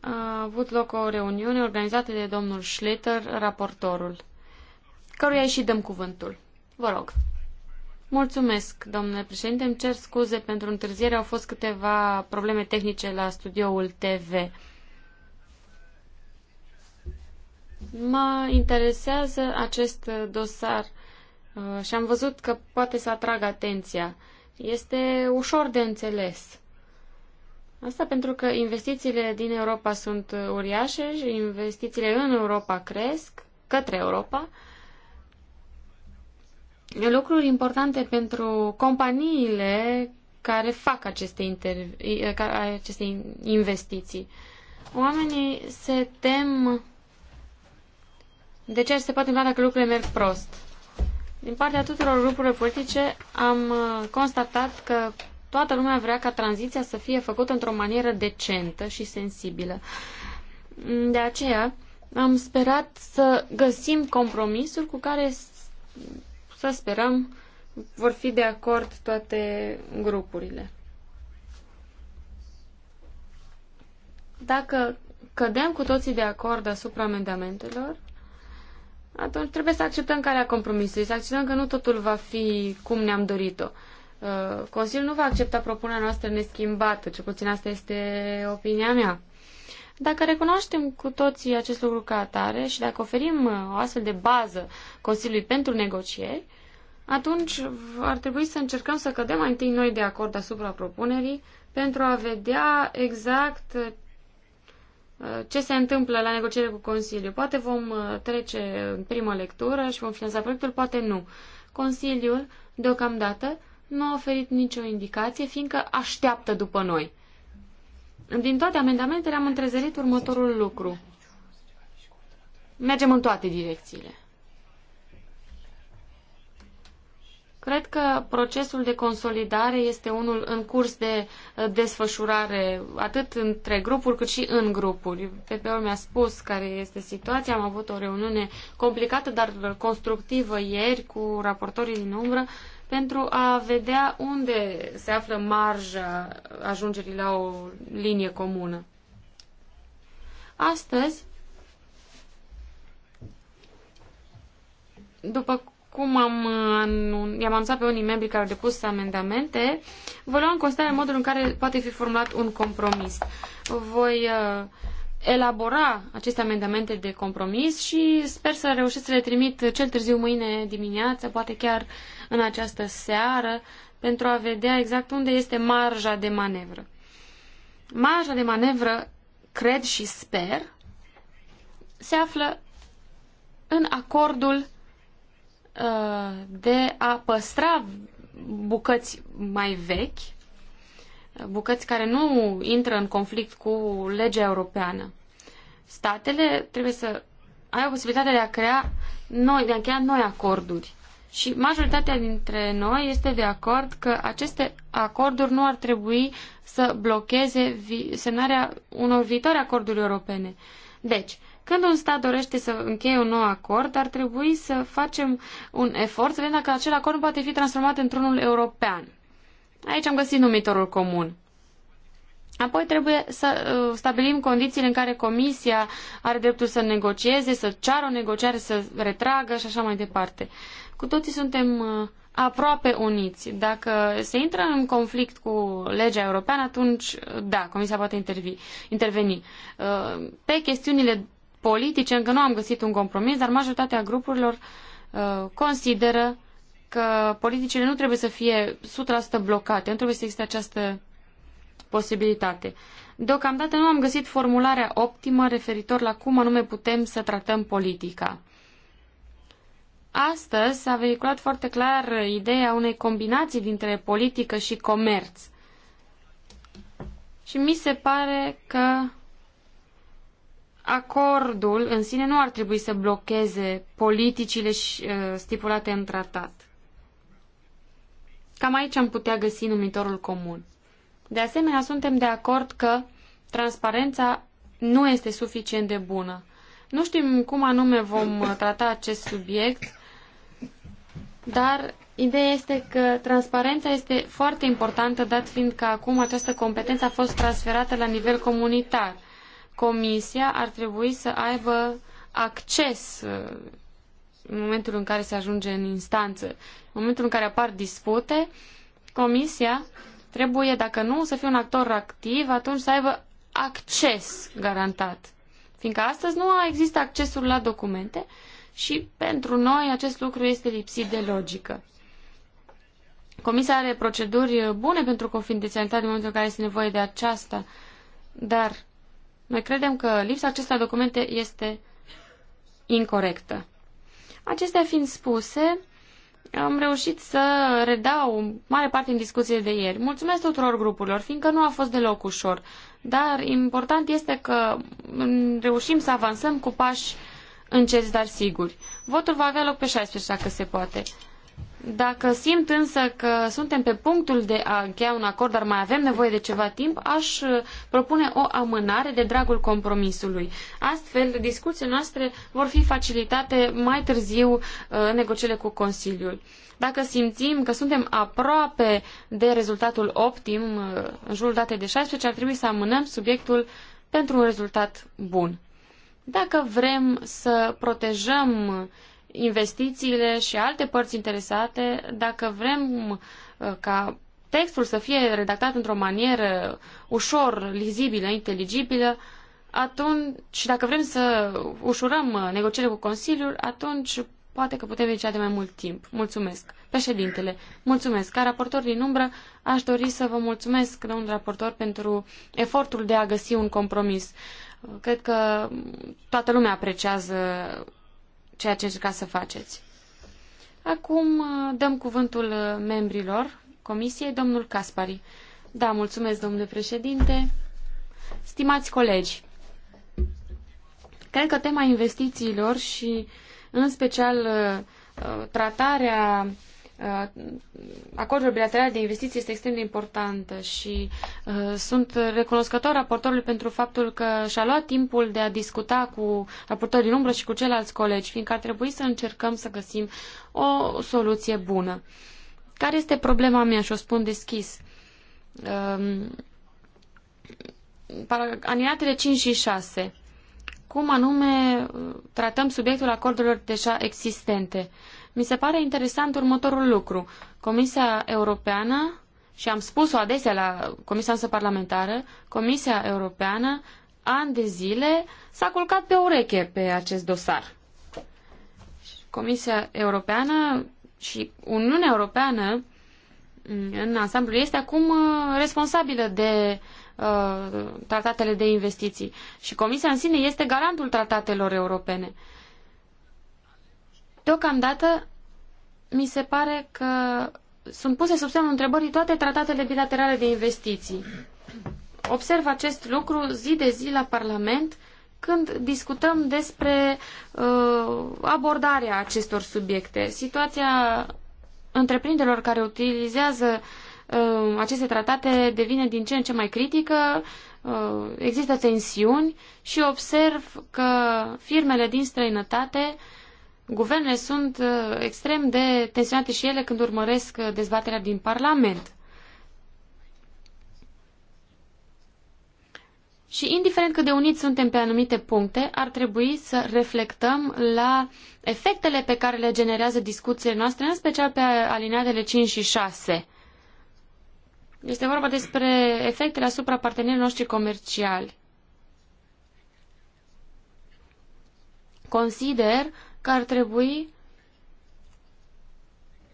a avut loc o reuniune organizată de domnul Schlitter, raportorul, căruia și dăm cuvântul. Vă rog. Mulțumesc, domnule președinte. Îmi cer scuze pentru întârziere. Au fost câteva probleme tehnice la studioul TV. Mă interesează acest dosar uh, și am văzut că poate să atrag atenția. Este ușor de înțeles. Asta pentru că investițiile din Europa sunt uriașe și investițiile în Europa cresc, către Europa. Lucruri importante pentru companiile care fac aceste, aceste investiții. Oamenii se tem de ceea ce se poate întâmpla dacă lucrurile merg prost. Din partea tuturor grupurilor politice am uh, constatat că toată lumea vrea ca tranziția să fie făcută într-o manieră decentă și sensibilă. De aceea am sperat să găsim compromisuri cu care să sperăm vor fi de acord toate grupurile. Dacă cădem cu toții de acord asupra amendamentelor, atunci trebuie să acceptăm calea compromisului, să acceptăm că nu totul va fi cum ne-am dorit-o. Uh, Consiliul nu va accepta propunerea noastră neschimbată, cel puțin asta este opinia mea. Dacă recunoaștem cu toții acest lucru ca atare și dacă oferim uh, o astfel de bază Consiliului pentru negocieri, atunci ar trebui să încercăm să cădem mai întâi noi de acord asupra propunerii pentru a vedea exact ce se întâmplă la negociere cu Consiliul. Poate vom uh, trece în prima lectură și vom finanța proiectul, poate nu. Consiliul, deocamdată, nu a oferit nicio indicație, fiindcă așteaptă după noi. Din toate amendamentele am întrezărit următorul lucru. Mergem în toate direcțiile. Cred că procesul de consolidare este unul în curs de uh, desfășurare, atât între grupuri cât și în grupuri. Pe ul mi-a spus care este situația, am avut o reuniune complicată, dar constructivă ieri cu raportorii din umbră pentru a vedea unde se află marja ajungerii la o linie comună. Astăzi, după cum am, i-am anunțat pe unii membri care au depus amendamente, vă lua în considerare modul în care poate fi formulat un compromis. Voi uh, elabora aceste amendamente de compromis și sper să reușesc să le trimit cel târziu mâine dimineață, poate chiar în această seară, pentru a vedea exact unde este marja de manevră. Marja de manevră, cred și sper, se află în acordul de a păstra bucăți mai vechi, bucăți care nu intră în conflict cu legea europeană. Statele trebuie să ai o posibilitate de a crea noi, de a crea noi acorduri. Și majoritatea dintre noi este de acord că aceste acorduri nu ar trebui să blocheze semnarea unor viitoare acorduri europene. Deci, când un stat dorește să încheie un nou acord, ar trebui să facem un efort să vedem dacă acel acord poate fi transformat într-unul european. Aici am găsit numitorul comun. Apoi trebuie să uh, stabilim condițiile în care comisia are dreptul să negocieze, să ceară o negociare, să retragă și așa mai departe. Cu toții suntem uh, aproape uniți. Dacă se intră în conflict cu legea europeană, atunci, da, comisia poate intervi, interveni. Uh, pe chestiunile politice încă nu am găsit un compromis, dar majoritatea grupurilor uh, consideră că politicile nu trebuie să fie 100% blocate, nu trebuie să existe această posibilitate. Deocamdată nu am găsit formularea optimă referitor la cum anume putem să tratăm politica. Astăzi s-a vehiculat foarte clar ideea unei combinații dintre politică și comerț. Și mi se pare că acordul în sine nu ar trebui să blocheze politicile uh, stipulate în tratat. Cam aici am putea găsi numitorul comun. De asemenea, suntem de acord că transparența nu este suficient de bună. Nu știm cum anume vom uh, trata acest subiect, dar ideea este că transparența este foarte importantă, dat fiind că acum această competență a fost transferată la nivel comunitar – Comisia ar trebui să aibă acces uh, în momentul în care se ajunge în instanță. În momentul în care apar dispute, Comisia trebuie, dacă nu să fie un actor activ, atunci să aibă acces garantat. Fiindcă astăzi nu există accesul la documente și pentru noi acest lucru este lipsit de logică. Comisia are proceduri bune pentru confidențialitate în momentul în care este nevoie de aceasta, dar noi credem că lipsa acestor documente este incorrectă. Acestea fiind spuse, am reușit să redau mare parte din discuție de ieri. Mulțumesc tuturor grupurilor, fiindcă nu a fost deloc ușor, dar important este că reușim să avansăm cu pași încet, dar siguri. Votul va avea loc pe 16, dacă se poate. Dacă simt însă că suntem pe punctul de a încheia un acord, dar mai avem nevoie de ceva timp, aș uh, propune o amânare de dragul compromisului. Astfel, discuțiile noastre vor fi facilitate mai târziu uh, în negocierile cu Consiliul. Dacă simțim că suntem aproape de rezultatul optim, uh, în jurul datei de 16, ar trebui să amânăm subiectul pentru un rezultat bun. Dacă vrem să protejăm investițiile și alte părți interesate, dacă vrem uh, ca textul să fie redactat într-o manieră ușor lizibilă, inteligibilă, atunci, și dacă vrem să ușurăm uh, negocierile cu Consiliul, atunci poate că putem ieși de mai mult timp. Mulțumesc. Președintele, mulțumesc. Ca raportor din umbră, aș dori să vă mulțumesc, domnul raportor, pentru efortul de a găsi un compromis. Cred că toată lumea apreciază ceea ce încercați să faceți. Acum uh, dăm cuvântul uh, membrilor Comisiei, domnul Caspari. Da, mulțumesc, domnule președinte. Stimați colegi, cred că tema investițiilor și în special uh, tratarea Uh, acordul bilateral de investiții este extrem de important și uh, sunt recunoscător raportorului pentru faptul că și-a luat timpul de a discuta cu raportorii din umbră și cu ceilalți colegi, fiindcă ar trebui să încercăm să găsim o soluție bună. Care este problema mea și o spun deschis? Um, Aniatele 5 și 6. Cum anume uh, tratăm subiectul acordurilor deja existente? Uh, mi se pare interesant următorul lucru. Comisia Europeană, și am spus-o adesea la Comisia însă parlamentară, Comisia Europeană, ani de zile, s-a culcat pe ureche pe acest dosar. Comisia Europeană și Uniunea Europeană în ansamblu este acum uh, responsabilă de uh, tratatele de investiții și Comisia în sine este garantul tratatelor europene. Uh, Deocamdată, mi se pare că sunt puse sub semnul întrebării toate tratatele bilaterale de investiții. Observ acest lucru zi de zi la Parlament când discutăm despre uh, abordarea acestor subiecte. Situația întreprinderilor care utilizează uh, aceste tratate devine din ce în ce mai critică, uh, există tensiuni și observ că firmele din străinătate uh, guvernele sunt uh, extrem de tensionate și ele când urmăresc uh, dezbaterea din Parlament. Și indiferent cât de uniți suntem pe anumite puncte, ar trebui să reflectăm la efectele pe care le generează discuțiile noastre, în special pe alineatele 5 și 6. Este vorba despre efectele asupra partenerilor noștri comerciali. Consider că ar trebui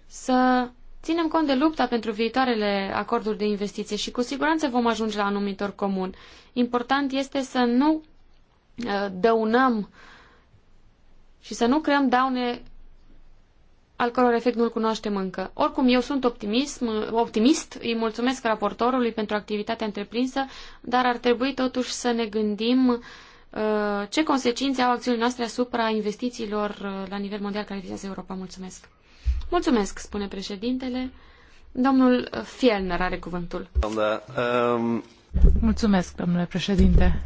să ținem cont de lupta pentru viitoarele acorduri de investiție și cu siguranță vom ajunge la un numitor comun. Important este să nu uh, dăunăm și să nu creăm daune al căror efect nu-l cunoaștem încă. Oricum, eu sunt optimism, uh, optimist, îi mulțumesc raportorului pentru activitatea întreprinsă, dar ar trebui totuși să ne gândim Uh, ce consecințe au acțiunile noastre asupra investițiilor uh, la nivel mondial care vizează Europa. Mulțumesc! Mulțumesc, spune președintele. Domnul uh, Fielner are cuvântul. Um, Mulțumesc, domnule președinte.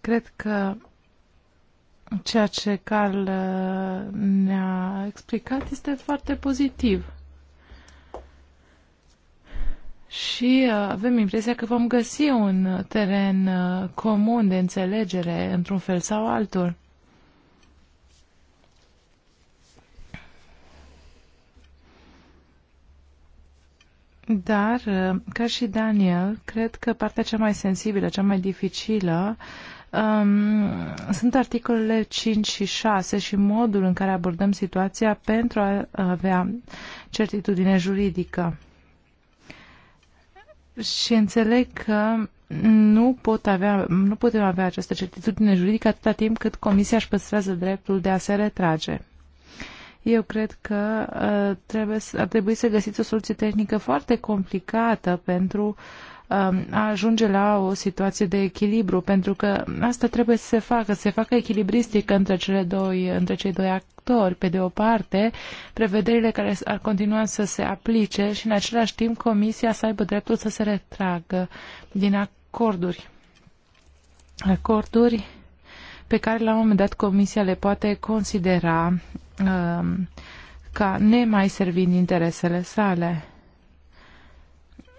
Cred că ceea ce Carl ne-a explicat este foarte pozitiv și uh, avem impresia că vom găsi un teren uh, comun de înțelegere într-un fel sau altul. Dar, uh, ca și Daniel, cred că partea cea mai sensibilă, cea mai dificilă, um, sunt articolele 5 și 6 și modul în care abordăm situația pentru a avea certitudine juridică și înțeleg că nu, pot avea, nu putem avea această certitudine juridică atâta timp cât Comisia își păstrează dreptul de a se retrage. Eu cred că uh, trebuie să, ar trebui să găsiți o soluție tehnică foarte complicată pentru uh, Um, a ajunge la o situație de echilibru, pentru că asta trebuie să se facă, să se facă echilibristică între, cele doi, între cei doi actori. Pe de o parte, prevederile care ar continua să se aplice și în același timp Comisia să aibă dreptul să se retragă din acorduri. Acorduri pe care la un moment dat Comisia le poate considera uh, ca nemai servind interesele sale.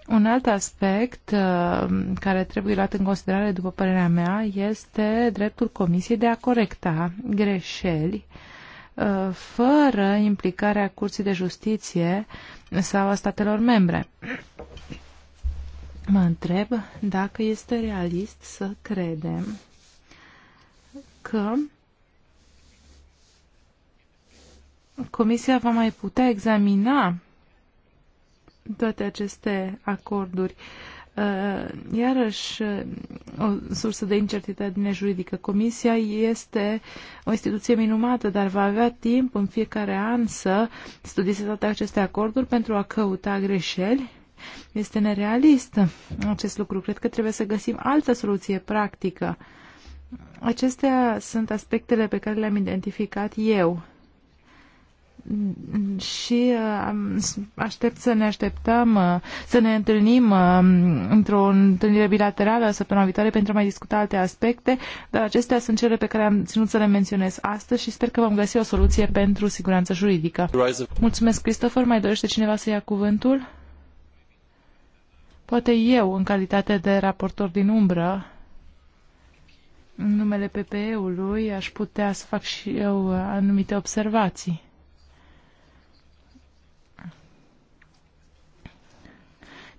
Un alt aspect uh, care trebuie luat în considerare, după părerea mea, este dreptul Comisiei de a corecta greșeli uh, fără implicarea Curții de Justiție sau a statelor membre. Mă întreb dacă este realist să credem că Comisia va mai putea examina toate aceste acorduri. Uh, iarăși, uh, o sursă de incertitudine juridică. Comisia este o instituție minumată, dar va avea timp în fiecare an să studieze toate aceste acorduri pentru a căuta greșeli este nerealist acest lucru. Cred că trebuie să găsim altă soluție practică. Acestea sunt aspectele pe care le-am identificat eu și um, aștept să ne așteptăm uh, să ne întâlnim um, într-o întâlnire bilaterală săptămâna viitoare pentru a mai discuta alte aspecte, dar acestea sunt cele pe care am ținut să le menționez astăzi și sper că vom găsi o soluție pentru siguranță juridică. Mulțumesc, Christopher. Mai dorește cineva să ia cuvântul? Poate eu, în calitate de raportor din umbră, în numele PPE-ului, aș putea să fac și eu uh, anumite observații.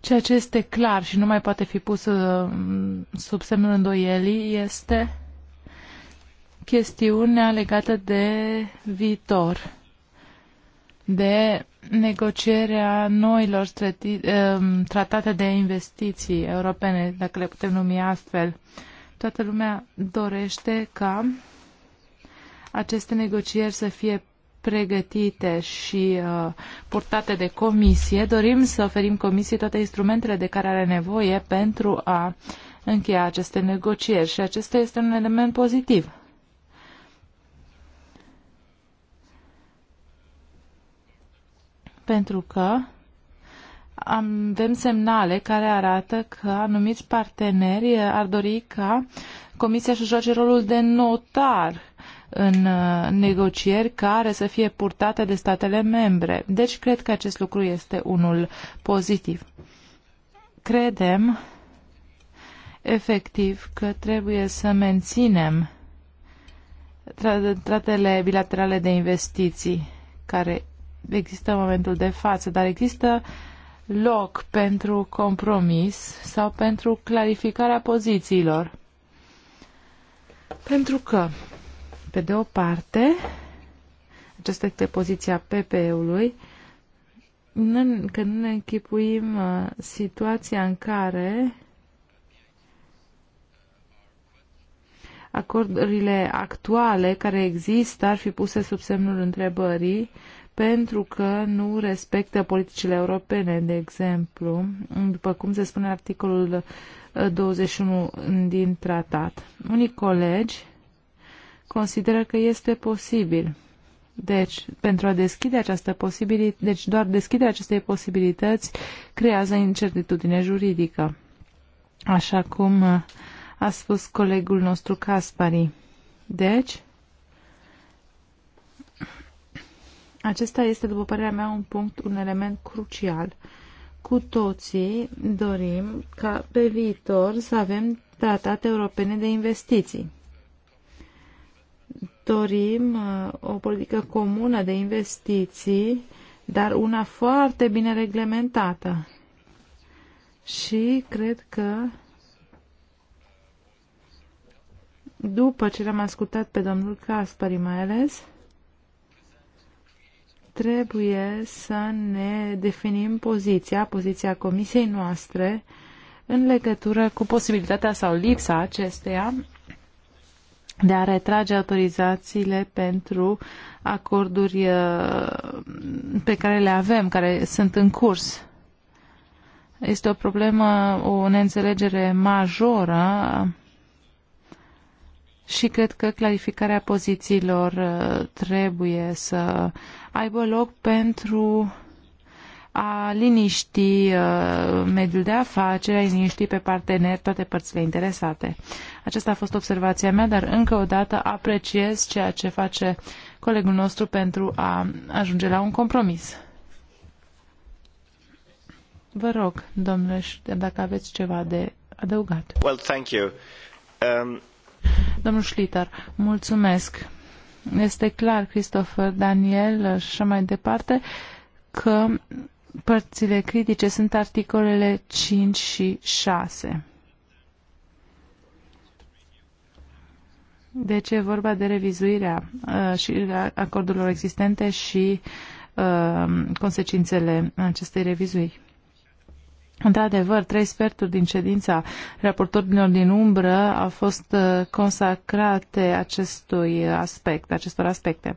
Ceea ce este clar și nu mai poate fi pus uh, sub semnul îndoielii este chestiunea legată de viitor, de negocierea noilor uh, tratate de investiții europene, dacă le putem numi astfel. Toată lumea dorește ca aceste negocieri să fie pregătite și uh, de comisie, dorim să oferim comisiei toate instrumentele de care are nevoie pentru a încheia aceste negocieri și acesta este un element pozitiv. Pentru că avem semnale care arată că anumiți parteneri ar dori ca Comisia să joace rolul de notar în uh, negocieri care să fie purtate de statele membre. Deci cred că acest lucru este unul pozitiv. Credem efectiv că trebuie să menținem tratele bilaterale de investiții care există în momentul de față, dar există loc pentru compromis sau pentru clarificarea pozițiilor. Pentru că pe de o parte, aceasta este poziția PPE-ului, că nu ne închipuim uh, situația în care acordurile actuale care există ar fi puse sub semnul întrebării pentru că nu respectă politicile europene, de exemplu, după cum se spune articolul 21 uh, din tratat. Unii colegi consideră că este posibil. Deci, pentru a deschide această posibilitate, deci doar deschiderea acestei posibilități creează incertitudine juridică, așa cum uh, a spus colegul nostru Caspari. Deci, acesta este, după părerea mea, un punct, un element crucial. Cu toții dorim ca pe viitor să avem tratate europene de investiții dorim uh, o politică comună de investiții, dar una foarte bine reglementată. Și cred că după ce l-am ascultat pe domnul Caspari mai ales, trebuie să ne definim poziția, poziția comisiei noastre în legătură cu posibilitatea sau lipsa acesteia de a retrage autorizațiile pentru acorduri uh, pe care le avem, care sunt în curs. Este o problemă, o neînțelegere majoră și cred că clarificarea pozițiilor uh, trebuie să aibă loc pentru a liniști uh, mediul de afaceri, a liniști pe parteneri toate părțile interesate. Aceasta a fost observația mea, dar încă o dată apreciez ceea ce face colegul nostru pentru a ajunge la un compromis. Vă rog, domnule, dacă aveți ceva de adăugat. Well, thank you. Um... Domnul Schlitter, mulțumesc. Este clar, Christopher, Daniel și așa mai departe, că părțile critice sunt articolele 5 și 6. Deci e vorba de revizuirea uh, și acordurilor existente și uh, consecințele acestei revizuiri. Într-adevăr, trei sferturi din ședința raportorilor din umbră au fost uh, consacrate acestui aspect, acestor aspecte.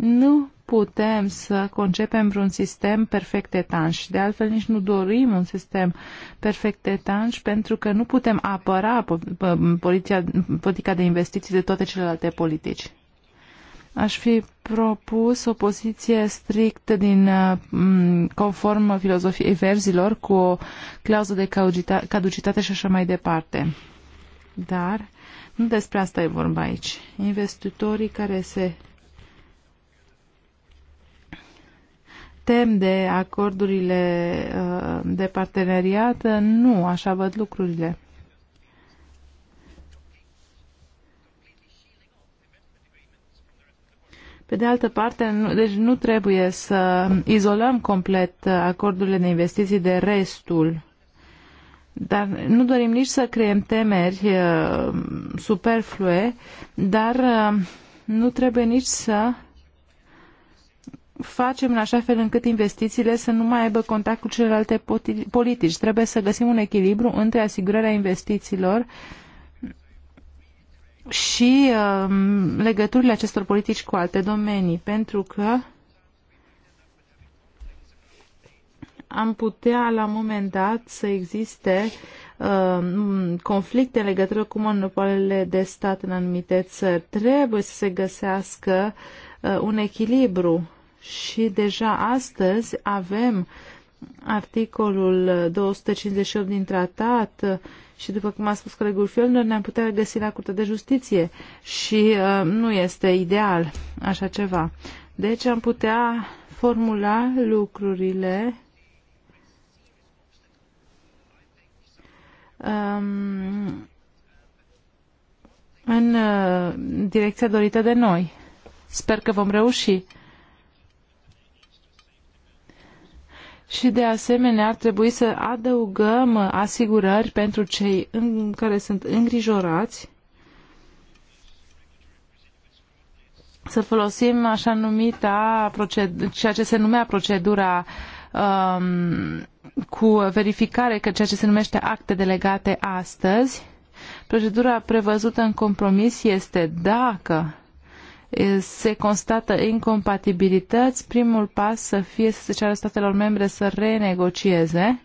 Nu putem să concepem vreun sistem perfect etanș. De altfel, nici nu dorim un sistem perfect etanș pentru că nu putem apăra poliția, politica de investiții de toate celelalte politici. Aș fi propus o poziție strict din uh, conform filozofiei verzilor cu o clauză de caducitate și așa mai departe. Dar nu despre asta e vorba aici. Investitorii care se tem de acordurile uh, de parteneriat? Uh, nu, așa văd lucrurile. Pe de altă parte, nu, deci nu trebuie să izolăm complet uh, acordurile de investiții de restul. Dar nu dorim nici să creăm temeri uh, superflue, dar uh, nu trebuie nici să uh, facem în așa fel încât investițiile să nu mai aibă contact cu celelalte politici. Trebuie să găsim un echilibru între asigurarea investițiilor și um, legăturile acestor politici cu alte domenii, pentru că am putea la un moment dat să existe um, conflicte în legătură cu monopolele de stat în anumite țări. Trebuie să se găsească uh, un echilibru și deja astăzi avem articolul 258 din tratat și după cum a spus colegul Fielner, ne-am putea găsi la Curtea de Justiție și uh, nu este ideal așa ceva. Deci am putea formula lucrurile um, în uh, direcția dorită de noi. Sper că vom reuși. și de asemenea ar trebui să adăugăm asigurări pentru cei în care sunt îngrijorați să folosim așa numita ceea ce se numea procedura um, cu verificare că ceea ce se numește acte delegate astăzi. Procedura prevăzută în compromis este dacă se constată incompatibilități, primul pas să fie să se ceară statelor membre să renegocieze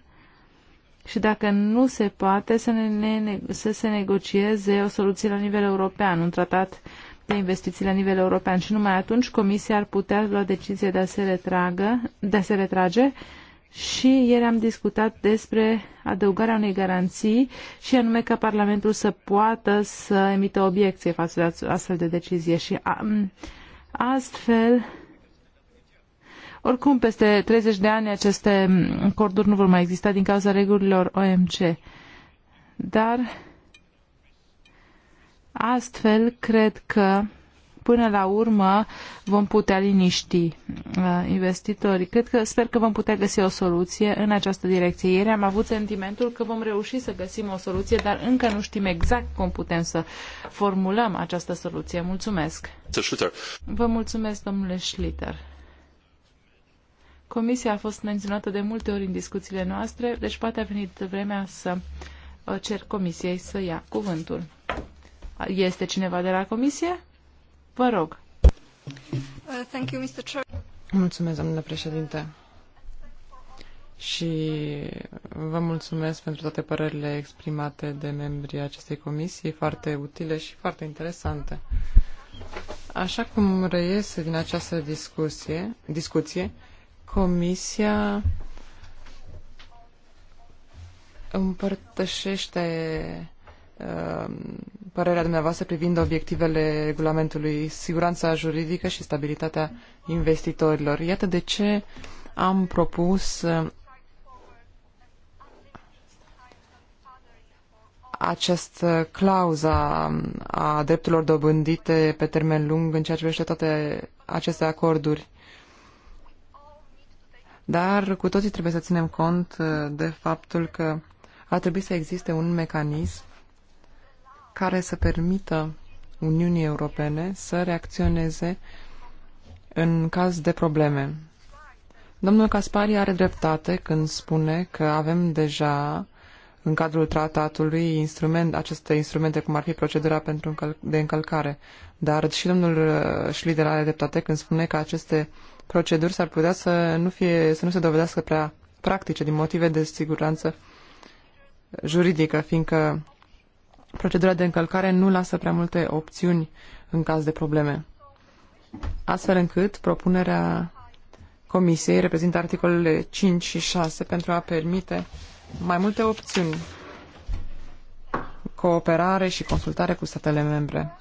și dacă nu se poate să, ne, să se negocieze o soluție la nivel european, un tratat de investiții la nivel european și numai atunci Comisia ar putea lua decizie de a se, retragă, de a se retrage și ieri am discutat despre adăugarea unei garanții și anume ca Parlamentul să poată să emită obiecție față de astfel de decizie și astfel oricum peste 30 de ani aceste acorduri nu vor mai exista din cauza regulilor OMC. Dar astfel cred că până la urmă vom putea liniști uh, investitorii. Cred că, sper că vom putea găsi o soluție în această direcție. Ieri am avut sentimentul că vom reuși să găsim o soluție, dar încă nu știm exact cum putem să formulăm această soluție. Mulțumesc! Vă mulțumesc, domnule Schlitter. Comisia a fost menționată de multe ori în discuțiile noastre, deci poate a venit vremea să uh, cer comisiei să ia cuvântul. Este cineva de la comisie? Vă rog. Uh, mulțumesc, domnule președinte. Și vă mulțumesc pentru toate părerile exprimate de membrii acestei comisii, foarte utile și foarte interesante. Așa cum reiese din această discuție, discuție Comisia împărtășește Um, părerea dumneavoastră privind obiectivele regulamentului, siguranța juridică și stabilitatea investitorilor. Iată de ce am propus uh, această clauză a drepturilor dobândite pe termen lung în ceea ce privește toate aceste acorduri. Dar cu toții trebuie să ținem cont uh, de faptul că ar trebui să existe un mecanism care să permită Uniunii Europene să reacționeze în caz de probleme. Domnul Caspari are dreptate când spune că avem deja în cadrul tratatului instrument, aceste instrumente, cum ar fi procedura pentru încăl- de încălcare. Dar și domnul uh, Schlider are dreptate când spune că aceste proceduri s-ar putea să nu, fie, să nu se dovedească prea practice din motive de siguranță juridică, fiindcă procedura de încălcare nu lasă prea multe opțiuni în caz de probleme. Astfel încât propunerea Comisiei reprezintă articolele 5 și 6 pentru a permite mai multe opțiuni, cooperare și consultare cu statele membre.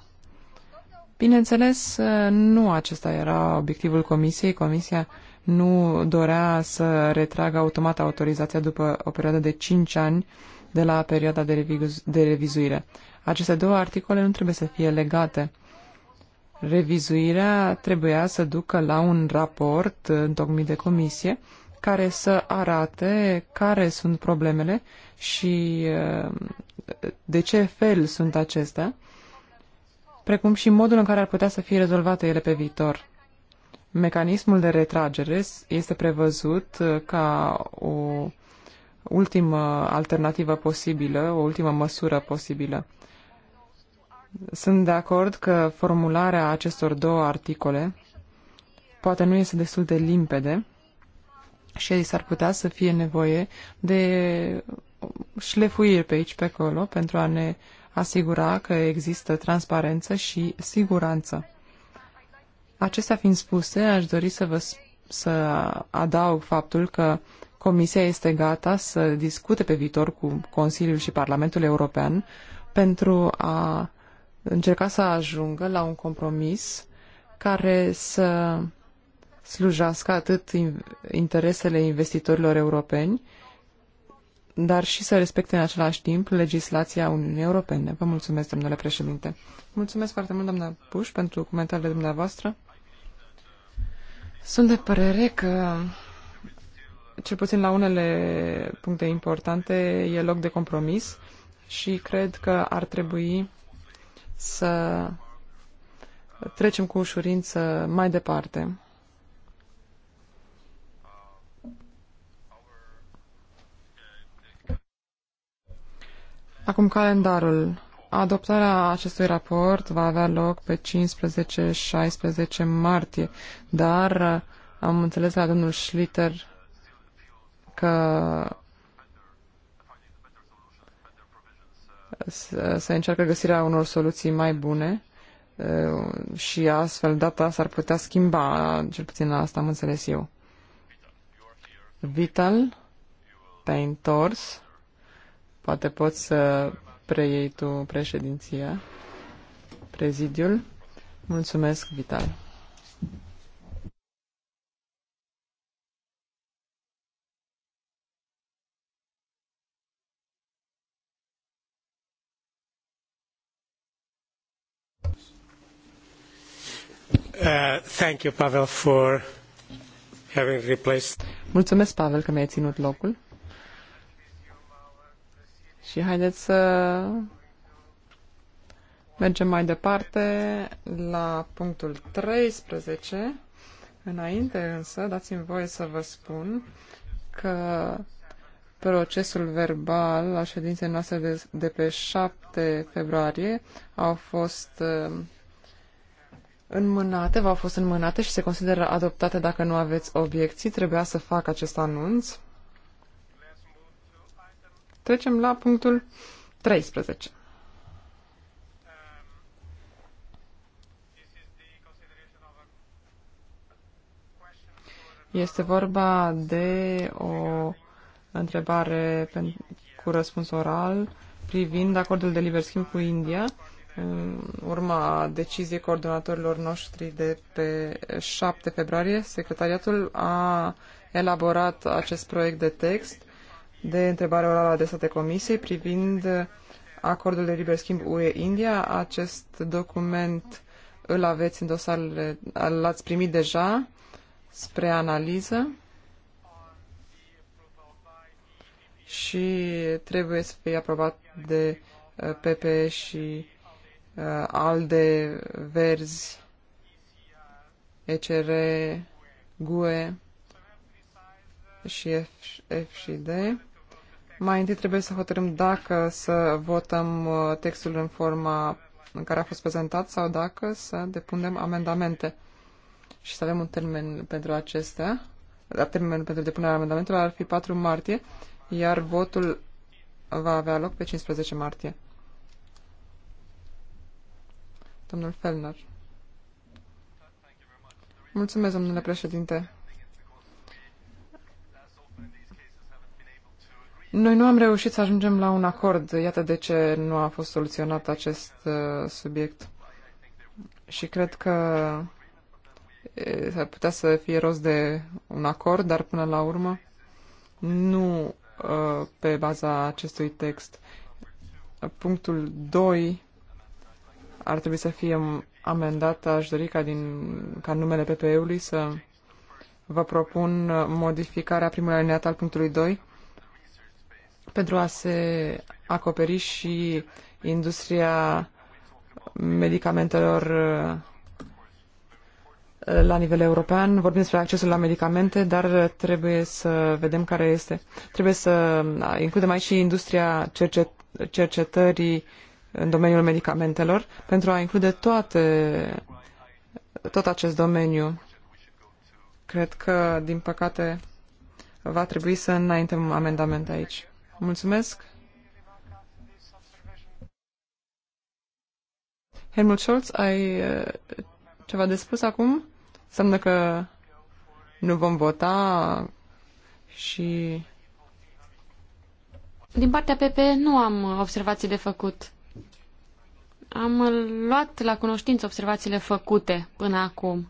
Bineînțeles, nu acesta era obiectivul Comisiei. Comisia nu dorea să retragă automat autorizația după o perioadă de 5 ani de la perioada de, revizu- de revizuire. Aceste două articole nu trebuie să fie legate. Revizuirea trebuia să ducă la un raport uh, întocmit de comisie care să arate care sunt problemele și uh, de ce fel sunt acestea, precum și modul în care ar putea să fie rezolvate ele pe viitor. Mecanismul de retragere este prevăzut uh, ca o ultimă alternativă posibilă, o ultimă măsură posibilă. Sunt de acord că formularea acestor două articole poate nu este destul de limpede și s-ar putea să fie nevoie de șlefuiri pe aici, pe acolo, pentru a ne asigura că există transparență și siguranță. Acestea fiind spuse, aș dori să vă să adaug faptul că Comisia este gata să discute pe viitor cu Consiliul și Parlamentul European pentru a încerca să ajungă la un compromis care să slujească atât interesele investitorilor europeni, dar și să respecte în același timp legislația Uniunii Europene. Vă mulțumesc, domnule președinte. Mulțumesc foarte mult, doamna Puș, pentru comentariile dumneavoastră. Sunt de părere că cel puțin la unele puncte importante, e loc de compromis și cred că ar trebui să trecem cu ușurință mai departe. Acum calendarul. Adoptarea acestui raport va avea loc pe 15-16 martie, dar am înțeles la domnul Schlitter că se încearcă găsirea unor soluții mai bune uh, și astfel data s-ar putea schimba, cel puțin asta am înțeles eu. Vital, te-ai întors, poate poți să preiei tu președinția, prezidiul. Mulțumesc, Vital. Uh, thank you, Pavel, for having replaced. Mulțumesc, Pavel, că mi-ai ținut locul. Și haideți să mergem mai departe la punctul 13. Înainte însă, dați-mi voie să vă spun că procesul verbal la ședinței noastre de, de pe 7 februarie au fost uh, înmânate, v-au fost înmânate și se consideră adoptate dacă nu aveți obiecții. Trebuia să fac acest anunț. Trecem la punctul 13. Este vorba de o întrebare cu răspuns oral privind acordul de liber schimb cu India în urma deciziei coordonatorilor noștri de pe 7 februarie, secretariatul a elaborat acest proiect de text de întrebare orală adresată Comisiei privind acordul de liber schimb UE-India. Acest document îl aveți în dosarele, l-ați primit deja spre analiză și trebuie să fie aprobat de PP uh, și Uh, ALDE, Verzi, ECR, GUE și F, F și D. Mai întâi trebuie să hotărâm dacă să votăm uh, textul în forma în care a fost prezentat sau dacă să depunem amendamente. Și să avem un termen pentru acestea. Termenul pentru depunerea amendamentelor ar fi 4 martie, iar votul va avea loc pe 15 martie. domnul Felner. Mulțumesc, domnule președinte. Noi nu am reușit să ajungem la un acord. Iată de ce nu a fost soluționat acest uh, subiect. Și cred că uh, s-ar putea să fie rost de un acord, dar până la urmă nu uh, pe baza acestui text. Punctul 2 ar trebui să fie amendată. Aș dori ca, din, ca numele PPE-ului să vă propun modificarea primului alineat al punctului 2 pentru a se acoperi și industria medicamentelor uh, la nivel european. Vorbim despre accesul la medicamente, dar trebuie să vedem care este. Trebuie să uh, includem aici și industria cercet- cercetării în domeniul medicamentelor pentru a include toate, tot acest domeniu. Cred că, din păcate, va trebui să înaintăm amendament aici. Mulțumesc! Helmut Scholz, ai uh, ceva de spus acum? Înseamnă că nu vom vota și... Din partea PP nu am observații de făcut. Am luat la cunoștință observațiile făcute până acum.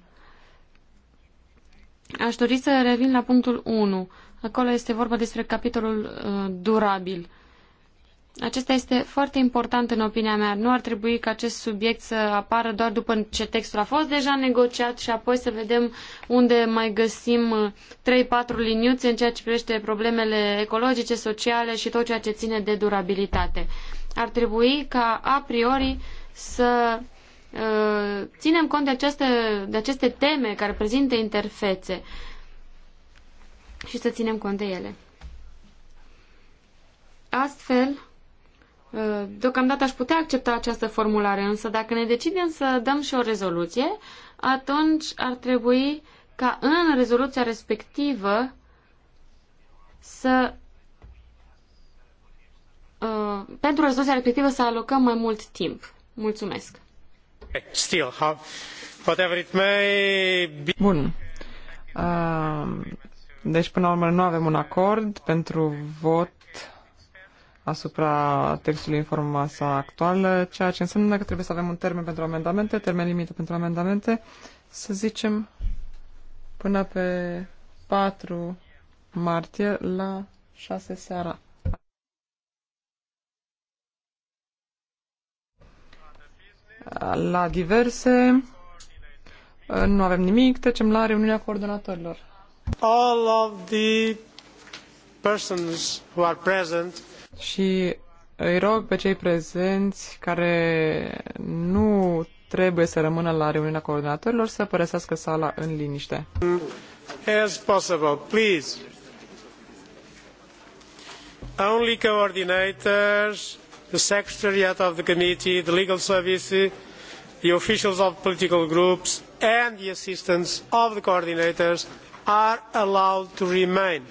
Aș dori să revin la punctul 1. Acolo este vorba despre capitolul uh, durabil. Acesta este foarte important în opinia mea. Nu ar trebui ca acest subiect să apară doar după ce textul a fost deja negociat și apoi să vedem unde mai găsim 3-4 uh, liniuțe în ceea ce privește problemele ecologice, sociale și tot ceea ce ține de durabilitate ar trebui ca a priori să uh, ținem cont de aceste, de aceste teme care prezintă interfețe și să ținem cont de ele. Astfel, uh, Deocamdată aș putea accepta această formulare, însă dacă ne decidem să dăm și o rezoluție, atunci ar trebui ca în rezoluția respectivă să Uh, pentru rezoluția respectivă să alocăm mai mult timp. Mulțumesc. Still, whatever it may be... Bun. Uh, deci, până la urmă, nu avem un acord pentru vot asupra textului forma sa actuală, ceea ce înseamnă că trebuie să avem un termen pentru amendamente, termen limită pentru amendamente, să zicem până pe 4 martie la 6 seara. La diverse nu avem nimic, trecem la reuniunea coordonatorilor. All of the persons who are present și îi rog pe cei prezenți care nu trebuie să rămână la reuniunea coordonatorilor să părăsească sala în liniște. As possible, please. Only coordinators the secretariat of the committee, the legal service, the officials of political groups and the assistants of the coordinators are allowed to remain.